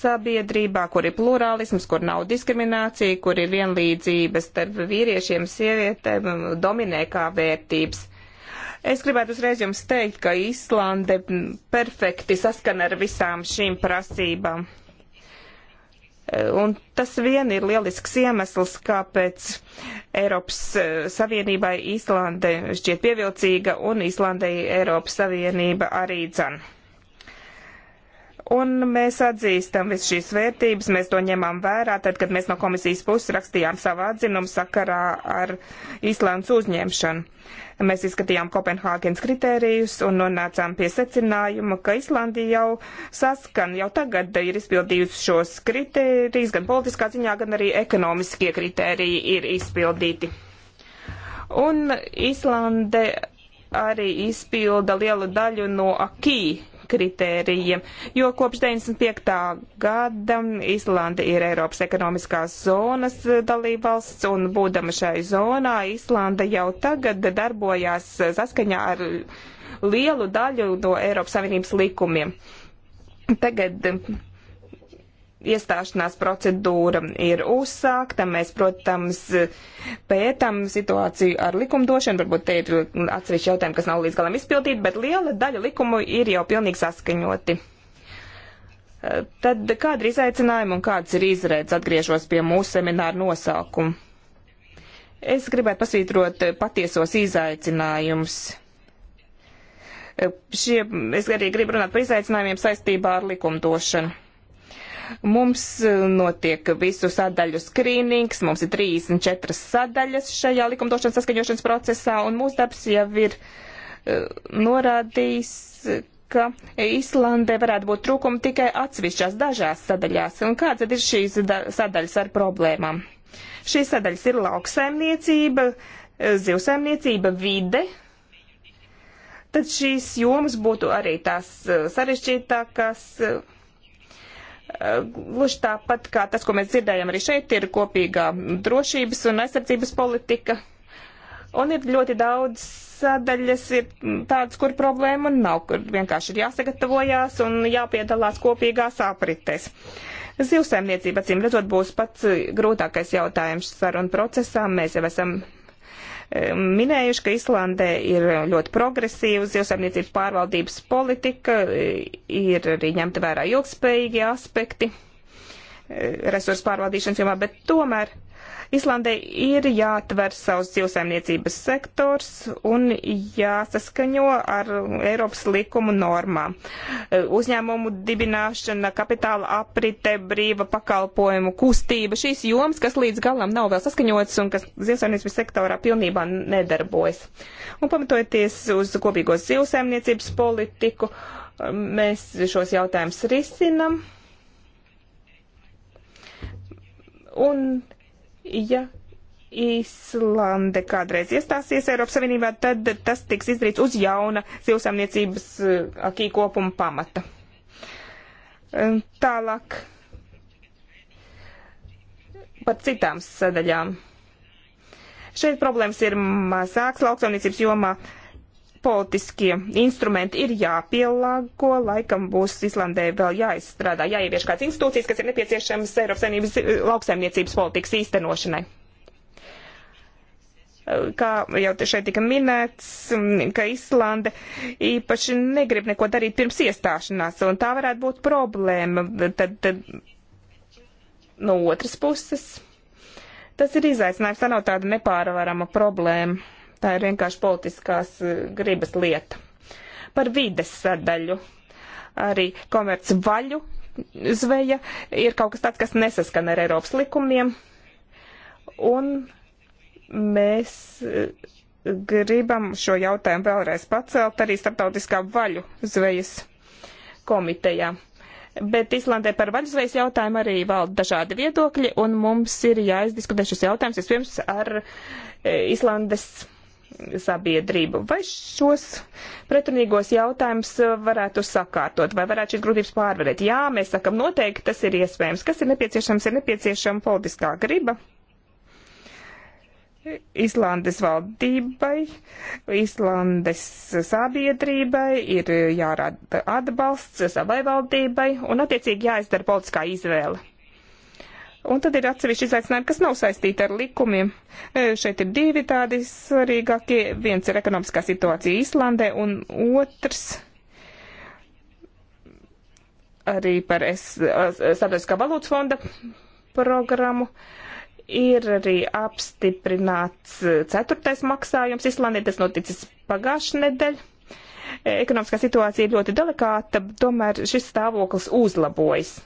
sabiedrībā, kur ir plurālisms, kur nav diskriminācija, kur ir vienlīdzības starp vīriešiem, sievietēm, dominē kā vērtības Es gribētu uzreiz jums teikt, ka Īslande perfekti saskana ar visām šīm prasībām. E, un tas vien ir lielisks iemesls, kāpēc Eiropas e, Savienībai Īslande šķiet pievilcīga un Īslandei Eiropas Savienība arī dzana. Un mēs atzīstam visu šīs vērtības, mēs to ņemam vērā, tad, kad mēs no komisijas puses rakstījām savu atzinumu sakarā ar Īslandes uzņemšanu. Mēs izskatījām Kopenhāgenes kritērijus un nonācām pie secinājuma, ka Islandi jau saskan, jau tagad ir izpildījusi šos kritērijus, gan politiskā ziņā, gan arī ekonomiskie kritēriji ir izpildīti. Un Islande arī izpilda lielu daļu no akī kritērijiem, jo kopš 95. gada Islanda ir Eiropas ekonomiskās zonas dalībvalsts, un būdama šai zonā, Islanda jau tagad darbojās saskaņā ar lielu daļu no Eiropas Savienības likumiem. Tagad iestāšanās procedūra ir uzsākta. Mēs, protams, pētam situāciju ar likumdošanu. Varbūt te ir atsevišķi jautājumi, kas nav līdz galam izpildīti, bet liela daļa likumu ir jau pilnīgi saskaņoti. Tad kāda ir izaicinājuma un kāds ir izredzes atgriežos pie mūsu semināra nosaukuma? Es gribētu pasvītrot patiesos izaicinājumus. Šie, es arī gribu runāt par izaicinājumiem saistībā ar likumdošanu Mums eh, notiek visu sadaļu skrīnings, mums ir 34 sadaļas šajā likumdošanas saskaņošanas procesā, un mūsu darbs jau ir uh, norādījis, ka Islandē varētu būt trūkumi tikai atsevišķās dažās sadaļās. Un kāds tad ir šīs sadaļas ar problēmām? Šīs sadaļas ir lauksaimniecība, eh, zivsaimniecība, vide, tad šīs jomas būtu arī tās sarežģītākās Eh, gluži tāpat kā tas, ko mēs dzirdējam arī šeit, ir kopīgā drošības un aizsardzības politika. Un ir ļoti daudz sadaļas, ir tādas, kur problēma nav, kur vienkārši ir jāsagatavojās un jāpiedalās kopīgās aprites. Zivsaimniecība, cīm redzot, būs pats grūtākais jautājums sarunu procesā. Mēs jau esam minējuši, ka Islandē ir ļoti progresīva zivsaimniecības pārvaldības politika, ir arī ņemta vērā ilgspējīgi aspekti resursu pārvaldīšanas jomā, bet tomēr Islandē ir jāatver savs dzīvsaimniecības sektors un jāsaskaņo ar Eiropas likumu normām. Uzņēmumu dibināšana, kapitāla aprite, brīva pakalpojumu kustība, šīs jomas, kas līdz galam nav vēl saskaņotas un kas dzīvsaimniecības sektorā pilnībā nedarbojas. Un pamatojoties uz kopīgos dzīvsaimniecības politiku, mēs šos jautājumus risinam Un, ja Īslande kādreiz iestāsies Eiropas Savienībā, tad tas tiks izdarīts uz jauna zivsaimniecības eh, akī kopuma pamata. Tālāk par citām sadaļām. Šeit problēmas ir mazāks lauksaimniecības jomā. Uh, politiskie instrumenti ir jāpielāgo, laikam būs Islandē vēl jāizstrādā, jāievieš kāds institūcijas, kas ir nepieciešams Eiropas saimnības eh, lauksaimniecības politikas īstenošanai. Eh, kā jau šeit tika minēts, mm, ka Islande īpaši negrib neko darīt pirms iestāšanās, un tā varētu būt problēma. Tad, tad no otras puses, tas ir izaicinājums, tā nav tāda nepārvarama problēma Tā ir vienkārši politiskās eh, gribas lieta. Par vides sadaļu. Arī komerc vaļu zveja ir kaut kas tāds, kas nesaskan ar Eiropas likumiem. Un mēs eh, gribam šo jautājumu vēlreiz pacelt arī starptautiskā vaļu zvejas komitejā. Bet Islandē par vaļzvejas jautājumu arī valda dažādi viedokļi, un mums ir jāizdiskutē šis jautājums vispirms ar eh, Islandes sabiedrību. Vai šos pretrunīgos jautājumus uh, varētu sakārtot, vai varētu šīs grūtības pārvarēt? Jā, mēs sakam, noteikti tas ir iespējams. Kas ir nepieciešams? Ir nepieciešama politiskā griba. Islandes valdībai, Islandes sabiedrībai ir jārada atbalsts savai valdībai un attiecīgi jāizdara politiskā izvēle Un tad ir atsevišķi izaicinājumi, kas nav saistīti ar likumiem. E, šeit ir divi tādi svarīgākie. Viens ir ekonomiskā situācija Īslandē, un otrs arī par Starptautiskā valūtas fonda programmu. Ir arī apstiprināts ceturtais maksājums Islandē, tas noticis pagājušajā nedēļā e, ekonomiskā situācija ir ļoti delikāta, tomēr šis stāvoklis uzlabojas.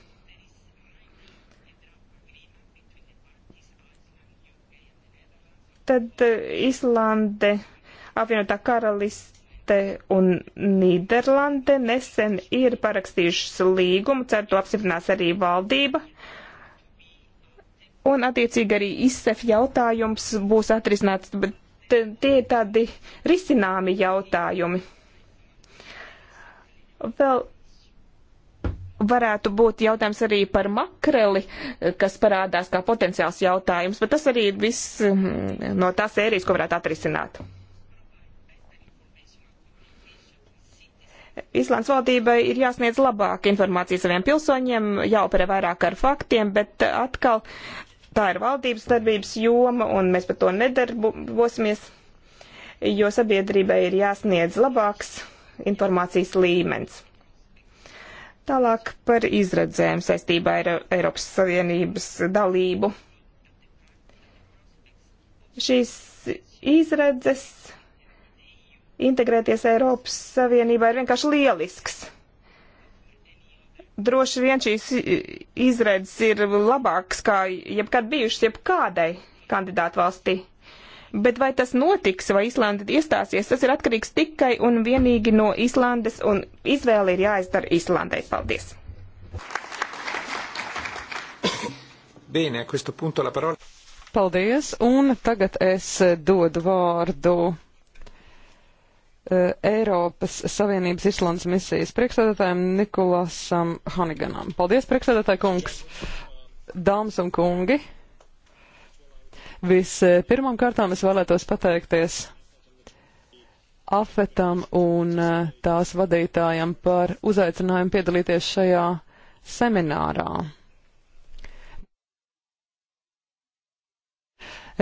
Tad eh, Islande, apvienotā karaliste un Nīderlande nesen ir parakstījušas līgumu, ceru to apstiprinās arī valdība. Un attiecīgi arī ISEF jautājums būs atrisināts, bet tie ir tādi risināmi jautājumi. Vēl varētu būt jautājums arī par makreli, kas parādās kā potenciāls jautājums, bet tas arī ir viss mm, no tās sērijas, ko varētu atrisināt. Islands valdībai ir jāsniedz labāka informācija saviem pilsoņiem, jāoperē vairāk ar faktiem, bet atkal tā ir valdības darbības joma un mēs par to nedarbosimies, jo sabiedrībai ir jāsniedz labāks informācijas līmenis. Tālāk par izredzēm saistībā ar Eiropas Savienības dalību. Šīs izredzes integrēties Eiropas Savienībā ir vienkārši lielisks. Droši vien šīs izredzes ir labākas kā jebkad bijušas jebkādai kandidātu valstī. Bet vai tas notiks, vai Islanda iestāsies, tas ir atkarīgs tikai un vienīgi no Islandes, un izvēle ir jāizdara Islandai. Paldies! Bene, a questo punto la parola. Paldies, un tagad es dodu vārdu eh, Eiropas Savienības Islandes misijas priekšsēdētājiem Nikolasam Haniganam. Paldies, priekšsēdētāji kungs, dāmas un kungi! Vispirmām kārtām es vēlētos pateikties Afetam un eh, tās vadītājam par uzaicinājumu piedalīties šajā seminārā.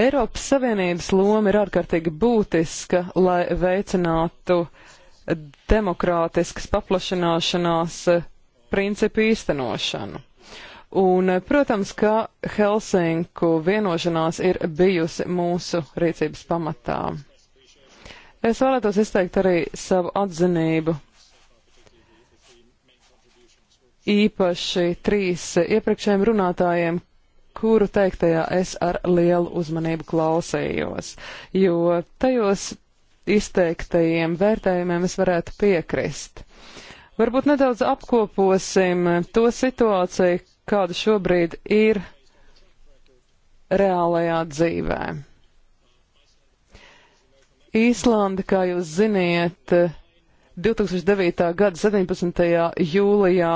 Eiropas Savienības loma ir ārkārtīgi būtiska, lai veicinātu demokrātiskas paplašināšanās eh, principu īstenošanu. Un, protams, ka Helsinku vienošanās ir bijusi mūsu rīcības pamatā. Es vēlētos izteikt arī savu atzinību īpaši trīs iepriekšējiem runātājiem, kuru teiktajā es ar lielu uzmanību klausējos, jo tajos izteiktajiem vērtējumiem es varētu piekrist. Varbūt nedaudz apkoposim to situāciju, kāda šobrīd ir reālajā dzīvē. Īslanda, kā jūs ziniet, 2009. gada 17. jūlijā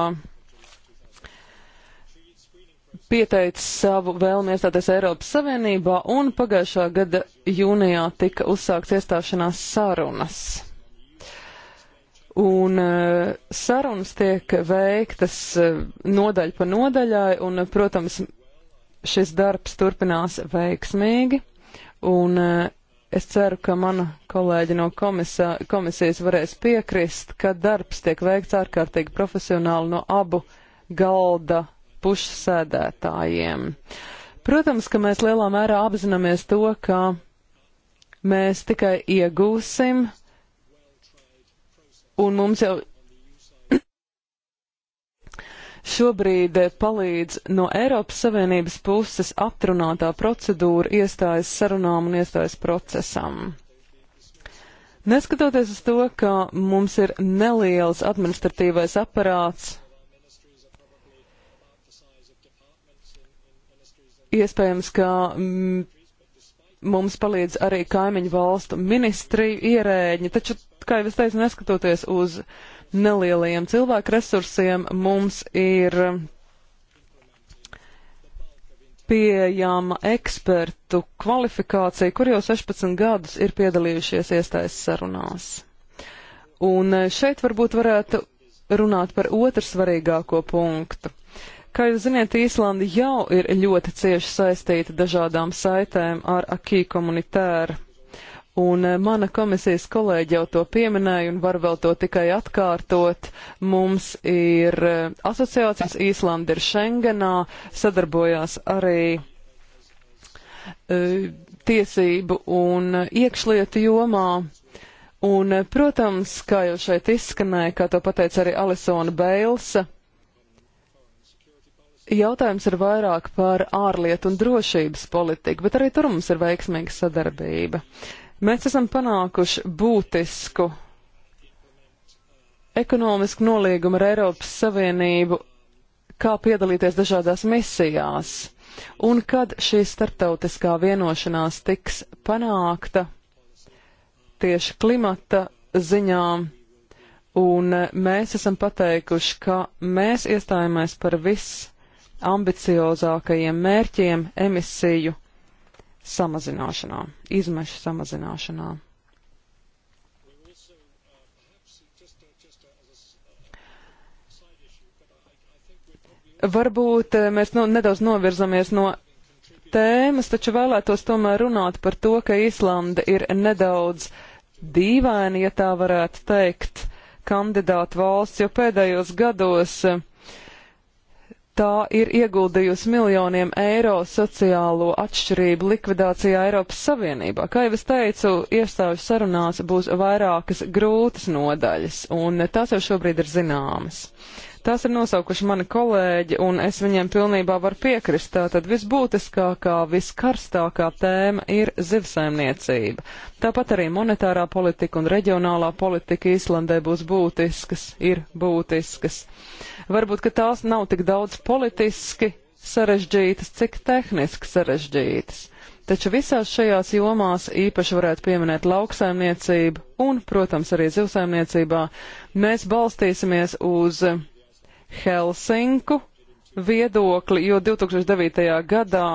pieteica savu vēlmi iestāties Eiropas Savienībā un pagājušā gada jūnijā tika uzsākts iestāšanās sarunas un eh, sarunas tiek veiktas eh, nodaļa pa nodaļai, un, eh, protams, šis darbs turpinās veiksmīgi, un es ceru, ka mana kolēģi no komisā, komisijas varēs piekrist, ka darbs tiek veikts ārkārtīgi profesionāli no abu galda pušsēdētājiem. Protams, ka mēs lielā mērā apzināmies to, ka mēs tikai iegūsim uh, un mums jau šobrīd palīdz no Eiropas Savienības puses atrunātā procedūra iestājas sarunām un iestājas procesam. Neskatoties uz to, ka mums ir neliels administratīvais aparāts, iespējams, ka mm, Mums palīdz arī kaimiņu valstu ministriju ierēģi, taču, kā jau es teicu, neskatoties uz nelielajiem cilvēku resursiem, mums ir pieejama ekspertu kvalifikācija, kur jau 16 gadus ir piedalījušies iestājas sarunās. Un šeit varbūt varētu runāt par otru svarīgāko punktu. Kā jūs ziniet, Īslanda jau ir ļoti cieši saistīta dažādām saitēm ar akī komunitāru. Un eh, mana komisijas kolēģi jau to pieminēja un var vēl to tikai atkārtot. Mums ir eh, asociācijas Īslanda ir Schengenā, sadarbojās arī uh, tiesību un iekšlietu jomā. Un, protams, kā jau šeit izskanēja, kā to pateica arī Alisona Beilsa, Jautājums ir vairāk par ārlietu un drošības politiku, bet arī tur mums ir veiksmīga sadarbība. Mēs esam panākuši būtisku ekonomisku nolīgumu ar Eiropas Savienību, kā piedalīties dažādās misijās. Un kad šī starptautiskā vienošanās tiks panākta tieši klimata ziņā, un mēs esam pateikuši, ka mēs iestājāmies par visu ambiciozākajiem mērķiem emisiju samazināšanā, izmešu samazināšanā. Varbūt eh, mēs nu, nedaudz novirzamies no tēmas, taču vēlētos tomēr runāt par to, ka Īslanda ir nedaudz dīvaini, ja tā varētu teikt, kandidāta valsts, jo pēdējos gados uh, tā ir ieguldījusi miljoniem eiro sociālo atšķirību likvidācijā Eiropas Savienībā. Kā jau es teicu, iestāžu sarunās būs vairākas grūtas nodaļas, un tās jau šobrīd ir zināmas. Tās ir nosaukuši mani kolēģi, un es viņiem pilnībā varu piekrist. Tātad visbūtiskākā, viskarstākā tēma ir zivsaimniecība. Tāpat arī monetārā politika un reģionālā politika Īslandē būs būtiskas, ir būtiskas. Uh, Varbūt, ka tās nav tik daudz politiski sarežģītas, cik tehniski sarežģītas. Taču visās šajās jomās īpaši varētu pieminēt lauksaimniecību un, protams, arī zivsaimniecībā. Mēs balstīsimies uz Helsinku viedokli, jo 2009. gadā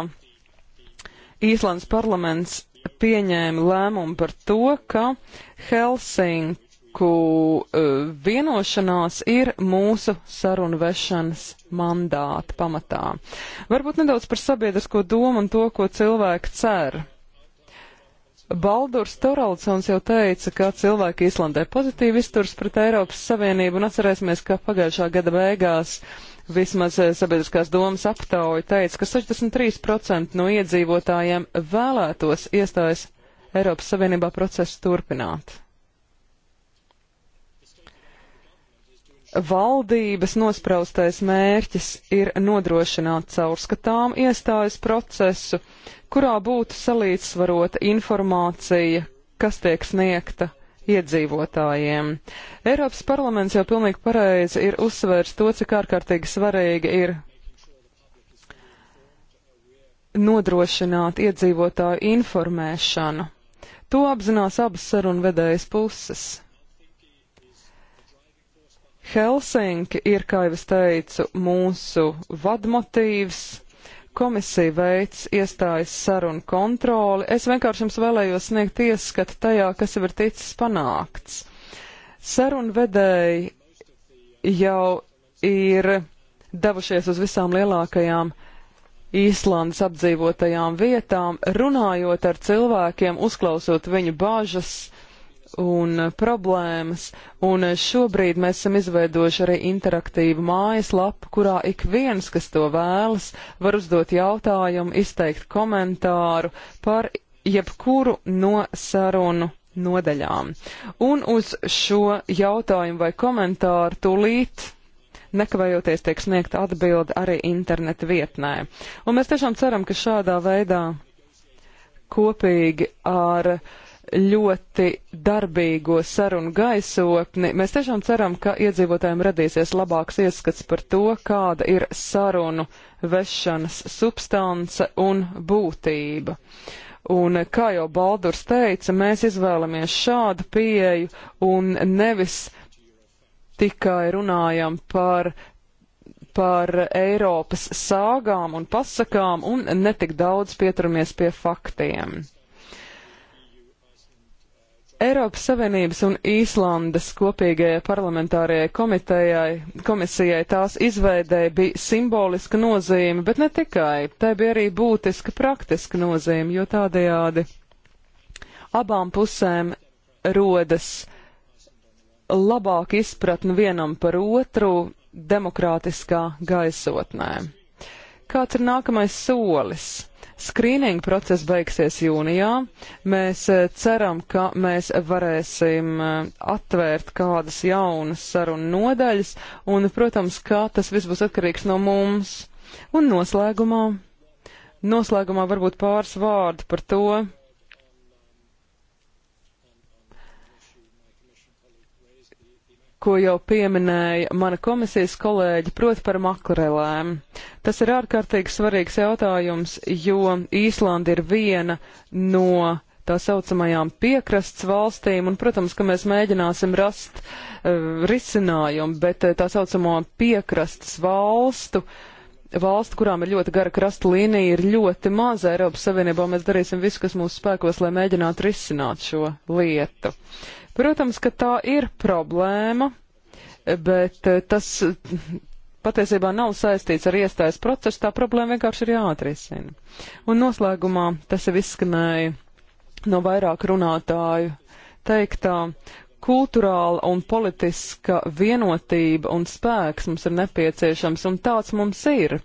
Īslands parlaments pieņēma lēmumu par to, ka Helsink politiku eh, vienošanās ir mūsu sarunu vešanas mandāta pamatā. Varbūt nedaudz par sabiedrisko domu un to, ko cilvēki cer. Baldurs Toraldsons jau teica, ka cilvēki Islandē pozitīvi izturs pret Eiropas Savienību un atcerēsimies, ka pagājušā gada beigās vismaz eh, sabiedriskās domas aptauja teica, ka 63% no iedzīvotājiem vēlētos iestājas Eiropas Savienībā procesu turpināt. Valdības nospraustais mērķis ir nodrošināt caurskatām iestājas procesu, kurā būtu salīdzsvarota informācija, kas tiek sniegta iedzīvotājiem. Eiropas parlaments jau pilnīgi pareizi ir uzsvērs to, cik ārkārtīgi svarīgi ir nodrošināt iedzīvotāju informēšanu. To apzinās abas sarunvedējas puses. Helsinki ir, kā jau es teicu, mūsu vadmotīvs. Komisija veids iestājas sarunu kontroli. Es vienkārši jums vēlējos sniegt ieskatu tajā, kas jau ir ticis panākts. Sarunu vedēji jau ir devušies uz visām lielākajām Īslandes apdzīvotajām vietām, runājot ar cilvēkiem, uzklausot viņu bāžas, un eh, problēmas, un eh, šobrīd mēs esam izveidojuši arī interaktīvu mājaslapu, kurā ik viens, kas to vēlas, var uzdot jautājumu, izteikt komentāru par jebkuru no sarunu nodaļām. Un uz šo jautājumu vai komentāru tūlīt nekavējoties tiek sniegta atbilde arī interneta vietnē. Un mēs tiešām ceram, ka šādā veidā kopīgi ar uh, ļoti darbīgo sarunu gaisotni. Mēs tiešām ceram, ka iedzīvotājiem radīsies labāks ieskats par to, kāda ir sarunu vešanas substance un būtība. Un, kā jau Baldurs teica, mēs izvēlamies šādu pieeju un nevis tikai runājam par par Eiropas sāgām un pasakām un netik daudz pieturamies pie faktiem. Eiropas Savienības un Īslandes kopīgajai parlamentārajai komitejai, komisijai tās izveidēja bija simboliska nozīme, bet ne tikai, tai bija arī būtiska praktiska nozīme, jo tādējādi abām pusēm rodas labāk izpratni vienam par otru demokrātiskā gaisotnē. Kāds ir nākamais solis? Skrīninga process beigsies jūnijā. Mēs e, ceram, ka mēs varēsim e, atvērt kādas jaunas sarunu nodaļas, un, protams, ka tas viss būs atkarīgs no mums. Un noslēgumā, noslēgumā varbūt pāris vārdu par to, ko jau pieminēja mana komisijas kolēģi, proti par makrelēm. Tas ir ārkārtīgi svarīgs jautājums, jo Īslanda ir viena no tā saucamajām piekrasts valstīm, un, protams, ka mēs mēģināsim rast uh, risinājumu, bet eh, tā saucamo piekrastas valstu uh, valstu, kurām ir ļoti gara krasta līnija, ir ļoti maza Eiropas Savienībā. Mēs darīsim visu, kas mūsu spēkos, lai mēģinātu risināt šo lietu. Protams, ka tā ir problēma, bet eh, tas eh, patiesībā nav saistīts ar iestājas procesu, tā problēma vienkārši ir jāatrisina. Un noslēgumā tas jau izskanēja no vairāk runātāju teiktā, kulturāla un politiska vienotība un spēks mums ir nepieciešams, un tāds mums ir.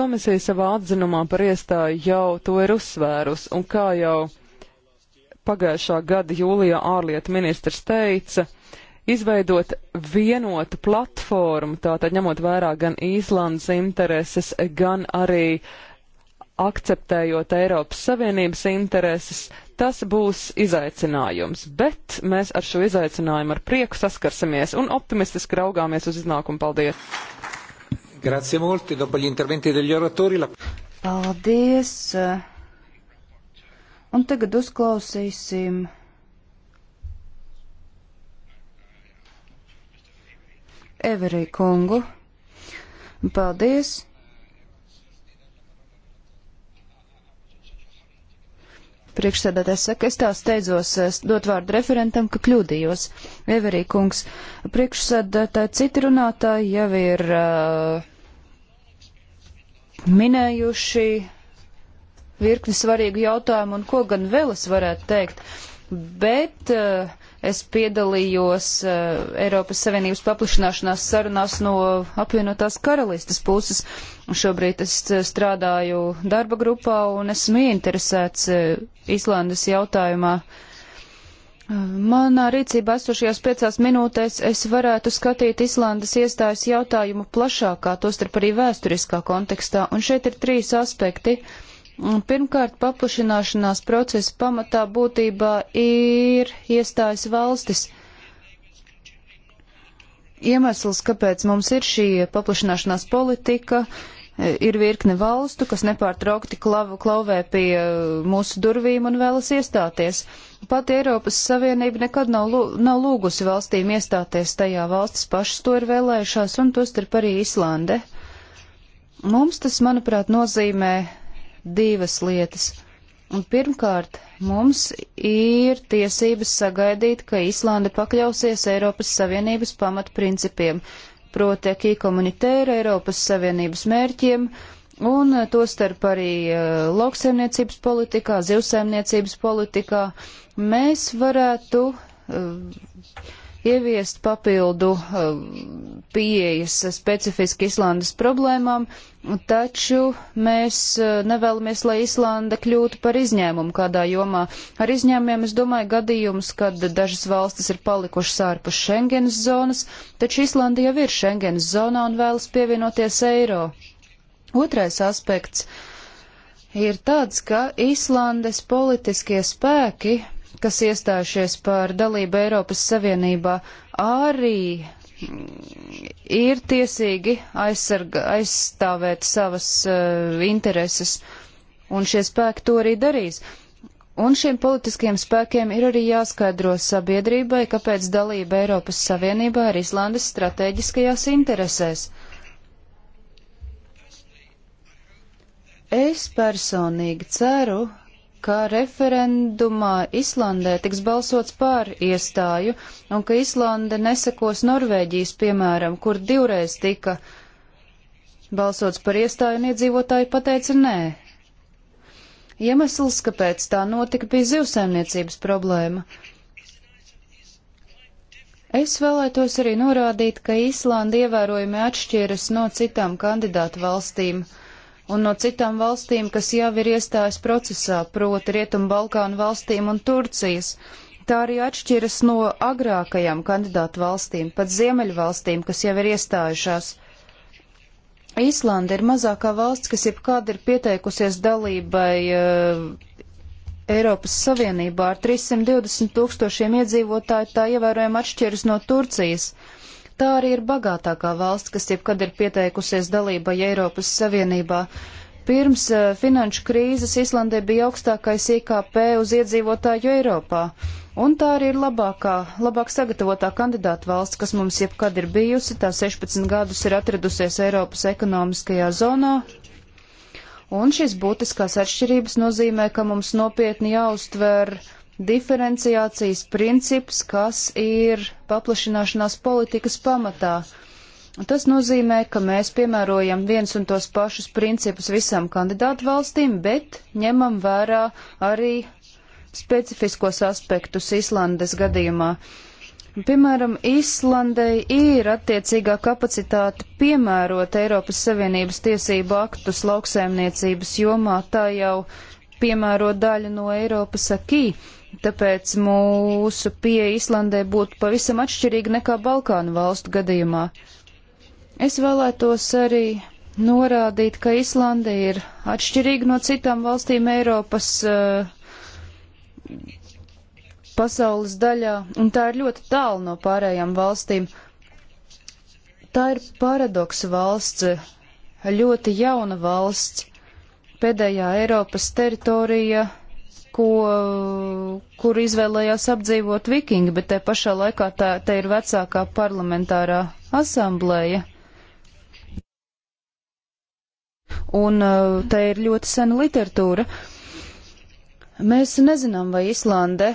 Komisija savā atzinumā par iestāju jau to ir uzsvērus, un kā jau pagājušā gada jūlijā ārlietu ministrs teica, izveidot vienotu platformu, tātad ņemot vērā gan Īslandes intereses, gan arī akceptējot Eiropas Savienības intereses, tas būs izaicinājums. Bet mēs ar šo izaicinājumu ar prieku saskarsimies un optimistiski raugāmies uz iznākumu. Paldies! Grazie molti, dopo gli interventi degli oratori. La... Paldies! Un tagad uzklausīsim Everī kungu. Paldies! Priekšsēdētājs saka, es tā steidzos dot vārdu referentam, ka kļūdījos. Everī kungs, priekšsēdētāji citi runātāji jau ir uh, minējuši virkni svarīgu jautājumu un ko gan vēl es varētu teikt, bet uh, es piedalījos uh, Eiropas Savienības paplašināšanās sarunās no apvienotās karalistas puses. Šobrīd es eh, strādāju darba grupā un esmu ieinteresēts uh, Islandes jautājumā. Manā rīcībā esošajās piecās minūtēs es varētu skatīt Islandes iestājas jautājumu plašākā, tostarp arī vēsturiskā kontekstā, un šeit ir trīs aspekti. Uh, Pirmkārt, paplašināšanās procesa pamatā būtībā ir iestājas valstis. Iemesls, kāpēc mums ir šī paplašināšanās politika, ir virkne valstu, kas nepārtraukti klavu, klauvē pie mūsu durvīm un vēlas iestāties. Pat Eiropas Savienība nekad nav, nav lūgusi valstīm iestāties tajā, valstis pašas to ir vēlējušās, un tostarp arī Islande. Mums tas, manuprāt, nozīmē divas lietas. Un pirmkārt, mums ir tiesības sagaidīt, ka Īslanda pakļausies Eiropas Savienības pamatprincipiem, proti, ka komunitēra Eiropas Savienības mērķiem, un to starp arī uh, lauksaimniecības politikā, zivsaimniecības politikā mēs varētu uh, ieviest papildu um, pieejas specifiski Islandes problēmām, taču mēs uh, nevēlamies, lai Islanda kļūtu par izņēmumu kādā jomā. Ar izņēmumiem es domāju gadījumus, kad dažas valstis ir palikušas ārpus Schengenas zonas, taču Islanda jau ir Schengenas zonā un vēlas pievienoties eiro. Otrais aspekts ir tāds, ka Islandes politiskie spēki kas iestājušies par dalību Eiropas Savienībā, arī mm, ir tiesīgi aizsarga, aizstāvēt savas uh, intereses, un šie spēki to arī darīs. Un šiem politiskiem spēkiem ir arī jāskaidro sabiedrībai, kāpēc dalība Eiropas Savienībā ir Islandes strateģiskajās interesēs. Es personīgi ceru, ka referendumā Islandē tiks balsots pār iestāju un ka Islande nesekos Norvēģijas, piemēram, kur divreiz tika balsots par iestāju un iedzīvotāji pateica nē. Iemesls, kāpēc tā notika, bija zivsēmniecības problēma. Es vēlētos arī norādīt, ka Īslanda ievērojami atšķiras no citām kandidātu valstīm. Uh, un no citām valstīm, kas jau ir iestājas procesā, proti Rietumbalkānu valstīm un Turcijas. Tā arī atšķiras no agrākajām kandidātu valstīm, pat Ziemeļvalstīm, kas jau ir iestājušās. Īslanda ir mazākā valsts, kas jebkāda ir pieteikusies dalībai uh, Eiropas Savienībā ar 320 tūkstošiem iedzīvotāju, tā ievērojami atšķiras no Turcijas. Uh, Tā arī ir bagātākā valsts, kas jebkad ir pieteikusies dalībai Eiropas Savienībā. Pirms uh, finanšu krīzes Islandē bija augstākais IKP uz iedzīvotāju Eiropā, un tā arī ir labākā, labāk sagatavotā kandidāta valsts, kas mums jebkad ir bijusi. Tā 16 gadus ir atradusies Eiropas ekonomiskajā zonā, un šīs būtiskās atšķirības nozīmē, ka mums nopietni jāuztver uh, diferenciācijas princips, kas ir paplašināšanās politikas pamatā. Tas nozīmē, ka mēs piemērojam viens un tos pašus principus visām kandidātu valstīm, bet ņemam vērā arī specifiskos aspektus Islandes gadījumā. Piemēram, Islandei ir attiecīgā kapacitāte piemērot Eiropas Savienības tiesību aktus lauksēmniecības jomā, tā jau piemēro daļu no Eiropas akī. Tāpēc mūsu pieeja Islandē būtu pavisam atšķirīga nekā Balkānu valstu gadījumā. Es vēlētos arī norādīt, ka Islande ir atšķirīga no citām valstīm Eiropas uh, pasaules daļā, un tā ir ļoti tālu no pārējām valstīm. Tā ir paradoks valsts, ļoti jauna valsts, pēdējā Eiropas teritorija ko, kur izvēlējās apdzīvot vikingi, bet te pašā laikā tā, te ir vecākā parlamentārā asamblēja. Un eh, te ir ļoti sena literatūra. Mēs nezinām, vai Islande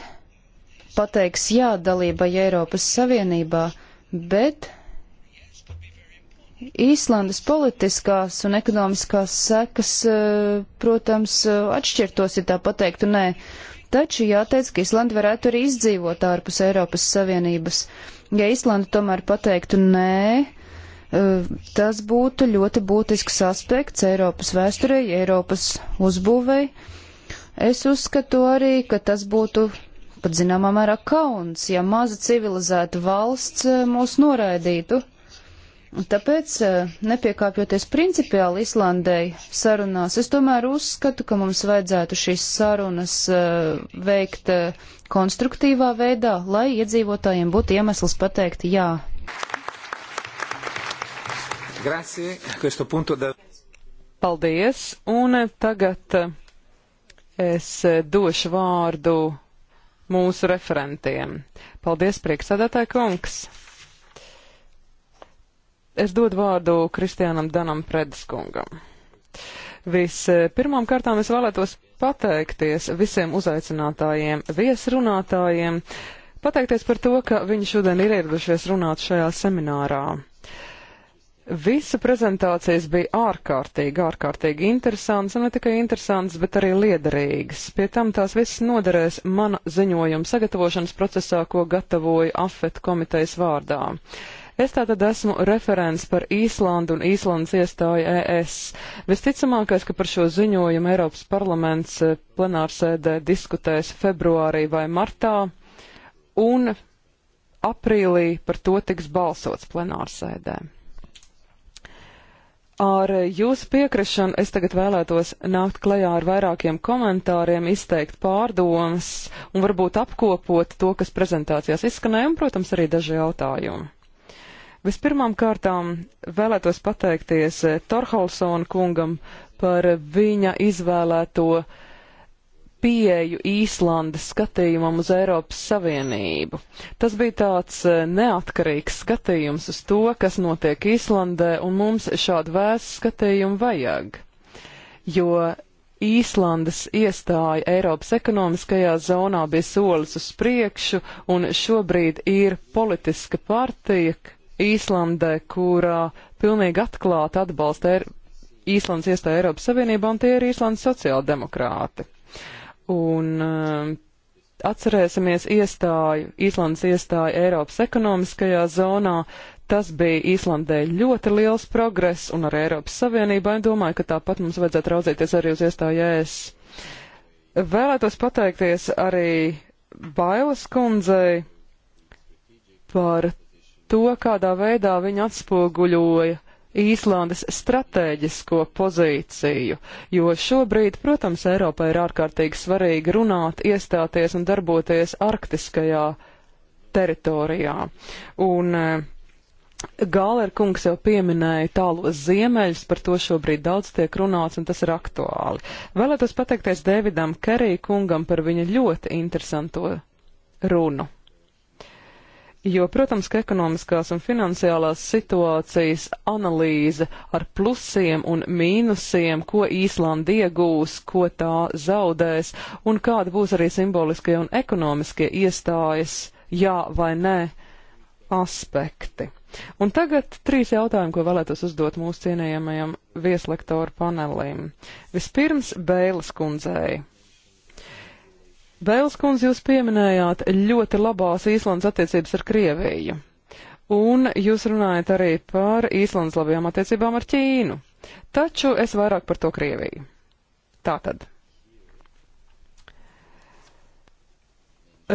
pateiks jā dalībai Eiropas Savienībā, bet Īslandes politiskās un ekonomiskās sekas, eh, protams, eh, atšķirtos, ja tā pateiktu, nē. Taču jāteic, ka Īslanda varētu arī izdzīvot ārpus Eiropas Savienības. Ja Īslanda tomēr pateiktu nē, eh, tas būtu ļoti būtisks aspekts Eiropas vēsturei, Eiropas uzbūvei. Es uzskatu arī, ka tas būtu pat zināmā mērā kauns, ja maza civilizēta valsts mūs noraidītu. Tāpēc, eh, nepiekāpjoties principiāli Islandei sarunās, es tomēr uzskatu, ka mums vajadzētu šīs sarunas eh, veikt eh, konstruktīvā veidā, lai iedzīvotājiem būtu iemesls pateikt jā. Grazie, da... Paldies, un tagad es došu vārdu mūsu referentiem. Paldies, prieksēdētāji kungs! Es dodu vārdu Kristianam Danam Predskungam. Vispirmām kārtām es vēlētos pateikties visiem uzaicinātājiem, viesrunātājiem, pateikties par to, ka viņi šodien ir ieradušies runāt šajā seminārā. Visu prezentācijas bija ārkārtīgi, ārkārtīgi interesants, un ne tikai interesants, bet arī liederīgs. Pie tam tās visas noderēs mana ziņojuma sagatavošanas procesā, ko gatavoju AFET komitejas vārdā. Uh, Es tātad esmu referents par Īslandu un Īslandas iestāju ES. Visticamākais, ka par šo ziņojumu Eiropas parlaments eh, plenārsēdē diskutēs februārī vai martā, un aprīlī par to tiks balsots plenārsēdē. Ar jūsu piekrišanu es tagad vēlētos nākt klajā ar vairākiem komentāriem, izteikt pārdomas un varbūt apkopot to, kas prezentācijās izskanēja, un, protams, arī daži jautājumi. Vispirmām kārtām vēlētos pateikties eh, Torholsona kungam par viņa izvēlēto pieeju Īslandes skatījumam uz Eiropas Savienību. Tas bija tāds eh, neatkarīgs skatījums uz to, kas notiek Īslandē, un mums šādu vēstu skatījumu vajag. Jo Īslandes iestāja Eiropas ekonomiskajā zonā bija solis uz priekšu, un šobrīd ir politiska partija, Īslandē, kurā pilnīgi atklāti atbalsta er Īslandes iestāja Eiropas Savienībā, un tie ir Īslandes sociāldemokrāti. Un uh, atcerēsimies iestāju, Īslandes iestāju Eiropas ekonomiskajā zonā. Tas bija Īslandē ļoti liels progress un arī Eiropas Savienībai. Domāju, ka tāpat mums vajadzētu raudzīties arī uz iestāju ES. Vēlētos pateikties arī Bailes kundzei par to, kādā veidā viņi atspoguļoja Īslandes stratēģisko pozīciju, jo šobrīd, protams, Eiropai ir ārkārtīgi svarīgi runāt, iestāties un darboties arktiskajā teritorijā. Un, eh, Gāler kungs jau pieminēja tālos ziemeļus, par to šobrīd daudz tiek runāts, un tas ir aktuāli. Vēlētos pateikties Davidam Kerī kungam par viņa ļoti interesanto runu. Jo, protams, ka ekonomiskās un finansiālās situācijas analīze ar plusiem un mīnusiem, ko Īslanda iegūs, ko tā zaudēs, un kāda būs arī simboliskie un ekonomiskie iestājas, jā vai nē, aspekti. Un tagad trīs jautājumi, ko vēlētos uzdot mūsu cienījamajam vieslektoru panelim. Vispirms Bēles kundzei. Bēls kundze, jūs pieminējāt ļoti labās Īslandes attiecības ar Krieviju. Un jūs runājat arī par Īslandes labajām attiecībām ar Ķīnu. Taču es vairāk par to Krieviju. Tā tad.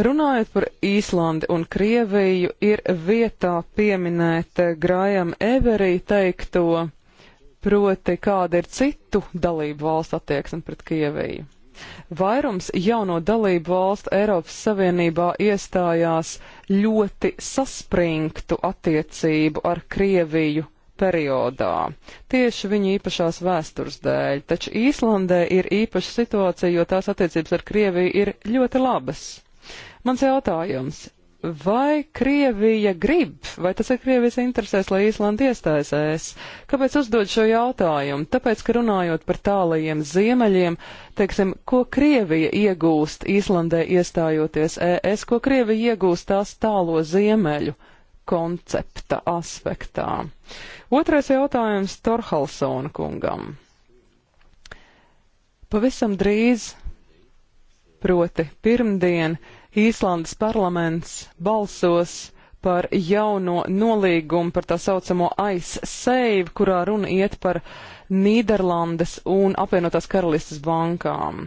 Runājot par Īslandi un Krieviju, ir vietā pieminēt Grājam Everī teikto, proti kāda ir citu dalību valstu attieksme pret Krieviju. Vairums jauno dalību valstu Eiropas Savienībā iestājās ļoti saspringtu attiecību ar Krieviju periodā. Tieši viņa īpašās vēstures dēļ, taču Īslandē ir īpaša situācija, jo tās attiecības ar Krieviju ir ļoti labas. Mans jautājums, vai Krievija grib, vai tas ir Krievijas interesēs, lai Īslanda iestājas? Kāpēc uzdod šo jautājumu? Tāpēc, ka runājot par tālajiem ziemeļiem, teiksim, ko Krievija iegūst Īslandē iestājoties ES, ko Krievija iegūst tās tālo ziemeļu koncepta aspektā. Otrais jautājums Torhalsona kungam. Pavisam drīz, proti pirmdien, Īslandes parlaments balsos par jauno nolīgumu par tā saucamo Ice Save, kurā runa iet par Nīderlandes un apvienotās karalistas bankām.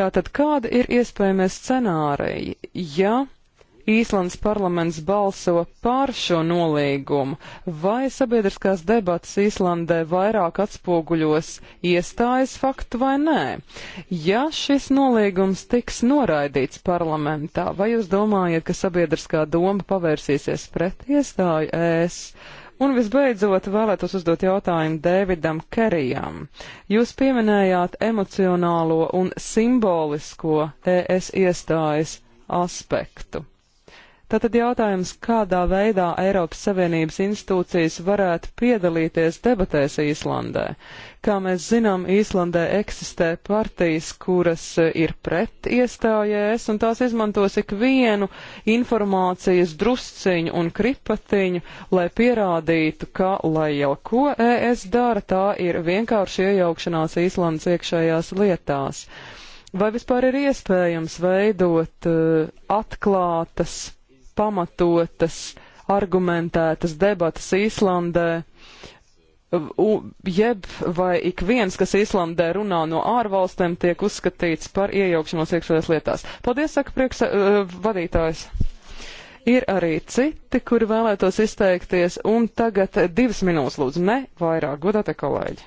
Tātad kāda ir iespējamie scenāriji, ja Īslandes parlaments balso par šo nolīgumu, vai sabiedriskās debatas Īslandē vairāk atspoguļos iestājas faktu vai nē? Ja šis nolīgums tiks noraidīts parlamentā, vai jūs domājat, ka sabiedriskā doma pavērsīsies pret iestāju ēs? Un visbeidzot, vēlētos uzdot jautājumu Dēvidam Kerijam. Jūs pieminējāt emocionālo un simbolisko ES iestājas aspektu. Tātad jautājums, kādā veidā Eiropas Savienības institūcijas varētu piedalīties debatēs Īslandē? Kā mēs zinām, Īslandē eksistē partijas, kuras ir pret iestājēs, e un tās izmantos ikvienu informācijas drusciņu un kripatiņu, lai pierādītu, ka, lai jau ko ES dara, tā ir vienkārši iejaukšanās Īslandes iekšējās lietās. Vai vispār ir iespējams veidot uh, atklātas pamatotas, argumentētas debatas Īslandē, jeb vai ik viens, kas Īslandē runā no ārvalstiem, tiek uzskatīts par iejaukšanos iekšējās lietās. Paldies, saka priekš uh, eh, vadītājs. Ir arī citi, kuri vēlētos izteikties, un tagad divas minūtes lūdzu, ne vairāk, godātie kolēģi.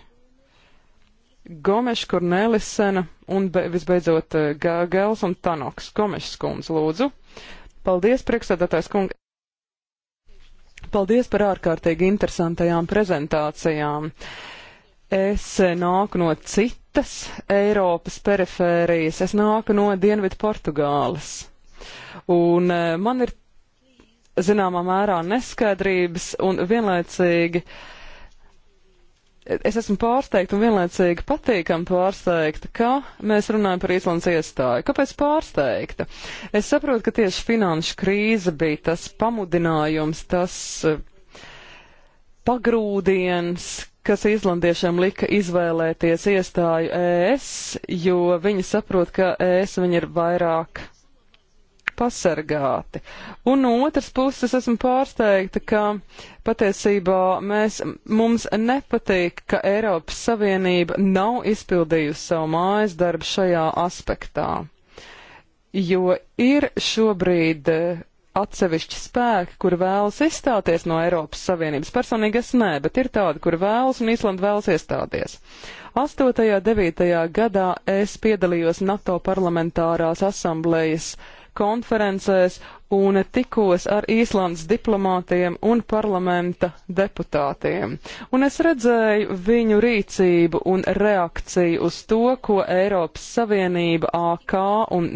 Gomeša, Kornelisena un be, visbeidzot eh, Gēls un Tanoks. Gomešas kundze, lūdzu. Paldies, priekšsēdētājs kungi! Paldies par ārkārtīgi interesantajām prezentācijām. Es nāku no citas Eiropas perifērijas, es nāku no Dienvidu Portugāles. Un eh, man ir zināmā mērā neskaidrības un vienlaicīgi uh, es esmu pārsteigta un vienlaicīgi patīkam pārsteigta, ka mēs runājam par Īslandes iestāju. Kāpēc pārsteigta? Es saprotu, ka tieši finanšu krīze bija tas pamudinājums, tas eh, pagrūdiens, kas īslandiešiem lika izvēlēties iestāju ES, jo viņi saprot, ka ES viņi ir vairāk tikt pasargāti. Un no otras puses esmu pārsteigta, ka patiesībā mēs, mums nepatīk, ka Eiropas Savienība nav izpildījusi savu mājas darbu šajā aspektā. Jo ir šobrīd eh, atsevišķi spēki, kur vēlas izstāties no Eiropas Savienības. Personīgi es nē, bet ir tādi, kur vēlas un Īslanda vēlas iestāties. 8. un 9. gadā es piedalījos NATO parlamentārās asamblējas konferencēs un tikos ar Īslandes diplomātiem un parlamenta deputātiem. Un es redzēju viņu rīcību un reakciju uz to, ko Eiropas Savienība, AK un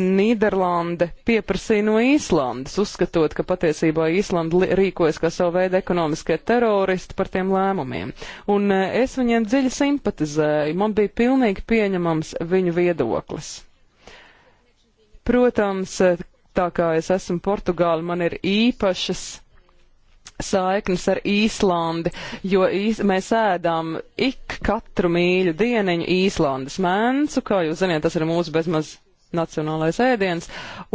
Nīderlande pieprasīja no Īslandes, uzskatot, ka patiesībā Īslanda rīkojas kā savu veidu ekonomiskie teroristi par tiem lēmumiem. Un eh, es viņiem dziļi simpatizēju, man bija pilnīgi pieņemams viņu viedoklis. Protams, tā kā es esmu Portugāla, man ir īpašas saiknes ar Īslandi, jo īs, mēs ēdām ik katru mīļu dieniņu Īslandes mēncu, kā jūs ziniet, tas ir mūsu bezmaz nacionālais ēdiens,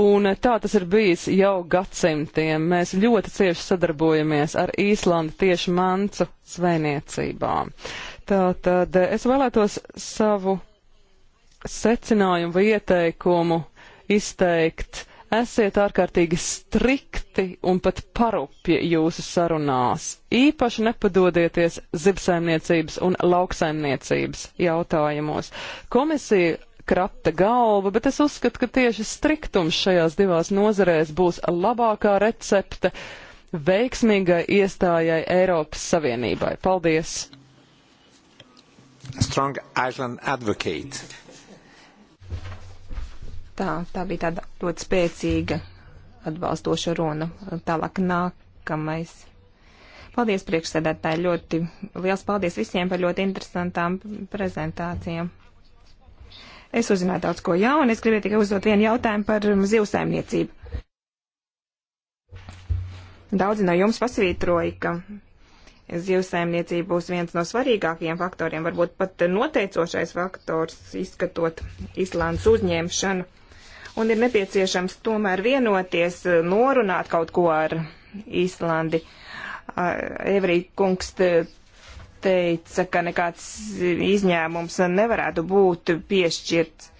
un tā tas ir bijis jau gadsimtiem. Mēs ļoti cieši sadarbojamies ar Īslandi tieši mancu zvejniecībā. Tātad es vēlētos savu secinājumu vai ieteikumu izteikt. Esiet ārkārtīgi strikti un pat parupji jūsu sarunās. Īpaši nepadodieties zibsaimniecības un lauksaimniecības jautājumos. Komisija krata galva, bet es uzskatu, ka tieši striktums šajās divās nozarēs būs labākā recepte veiksmīgai iestājai Eiropas Savienībai. Paldies! Strong Iceland advocate. Tā, tā bija tāda ļoti spēcīga atbalstoša runa. Tālāk nākamais. Paldies priekšsēdētāji, ļoti liels paldies visiem par ļoti interesantām prezentācijām. Es uzzināju daudz ko jaunu, es gribēju tikai uzdot vienu jautājumu par zivsaimniecību. Daudzi no jums pasvītroja, ka zivsaimniecība būs viens no svarīgākajiem faktoriem, varbūt pat noteicošais faktors, izskatot Islandes uzņemšanu un ir nepieciešams tomēr vienoties, eh, norunāt kaut ko ar Īslandi. Evrī kungs teica, ka nekāds izņēmums nevarētu būt piešķirts.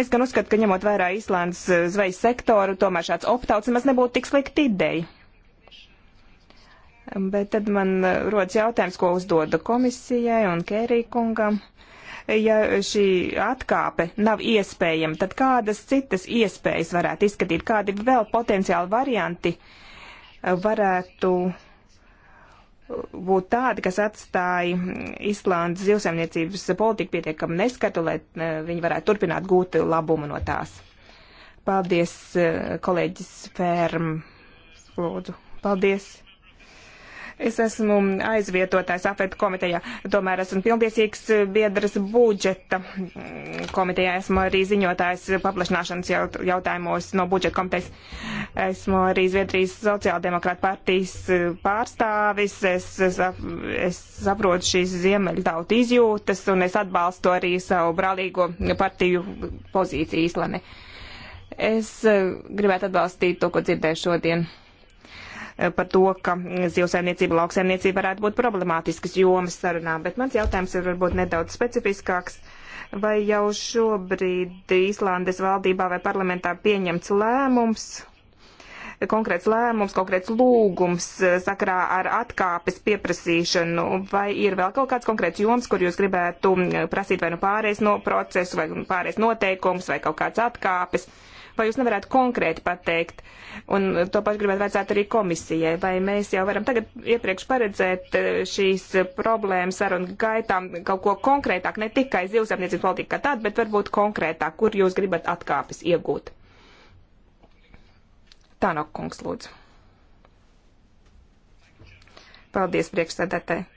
Es gan uzskatu, ka ņemot vērā Īslandes eh, zvejas sektoru, tomēr šāds optauts maz nebūtu tik slikta ideja. Bet tad man eh, rodas jautājums, ko uzdoda komisijai un Kērī kungam ja šī atkāpe nav iespējama, tad kādas citas iespējas varētu izskatīt, kādi vēl potenciāli varianti uh, varētu uh, būt tādi, kas atstāja Islandes zivsaimniecības politiku pietiekami neskatu, lai uh, viņi varētu turpināt gūt labumu no tās. Paldies, kolēģis Fērm. Lūdzu, paldies. Es esmu aizvietotājs afetu komitejā, tomēr esmu pilntiesīgs biedras budžeta komitejā. Esmu arī ziņotājs paplašināšanas jautājumos no budžeta komitejas. Esmu arī Zviedrijas sociāldemokrāta partijas pārstāvis. Es, es, es saprotu šīs ziemeļtautu izjūtas un es atbalstu arī savu brālīgo partiju pozīciju Īslandi. Es eh, gribētu atbalstīt to, ko dzirdēju šodien. Eh, par to, ka zivsaimniecība, lauksaimniecība varētu būt problemātiskas jomas sarunām, bet mans jautājums ir varbūt nedaudz specifiskāks. Vai jau šobrīd Īslandes valdībā vai parlamentā pieņemts lēmums konkrēts lēmums, konkrēts lūgums eh, sakarā ar atkāpes pieprasīšanu, vai ir vēl kaut kāds konkrēts joms, kur jūs gribētu mm, prasīt vai nu pārējais no procesu, vai pārējais noteikums, vai kaut kāds atkāpes? Uh, Vai jūs nevarētu konkrēti pateikt, un to pašu gribētu vajadzētu arī komisijai, vai mēs jau varam tagad iepriekš paredzēt eh, šīs problēmas sarunu gaitām kaut ko konkrētāk, ne tikai zivsarniecības politika kā tāda, bet varbūt konkrētāk, kur jūs gribat atkāpes iegūt? Tānok kungs, lūdzu. Paldies priekšsēdētāji.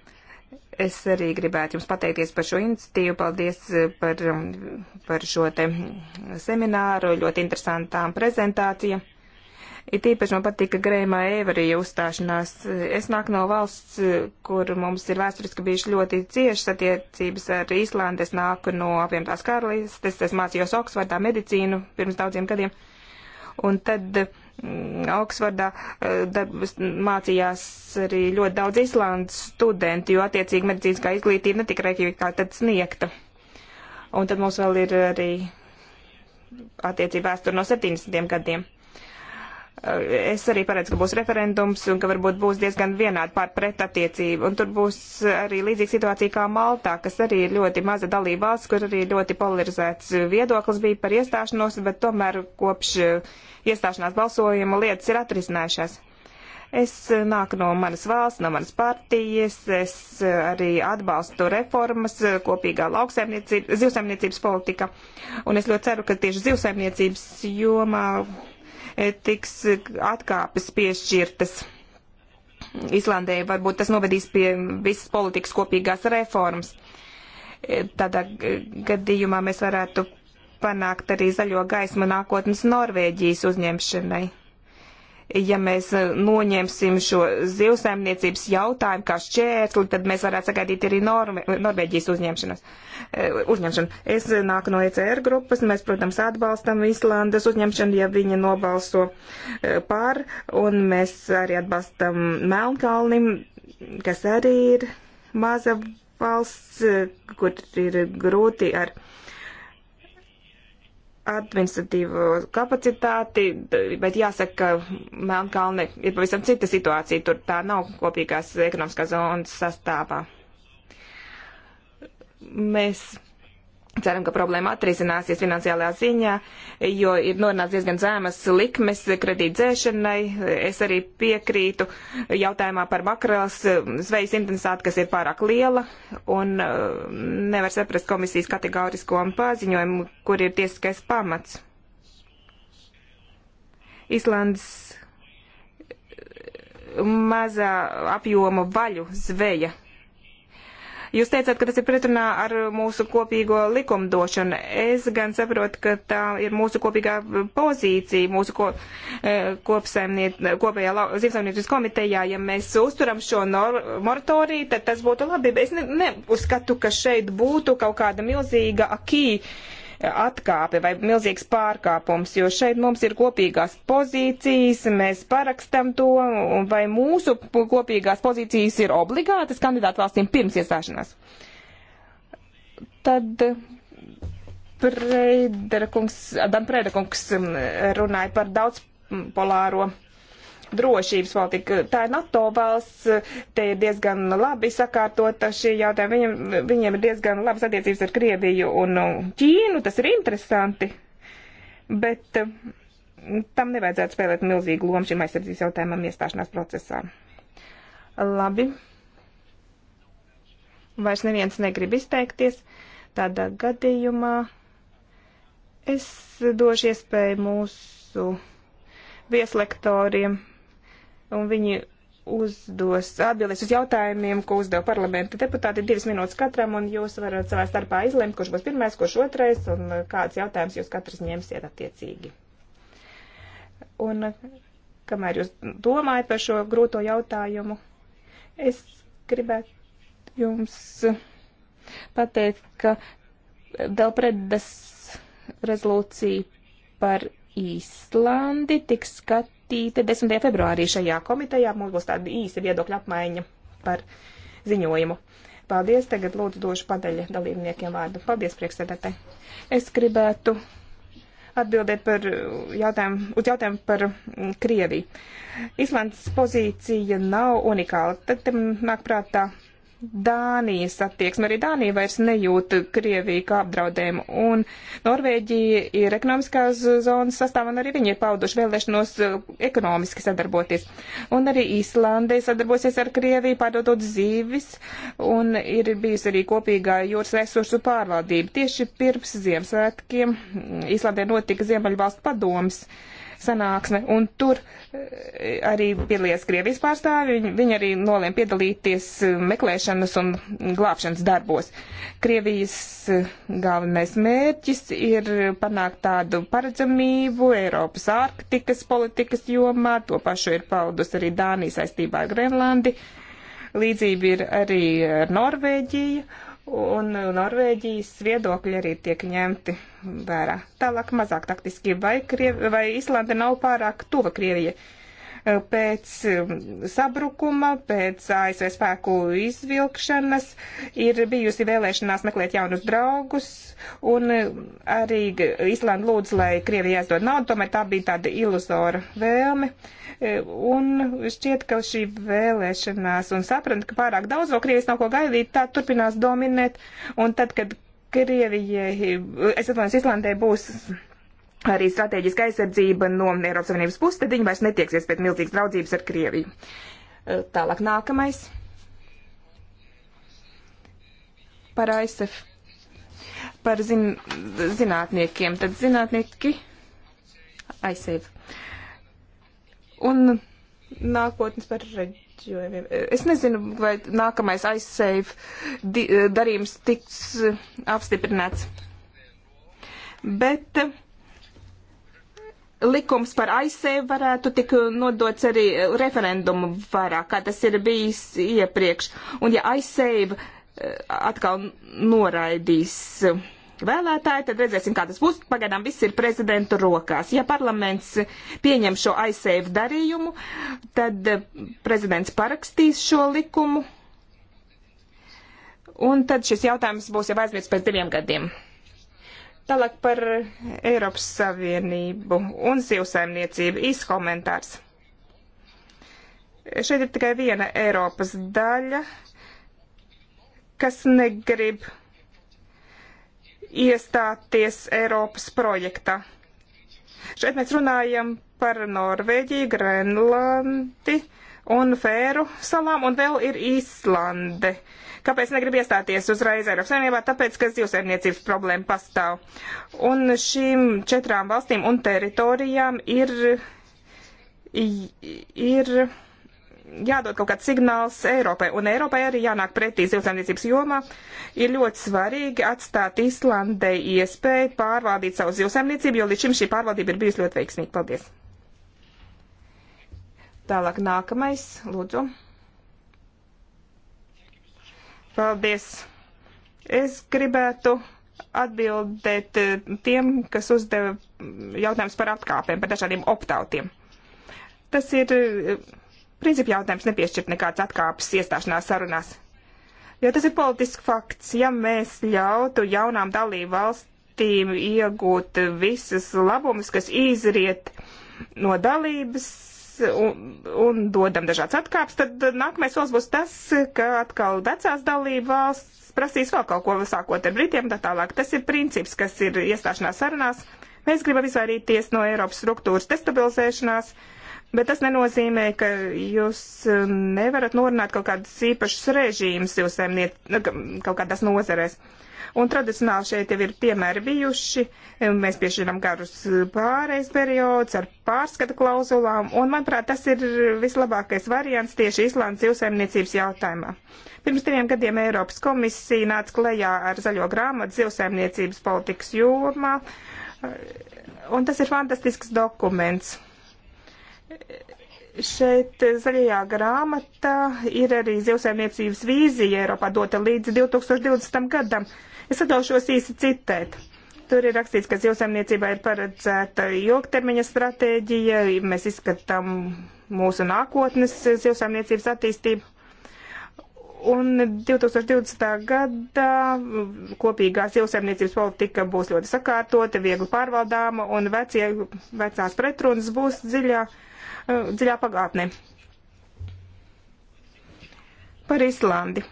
Es arī gribētu jums pateikties par šo iniciatīvu, paldies eh, par, um, par šo te mm, semināru, ļoti interesantām prezentācijām. It īpaši man patika Grēmā Eivarija uzstāšanās. Es nāku no valsts, kur mums ir vēsturiski bijuši ļoti ciešas attiecības ar Īslandi. Es nāku no apvienotās karalistes, es mācījos Oksfordā medicīnu pirms daudziem gadiem. Un tad uh, Augsvardā e, mācījās arī ļoti daudz Islandes studenti, jo attiecīgi medicīniskā izglītība netika Reikjavīkā tad sniegta. Un tad mums vēl ir arī attiecība vēsture no 70. gadiem. Es arī paredzu, ka būs referendums un ka varbūt būs diezgan vienāda pārpretattiecība. Un tur būs arī līdzīga situācija kā Maltā, kas arī ir ļoti maza dalība valsts, kur arī ļoti polarizēts viedoklis bija par iestāšanos, bet tomēr kopš iestāšanās balsojuma lietas ir atrisinājušās. Es nāku no manas valsts, no manas partijas, es arī atbalstu reformas kopīgā lauksaimniecības, zivsaimniecības politika, un es ļoti ceru, ka tieši zivsaimniecības jomā E, tiks atkāpes piešķirtas. Islandē varbūt tas novedīs pie visas politikas kopīgās reformas. E, tādā gadījumā mēs varētu panākt arī zaļo gaismu nākotnes Norvēģijas uzņemšanai ja mēs eh, noņemsim šo zivsaimniecības jautājumu kā šķērsli, tad mēs varētu sagaidīt arī Norve, Norvēģijas uzņemšanas. Eh, uzņemšanu. Es eh, nāku no ECR grupas, mēs, protams, atbalstam Islandas uzņemšanu, ja viņi nobalso par, un mēs arī atbalstam Melnkalnim, kas arī ir maza valsts, kur ir grūti ar. Uh, administratīvo kapacitāti, bet jāsaka, ka Melnkalne ir pavisam cita situācija, tur tā nav kopīgās ekonomiskās zonas sastāvā. Mēs Ceram, ka problēma atrisināsies finansiālā ziņā, jo ir norunāts diezgan zemas likmes kredītdzēšanai. Es arī piekrītu jautājumā par makrās eh, zvejas intensitāti, kas ir pārāk liela, un eh, nevar saprast komisijas kategorisko paziņojumu, kur ir tiesiskais pamats. Islandes eh, mazā apjoma vaļu zveja Jūs teicāt, ka tas ir pretrunā ar mūsu kopīgo likumdošanu. Es gan saprotu, ka tā ir mūsu kopīgā pozīcija, mūsu ko, eh, kopējā zivsaimniecības komitejā. Ja mēs uzturam šo nor, moratoriju, tad tas būtu labi. Es ne, neuzskatu, ka šeit būtu kaut kāda milzīga akī. Uh, atkāpe vai milzīgs pārkāpums, jo šeit mums ir kopīgās pozīcijas, mēs parakstam to, vai mūsu kopīgās pozīcijas ir obligātas kandidātu valstīm pirms iestāšanās. Tad Preidera kungs, Adam Preidera kungs mm, runāja par daudz polāro drošības politika. Tā ir NATO valsts, te ir diezgan labi sakārtota šī jautājuma. Viņiem, viņiem ir diezgan labas attiecības ar Krieviju un Ķīnu, tas ir interesanti. Bet eh, tam nevajadzētu spēlēt milzīgu lomu šim aizsardzības jautājumam iestāšanās procesā. Labi. Vairs neviens negrib izteikties. Tādā gadījumā es došu iespēju mūsu vieslektoriem un viņi uzdos atbildēs uz jautājumiem, ko uzdeva parlamenta deputāti. Divas minūtes katram, un jūs varat savā starpā izlemt, kurš būs pirmais, kurš otrais, un kāds jautājums jūs katrs ņemsiet attiecīgi. Un kamēr jūs domājat par šo grūto jautājumu, es gribētu jums pateikt, ka Delpredas rezolūcija par Īslandi tiks skatīta izskatīti 10. februārī šajā komitejā. Mums būs tāda īsa viedokļa apmaiņa par ziņojumu. Paldies, tagad lūdzu došu padeļa dalībniekiem vārdu. Paldies, priekšsēdētāji. Es gribētu atbildēt par jautājumu, uz jautājumu par Krieviju. Islandes pozīcija nav unikāla. Tad mm, nāk prātā Dānijas attieksme. Arī Dānija vairs nejūt Krieviju kā apdraudējumu. Un Norvēģija ir ekonomiskās zonas sastāvā, un arī viņi ir pauduši vēlēšanos ekonomiski sadarboties. Un arī Īslande sadarbosies ar Krieviju, pārdodot zīvis, un ir bijusi arī kopīgā jūras resursu pārvaldība. Tieši pirms Ziemassvētkiem Īslandē notika Ziemeļvalstu padomas. Uh, sanāksme, un tur e, arī piedalījās Krievijas pārstāvi, viņi, viņi arī nolēma piedalīties e, meklēšanas un glābšanas darbos. Krievijas e, galvenais mērķis ir panākt tādu paredzamību Eiropas ārktikas politikas jomā, to pašu ir paudus arī Dānija saistībā ar Grenlandi, līdzība ir arī ar Norvēģiju un Norvēģijas viedokļi arī tiek ņemti vērā. Tālāk mazāk taktiski, vai, Krievi, vai Islanda nav pārāk tuva Krievijai? pēc um, sabrukuma, pēc ASV spēku izvilkšanas ir bijusi vēlēšanās meklēt jaunus draugus, un um, arī Islanda lūdz, lai Krievijai aizdod naudu, tomēr tā bija tāda iluzora vēlme. E, un šķiet, ka šī vēlēšanās un saprant, ka pārāk daudz no Krievijas nav ko gaidīt, tā turpinās dominēt, un tad, kad Krievijai, es atvainojos, Islandē būs arī strateģiska aizsardzība no Eiropas Savienības puses, tad viņi vairs netieksies pēc milzīgas draudzības ar Krieviju. Eh, tālāk nākamais par ASF, par zin, zinātniekiem. Tad zinātnieki ASF. Un nākotnes par reģioniem. Eh, es nezinu, vai nākamais ASF eh, darījums tiks apstiprināts. Bet uh, likums par aizsēju e varētu tik eh, nodots arī eh, referendumu varā, kā tas ir bijis iepriekš. Un ja aizsēju e, eh, atkal noraidīs vēlētāji, tad redzēsim, kā tas būs. Pagaidām viss ir prezidenta rokās. Ja parlaments pieņem šo aizsēju e darījumu, tad prezidents parakstīs šo likumu. Un tad šis jautājums būs jau aizmirsts pēc diviem gadiem. Tālāk par Eiropas Savienību un zivsaimniecību. Īs komentārs. Šeit ir tikai viena Eiropas daļa, kas negrib iestāties Eiropas projektā. Šeit mēs runājam par Norvēģiju, Grenlandi, un Fēru salām, un vēl ir Īslande. Kāpēc negrib iestāties uzreiz Eiropas Savienībā? Tāpēc, ka zivsaimniecības problēma pastāv. Un šīm četrām valstīm un teritorijām ir, ir jādod kaut kāds signāls Eiropai, un Eiropai arī jānāk pretī zivsaimniecības jomā. Ir ļoti svarīgi atstāt Islandei iespēju pārvaldīt savu zivsaimniecību, jo līdz šim šī pārvaldība ir bijusi ļoti veiksmīga. Paldies! Tālāk nākamais, lūdzu. Paldies. Es gribētu atbildēt eh, tiem, kas uzdeva jautājums par atkāpēm, par dažādiem optautiem. Tas ir eh, principi jautājums nepiešķirt nekāds atkāpes iestāšanās sarunās. Jo tas ir politisks fakts. Ja mēs ļautu jaunām dalību valstīm iegūt visas labumus, kas izriet no dalības un, un dodam dažādas atkāpes, tad nākamais solis būs tas, ka atkal vecās dalība valsts prasīs vēl kaut ko sākot ar Britiem tā tālāk. Tas ir princips, kas ir iestāšanās sarunās. Mēs gribam izvairīties no Eiropas struktūras destabilizēšanās, bet tas nenozīmē, ka jūs um, nevarat norināt kaut kādas īpašas režīmas jūsu saimniet, kaut kādās nozerēs. Uh, Un tradicionāli šeit jau ir piemēri bijuši. Mēs piešķiram garus pārejas periods ar pārskata klauzulām, un, manuprāt, tas ir vislabākais variants tieši Islandes zivsaimniecības jautājumā. Pirms diviem gadiem Eiropas komisija nāca klejā ar zaļo grāmatu zivsaimniecības politikas jomā, un tas ir fantastisks dokuments šeit zaļajā grāmatā ir arī zivsaimniecības vīzija Eiropā dota līdz 2020. gadam. Es atļaušos īsi citēt. Tur ir rakstīts, ka zivsaimniecībā ir paredzēta ilgtermiņa stratēģija, mēs izskatām mūsu nākotnes zivsaimniecības attīstību. Un 2020. gadā kopīgā zivsaimniecības politika būs ļoti sakārtota, viegli pārvaldāma un vecie, vecās pretrunas būs dziļā, eh, dziļā pagātnē. Par Islandi.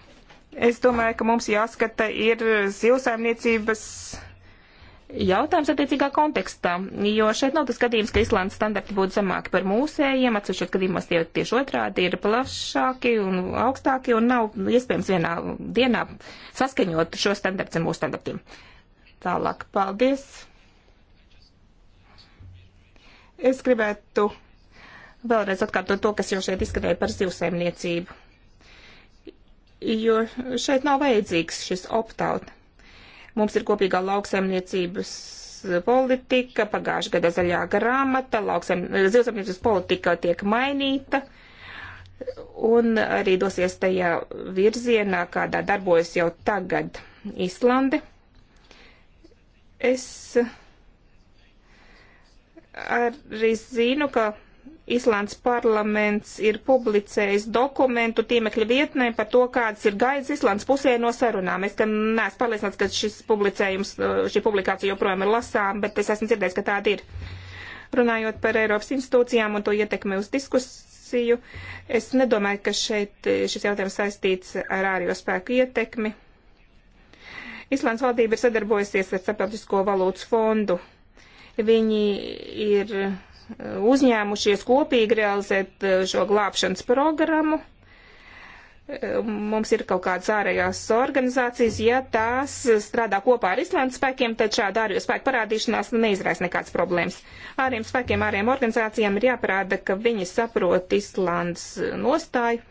Es domāju, ka mums jāskata ir zivsaimniecības jautājums attiecīgā kontekstā, jo šeit nav tas gadījums, ka Islandes standarti būtu zemāki par mūsējiem, atsevišķos gadījumos tie tieši otrādi ir plašāki un augstāki un nav iespējams vienā dienā saskaņot šo standartu ar mūsu standartiem. Tālāk, paldies. Es gribētu vēlreiz atkārtot to, kas jau šeit izskatīja par zivsaimniecību jo šeit nav vajadzīgs šis optaut. Mums ir kopīgā lauksaimniecības politika, pagājušā gada zaļā grāmata, lauksaim, zilsaimniecības politika tiek mainīta, un arī dosies tajā virzienā, kādā darbojas jau tagad Islande. Es arī zinu, ka Islands parlaments ir publicējis dokumentu tīmekļa vietnē par to, kādas ir gaidas Islands pusē no sarunām. Es gan neesmu pārliecināts, ka šis publicējums, uh, šī publikācija joprojām ir lasām, bet es esmu dzirdējis, ka tāda ir. Runājot par Eiropas institūcijām un to ietekmi uz diskusiju, es nedomāju, ka šeit uh, šis jautājums saistīts ar ārējo spēku ietekmi. Islands valdība ir sadarbojusies ar Starptautisko valūtas fondu. Viņi ir uzņēmušies kopīgi realizēt eh, šo glābšanas programmu. Eh, mums ir kaut kādas ārējās organizācijas, ja tās strādā kopā ar Islandes spēkiem, tad šāda ārējo spēku parādīšanās neizraisa nekādas problēmas. Ārējiem spēkiem, ārējiem organizācijām ir jāparāda, ka viņi saprot Islandes eh, nostāju.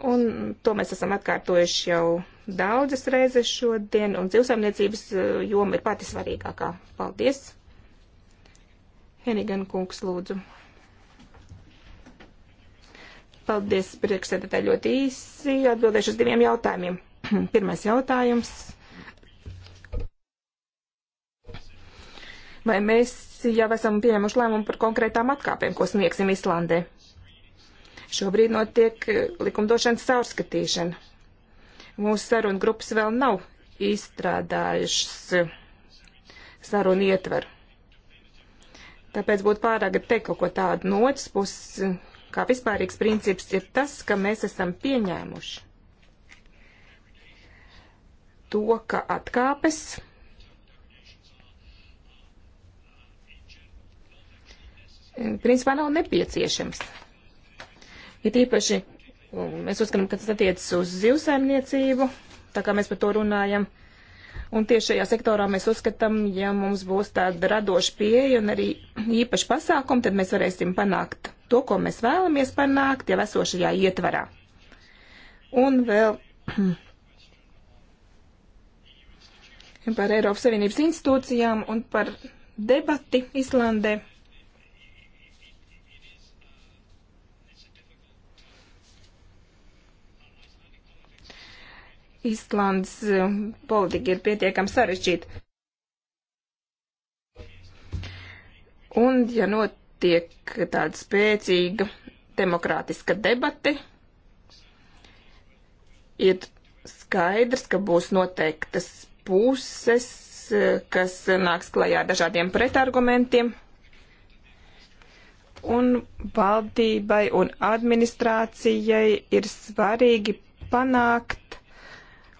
Un to mēs esam atkārtojuši jau daudzas reizes šodien, un dzīvsaimniecības joma ir pati svarīgākā. Paldies! Henigan kungs, lūdzu. Paldies, priekšsēdētāji, ļoti īsi atbildēšu uz diviem jautājumiem. [CLEARS THROAT] Pirmais jautājums. Vai mēs jau esam pieņēmuši lēmumu par konkrētām atkāpēm, ko sniegsim Islandē? Šobrīd notiek eh, likumdošanas caurskatīšana. Mūsu sarunu grupas vēl nav izstrādājušas eh, sarunu ietveru Tāpēc būtu pārāk teikt kaut ko tādu no otras puses, kā vispārīgs princips ir tas, ka mēs esam pieņēmuši to, ka atkāpes principā nav nepieciešams. Ir ja īpaši, mēs uzskatām, ka tas attiecas uz zivsaimniecību, tā kā mēs par to runājam. Un tieši šajā sektorā mēs uzskatām, ja mums būs tāda radoša pieeja un arī īpaši pasākumi, tad mēs varēsim panākt to, ko mēs vēlamies panākt, jau esošajā ietvarā. Un vēl [CLEARS THROAT] par Eiropas Savienības institūcijām un par debati Islandē. Īslandes um, politika ir pietiekami sarežģīta. Un, ja notiek tāda spēcīga demokrātiska debate, ir skaidrs, ka būs noteiktas puses, kas nāks klajā dažādiem pretargumentiem. Un valdībai un administrācijai ir svarīgi panākt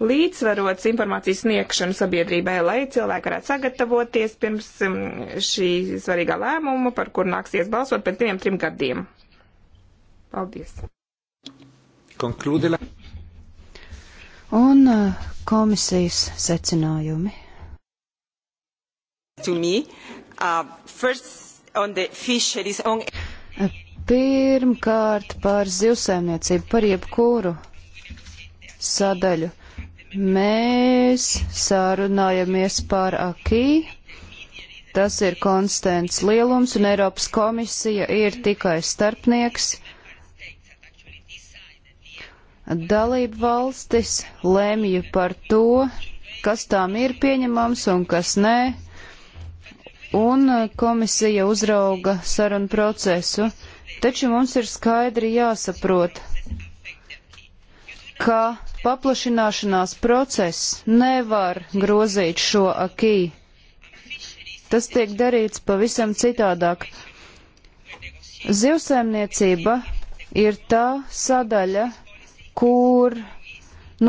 līdzsvarots informācijas sniegšanu sabiedrībai, lai cilvēki varētu sagatavoties pirms um, šī svarīgā lēmuma, par kur nāksies balsot pēc diviem, trim gadiem. Paldies. Konklūdila. Un uh, komisijas secinājumi. To me, uh, first on the fisheries on... Pirmkārt par zivsēmniecību, par jebkuru sadaļu. Mēs sārunājamies par akī. Tas ir konstants lielums, un Eiropas komisija ir tikai starpnieks. Dalību valstis lēmja par to, kas tām ir pieņemams un kas nē, un komisija uzrauga sarunu procesu. Taču mums ir skaidri jāsaprot, ka Paplašināšanās process nevar grozīt šo akī. Tas tiek darīts pavisam citādāk. Zivsēmniecība ir tā sadaļa, kur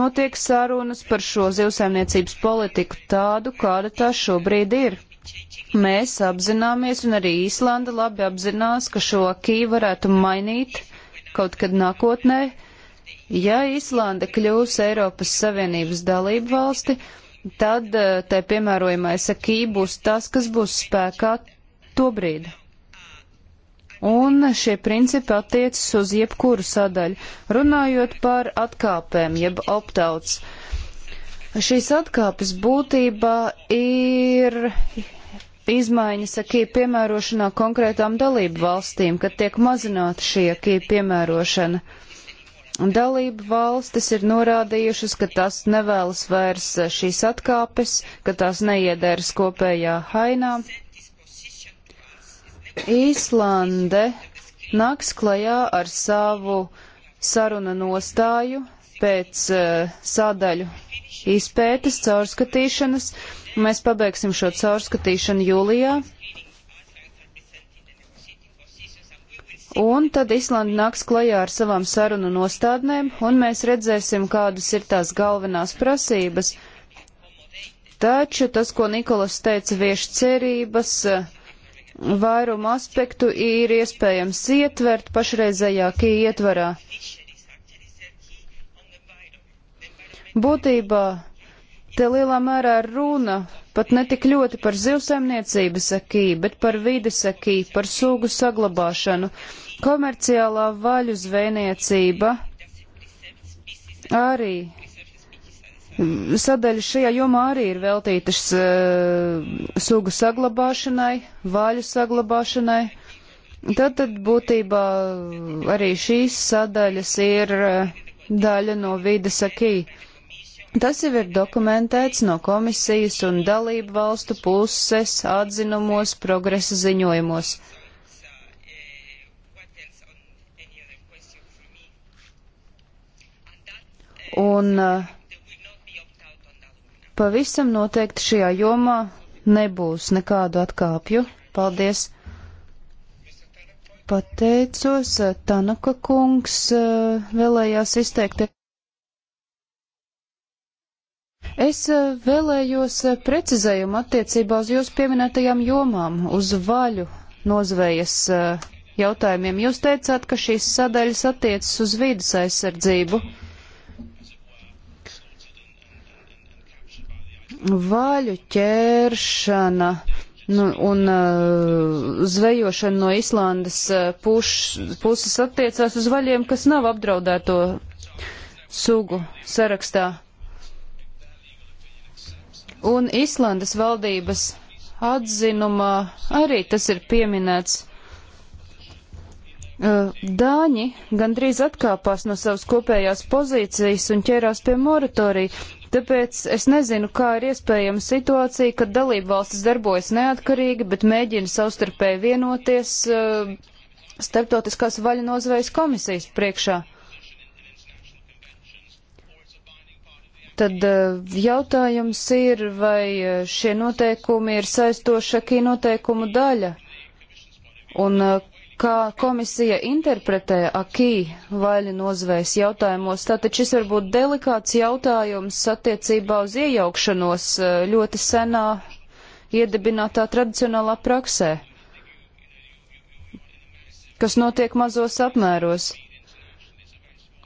notiek sarunas par šo zivsēmniecības politiku tādu, kāda tā šobrīd ir. Mēs apzināmies, un arī Īslanda labi apzinās, ka šo akī varētu mainīt kaut kad nākotnē, Ja Islanda kļūs Eiropas Savienības dalību valsti, tad eh, tai piemērojamais akī būs tas, kas būs spēkā tobrīd. Un šie principi attiecas uz jebkuru sadaļu, runājot par atkāpēm, jeb optauts. Šīs atkāpes būtībā ir izmaiņas akī piemērošanā konkrētām dalību valstīm, kad tiek mazināta šī akī piemērošana. Uh, Dalību valstis ir norādījušas, ka tas nevēlas vairs eh, šīs atkāpes, ka tās neiedēras kopējā hainā. Īslande nāks klajā ar savu saruna nostāju pēc uh, eh, sādaļu izpētes, caurskatīšanas. Mēs pabeigsim šo caurskatīšanu jūlijā. Un tad Islanda nāks klajā ar savām sarunu nostādnēm, un mēs redzēsim, kādas ir tās galvenās prasības. Taču tas, ko Nikolas teica, vieš cerības, vairumu aspektu ir iespējams ietvert pašreizējākī ietvarā. Būtībā te lielā mērā runa pat ne tik ļoti par zivsaimniecības akī, bet par vides akī, par sugu saglabāšanu, komerciālā vaļu zvejniecība arī. Mm, sadaļa šajā jomā arī ir veltītas uh, eh, sugu saglabāšanai, vaļu saglabāšanai. Tad, tad būtībā arī šīs sadaļas ir uh, daļa no vides akī. Uh, Tas jau ir dokumentēts no komisijas un dalību valstu puses atzinumos progresa ziņojumos. Un uh, pavisam noteikti šajā jomā nebūs nekādu atkāpju. Paldies! Pateicos, uh, Tanaka kungs uh, vēlējās izteikt. Es eh, vēlējos eh, precizējumu attiecībā uz jūsu pieminētajām jomām, uz vaļu nozvejas eh, jautājumiem. Jūs teicāt, ka šīs sadaļas attiecas uz vīdas aizsardzību. Vaļu ķēršana nu, un uh, zvejošana no Islandes puš, puses attiecās uz vaļiem, kas nav apdraudēto sugu sarakstā. Un Islandes valdības atzinumā arī tas ir pieminēts. Uh, Dāņi gandrīz atkāpās no savas kopējās pozīcijas un ķērās pie moratorija, tāpēc es nezinu, kā ir iespējama situācija, kad dalība valstis darbojas neatkarīgi, bet mēģina savstarpēji vienoties uh, starptautiskās vaļu nozvejas komisijas priekšā. Uh, Tad e, jautājums ir, vai e, šie noteikumi ir saistoši akī noteikumu daļa, un e, kā komisija interpretē akī vaļu nozvēs jautājumos. Tātad šis var būt delikāts jautājums attiecībā uz iejaukšanos ļoti senā iedibinātā tradicionālā praksē, kas notiek mazos apmēros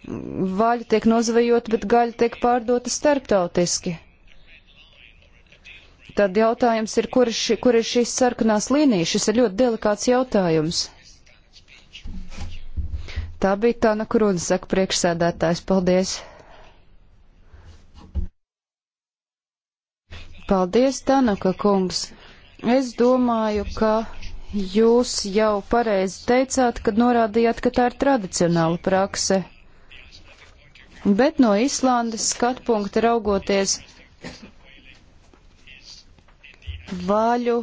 vaļa tiek nozvejota, bet gaļa tiek pārdota starptautiski. Tad jautājums ir, kur, ši, kur ir šīs sarkanās līnijas? Šis ir ļoti delikāts jautājums. Tā bija tā nakurūna, saka priekšsēdētājs. Paldies! Paldies, Tanaka kungs! Es domāju, ka jūs jau pareizi teicāt, kad norādījāt, ka tā ir tradicionāla prakse bet no Islandes skatu punkta raugoties vaļu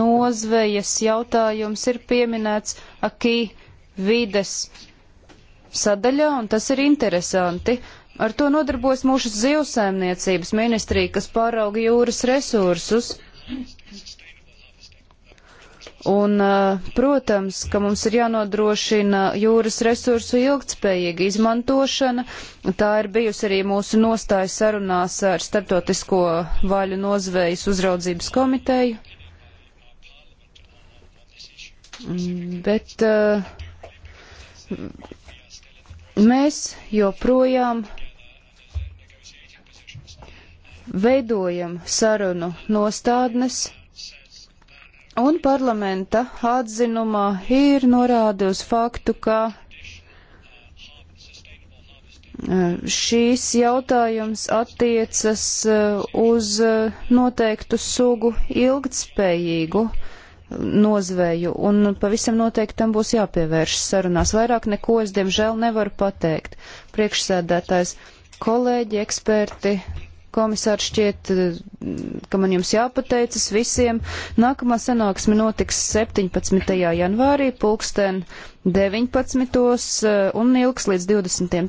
nozvejas jautājums ir pieminēts akī vides sadaļā, un tas ir interesanti. Ar to nodarbojas mūsu zivsēmniecības ministrija, kas pārauga jūras resursus. Un, eh, protams, ka mums ir jānodrošina jūras resursu ilgtspējīga izmantošana. Tā ir bijusi arī mūsu nostāja sarunās ar Startotisko vaļu nozvejas uzraudzības komiteju. Bet uh, mēs joprojām veidojam sarunu nostādnes Un parlamenta atzinumā ir norāde uz faktu, ka e, šīs jautājums attiecas e, uz noteiktu sugu ilgtspējīgu e, nozveju, un pavisam noteikti tam būs jāpievēršas sarunās. Vairāk neko es, diemžēl, nevaru pateikt. Priekšsēdētājs, kolēģi, eksperti, komisār, šķiet, eh, ka man jums jāpateicas visiem. Nākamā sanāksme notiks 17. janvārī, pulksten 19. Eh, un ilgs līdz 20.